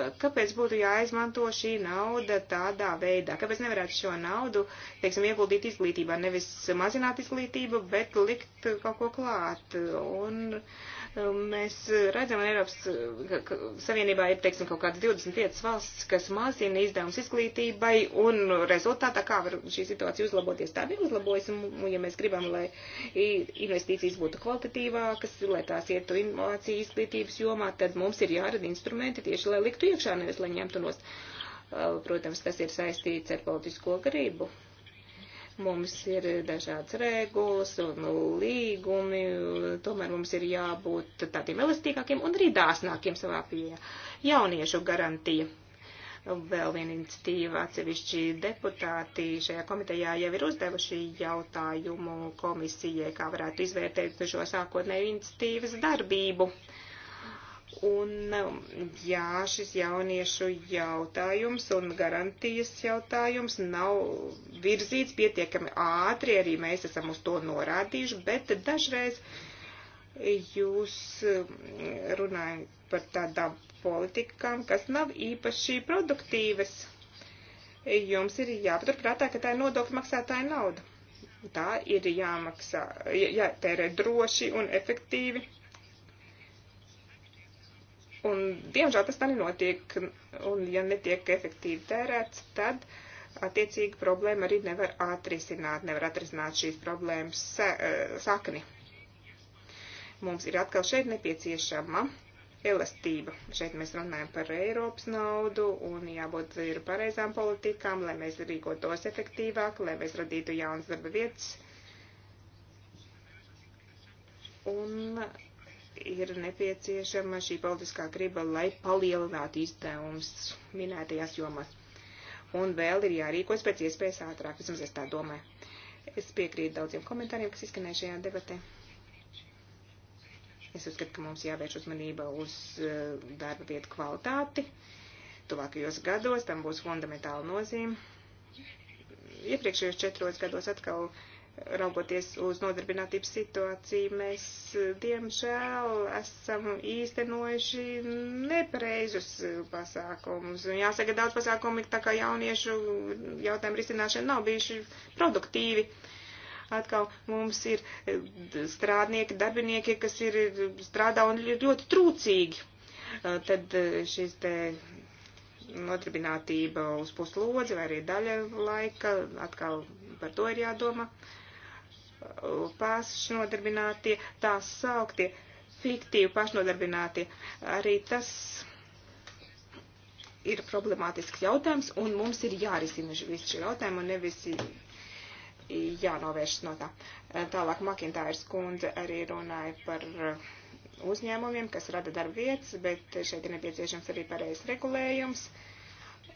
E, kāpēc būtu jāizmanto šī nauda tādā veidā? Kāpēc nevarētu šo naudu, teiksim, ieguldīt izglītībā, nevis mazināt izglītību, bet likt kaut ko klāt? Un uh, Mēs redzam, ka Eiropas Savienībā ir, teiksim, kaut kādas 25 valsts, kas mazina izdevumus izglītībai, un rezultātā kā var šī situācija uzlaboties, tā neuzlabojas, un, ja mēs gribam, lai investīcijas būtu kvalitatīvākas, lai tās ietu inovāciju izglītības jomā, tad mums ir jārada instrumenti tieši, lai liktu iekšā, nevis lai ņemtu nost. Protams, tas ir saistīts ar politisko garību Mums ir dažādas regulas un līgumi, tomēr mums ir jābūt tādiem elastīgākiem un arī dāsnākiem savā pieeja. Jauniešu garantija vēl viena iniciatīva. Atsevišķi deputāti šajā komitejā jau ir uzdevuši jautājumu komisijai, kā varētu izvērtēt šo sākotnēju iniciatīvas darbību. Uh, Un um, jā, šis jauniešu jautājums un garantijas jautājums nav virzīts pietiekami ātri, arī mēs esam uz to norādījuši, bet dažreiz jūs um, runājat par tādām politikām, kas nav īpaši produktīvas. Jums ir jāpaturprātā, ka tā ir nodokļu maksātāja nauda. Tā ir jāmaksā, jātērē droši un efektīvi Un, diemžēl tas tā nenotiek, un ja netiek efektīvi tērēts, tad attiecīgi problēma arī nevar atrisināt, nevar atrisināt šīs problēmas e, sakni. Mums ir atkal šeit nepieciešama elastība. Šeit mēs runājam par Eiropas naudu un jābūt ir pareizām politikām, lai mēs rīkotos efektīvāk, lai mēs radītu jaunas darba vietas. Un ir nepieciešama šī politiskā griba, lai palielinātu izdevumus minētajās jomās. Un vēl ir jārīkojas pēc iespējas ātrāk, vismaz es tā domāju. Es piekrītu daudziem komentāriem, kas izskanēja šajā debatē. Es uzskatu, ka mums jāvērš uzmanība uz eh, darba vietu kvalitāti. Tuvākajos gados tam būs fundamentāla nozīme. Iepriekšējos četros gados atkal uh, raugoties uz nodarbinātības situāciju, mēs diemžēl esam īstenojuši nepareizus pasākumus. Jāsaka, daudz pasākumi, tā kā jauniešu jautājumu risināšana nav bijuši produktīvi. Atkal mums ir strādnieki, darbinieki, kas ir strādā un ir ļoti trūcīgi. Tad šis te nodarbinātība uz puslodzi vai arī daļa laika, atkal par to ir jādomā. Uh, pašnodarbinātie, tā sauktie, fiktīvi pašnodarbinātie. Arī tas ir problemātisks jautājums, un mums ir jārisina visi šie jautājumi, un nevis jānovēršas no tā. Tālāk Makintājas kundze arī runāja par uzņēmumiem, kas rada darba vietas, bet šeit ir nepieciešams arī pareizs regulējums. Uh,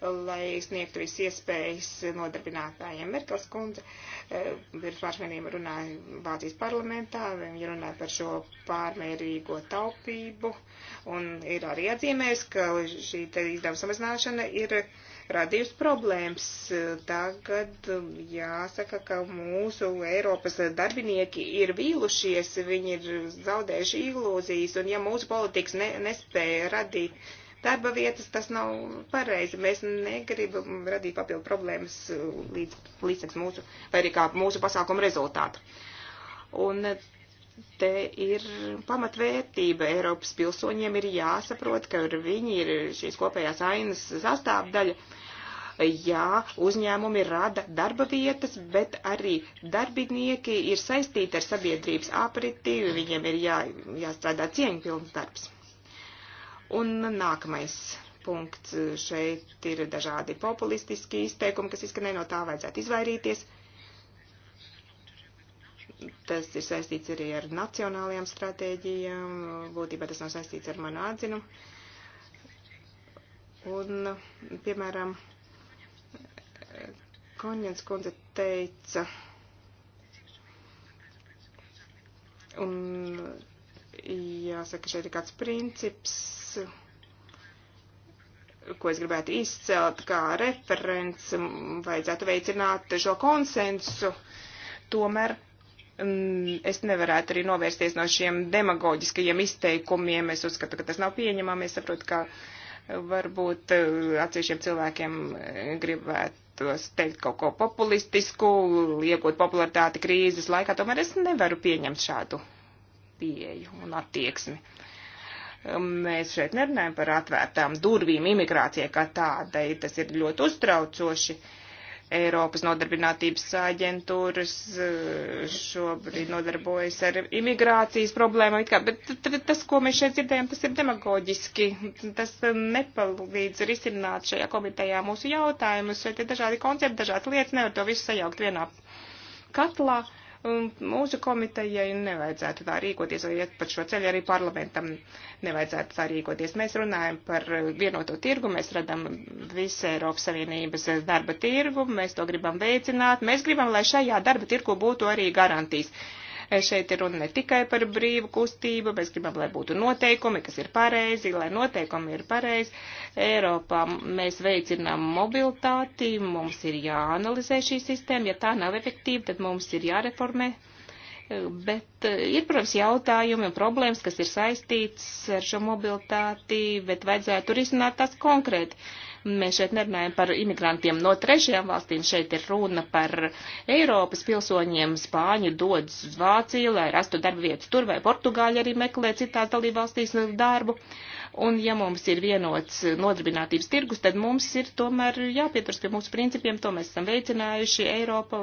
lai sniegtu visu iespējas nodarbinātājiem. Merkels kundze eh, pirms pāris minūtēm runāja Vācijas parlamentā, viņa runāja par šo pārmērīgo taupību un ir arī atzīmējis, ka šī izdevuma samazināšana ir radījusi problēmas. Tagad jāsaka, ka mūsu Eiropas darbinieki ir vīlušies, viņi ir zaudējuši ilūzijas, un ja mūsu politikas ne, nespēja radīt darba vietas, tas nav pareizi. Mēs negribam radīt papildu problēmas uh, līdz, līdz mūsu, vai arī kā mūsu pasākumu rezultātu. Un uh, te ir pamatvērtība. Eiropas pilsoņiem ir jāsaprot, ka viņi ir šīs kopējās ainas sastāvdaļa. Jā, uzņēmumi rada darba vietas, bet arī darbinieki ir saistīti ar sabiedrības apriti, viņiem ir jā, jāstrādā cieņpilns darbs. Un nākamais punkts šeit ir dažādi populistiski izteikumi, kas izskanē no tā vajadzētu izvairīties. Tas ir saistīts arī ar nacionālajām stratēģijām, būtībā tas nav saistīts ar manu atzinumu. Un, piemēram, Konjans kundze teica, un Jāsaka, šeit ir kāds princips, ko es gribētu izcelt kā referents, vajadzētu veicināt šo konsensu. Tomēr mm, es nevarētu arī novērsties no šiem demagoģiskajiem izteikumiem. Es uzskatu, ka tas nav pieņemami. Es saprotu, ka varbūt eh, atsevišķiem cilvēkiem eh, gribētos teikt kaut ko populistisku, iegūt popularitāti krīzes laikā. Tomēr es nevaru pieņemt šādu pieeju un attieksmi. Um, mēs šeit nerunājam par atvērtām durvīm imigrācijai kā tādai. Tas ir ļoti uztraucoši. Eiropas nodarbinātības aģentūras uh, šobrīd nodarbojas ar imigrācijas problēmām. Bet tas, ko mēs šeit dzirdējam, tas ir demagoģiski. Tas um, nepalīdz risināt šajā komitejā mūsu jautājumus. Šeit ir dažādi koncepti, dažādas lietas. Nevar to visu sajaukt vienā katlā. Uh, Un mūsu komitejai nevajadzētu tā rīkoties, vai iet pat šo ceļu arī parlamentam nevajadzētu tā rīkoties. Mēs runājam par vienoto tirgu, mēs radam visu Eiropas Savienības darba tirgu, mēs to gribam veicināt, mēs gribam, lai šajā darba tirgu būtu arī garantijas Eh, šeit ir runa ne tikai par brīvu kustību, mēs gribam, lai būtu noteikumi, kas ir pareizi, lai noteikumi ir pareizi. Eiropā mēs veicinām mobilitāti, mums ir jāanalizē šī sistēma, ja tā nav efektīva, tad mums ir jāreformē. Eh, bet eh, ir, protams, jautājumi un problēmas, kas ir saistīts ar šo mobilitāti, bet vajadzētu risināt tās konkrēti. Uh, Mēs šeit nerunājam par imigrantiem no trešajām valstīm, šeit ir runa par Eiropas pilsoņiem. Spāņi dodas uz Vāciju, lai rastu darba vietas tur, vai Portugāļi arī meklē citās dalībvalstīs darbu. Un ja mums ir vienots nodarbinātības tirgus, tad mums ir tomēr jāpieturas pie mūsu principiem, to mēs esam veicinājuši. Eiropa,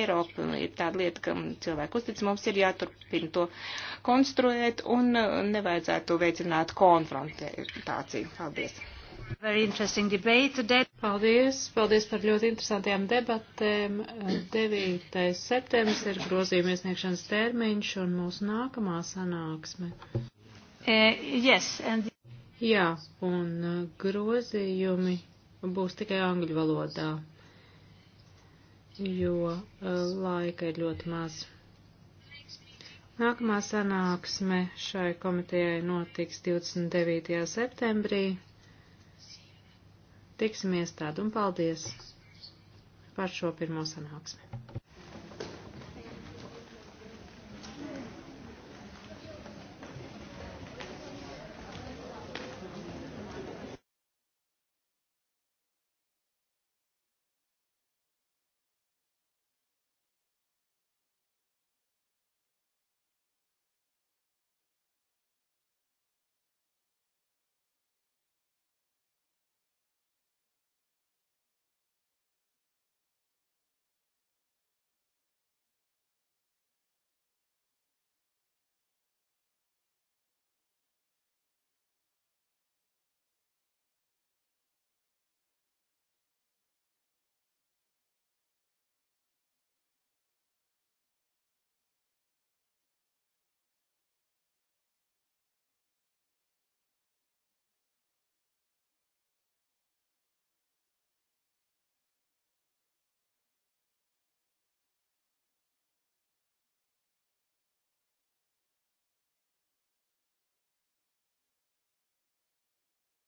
Eiropa ir tāda lieta, kam cilvēku uztic, mums ir jāturpina to konstruēt un nevajadzētu veicināt konfrontāciju. Paldies! Paldies, paldies par ļoti interesantiem debatēm. 9. septembris ir grozījuma iesniegšanas termiņš un mūsu nākamā sanāksme. Uh, yes, and... Jā, un eh, grozījumi būs tikai angļu valodā, jo eh, laika ir ļoti maz. Nākamā sanāksme šai komitejai notiks 29. septembrī. Tiksimies tad un paldies par šo pirmo sanāksmi.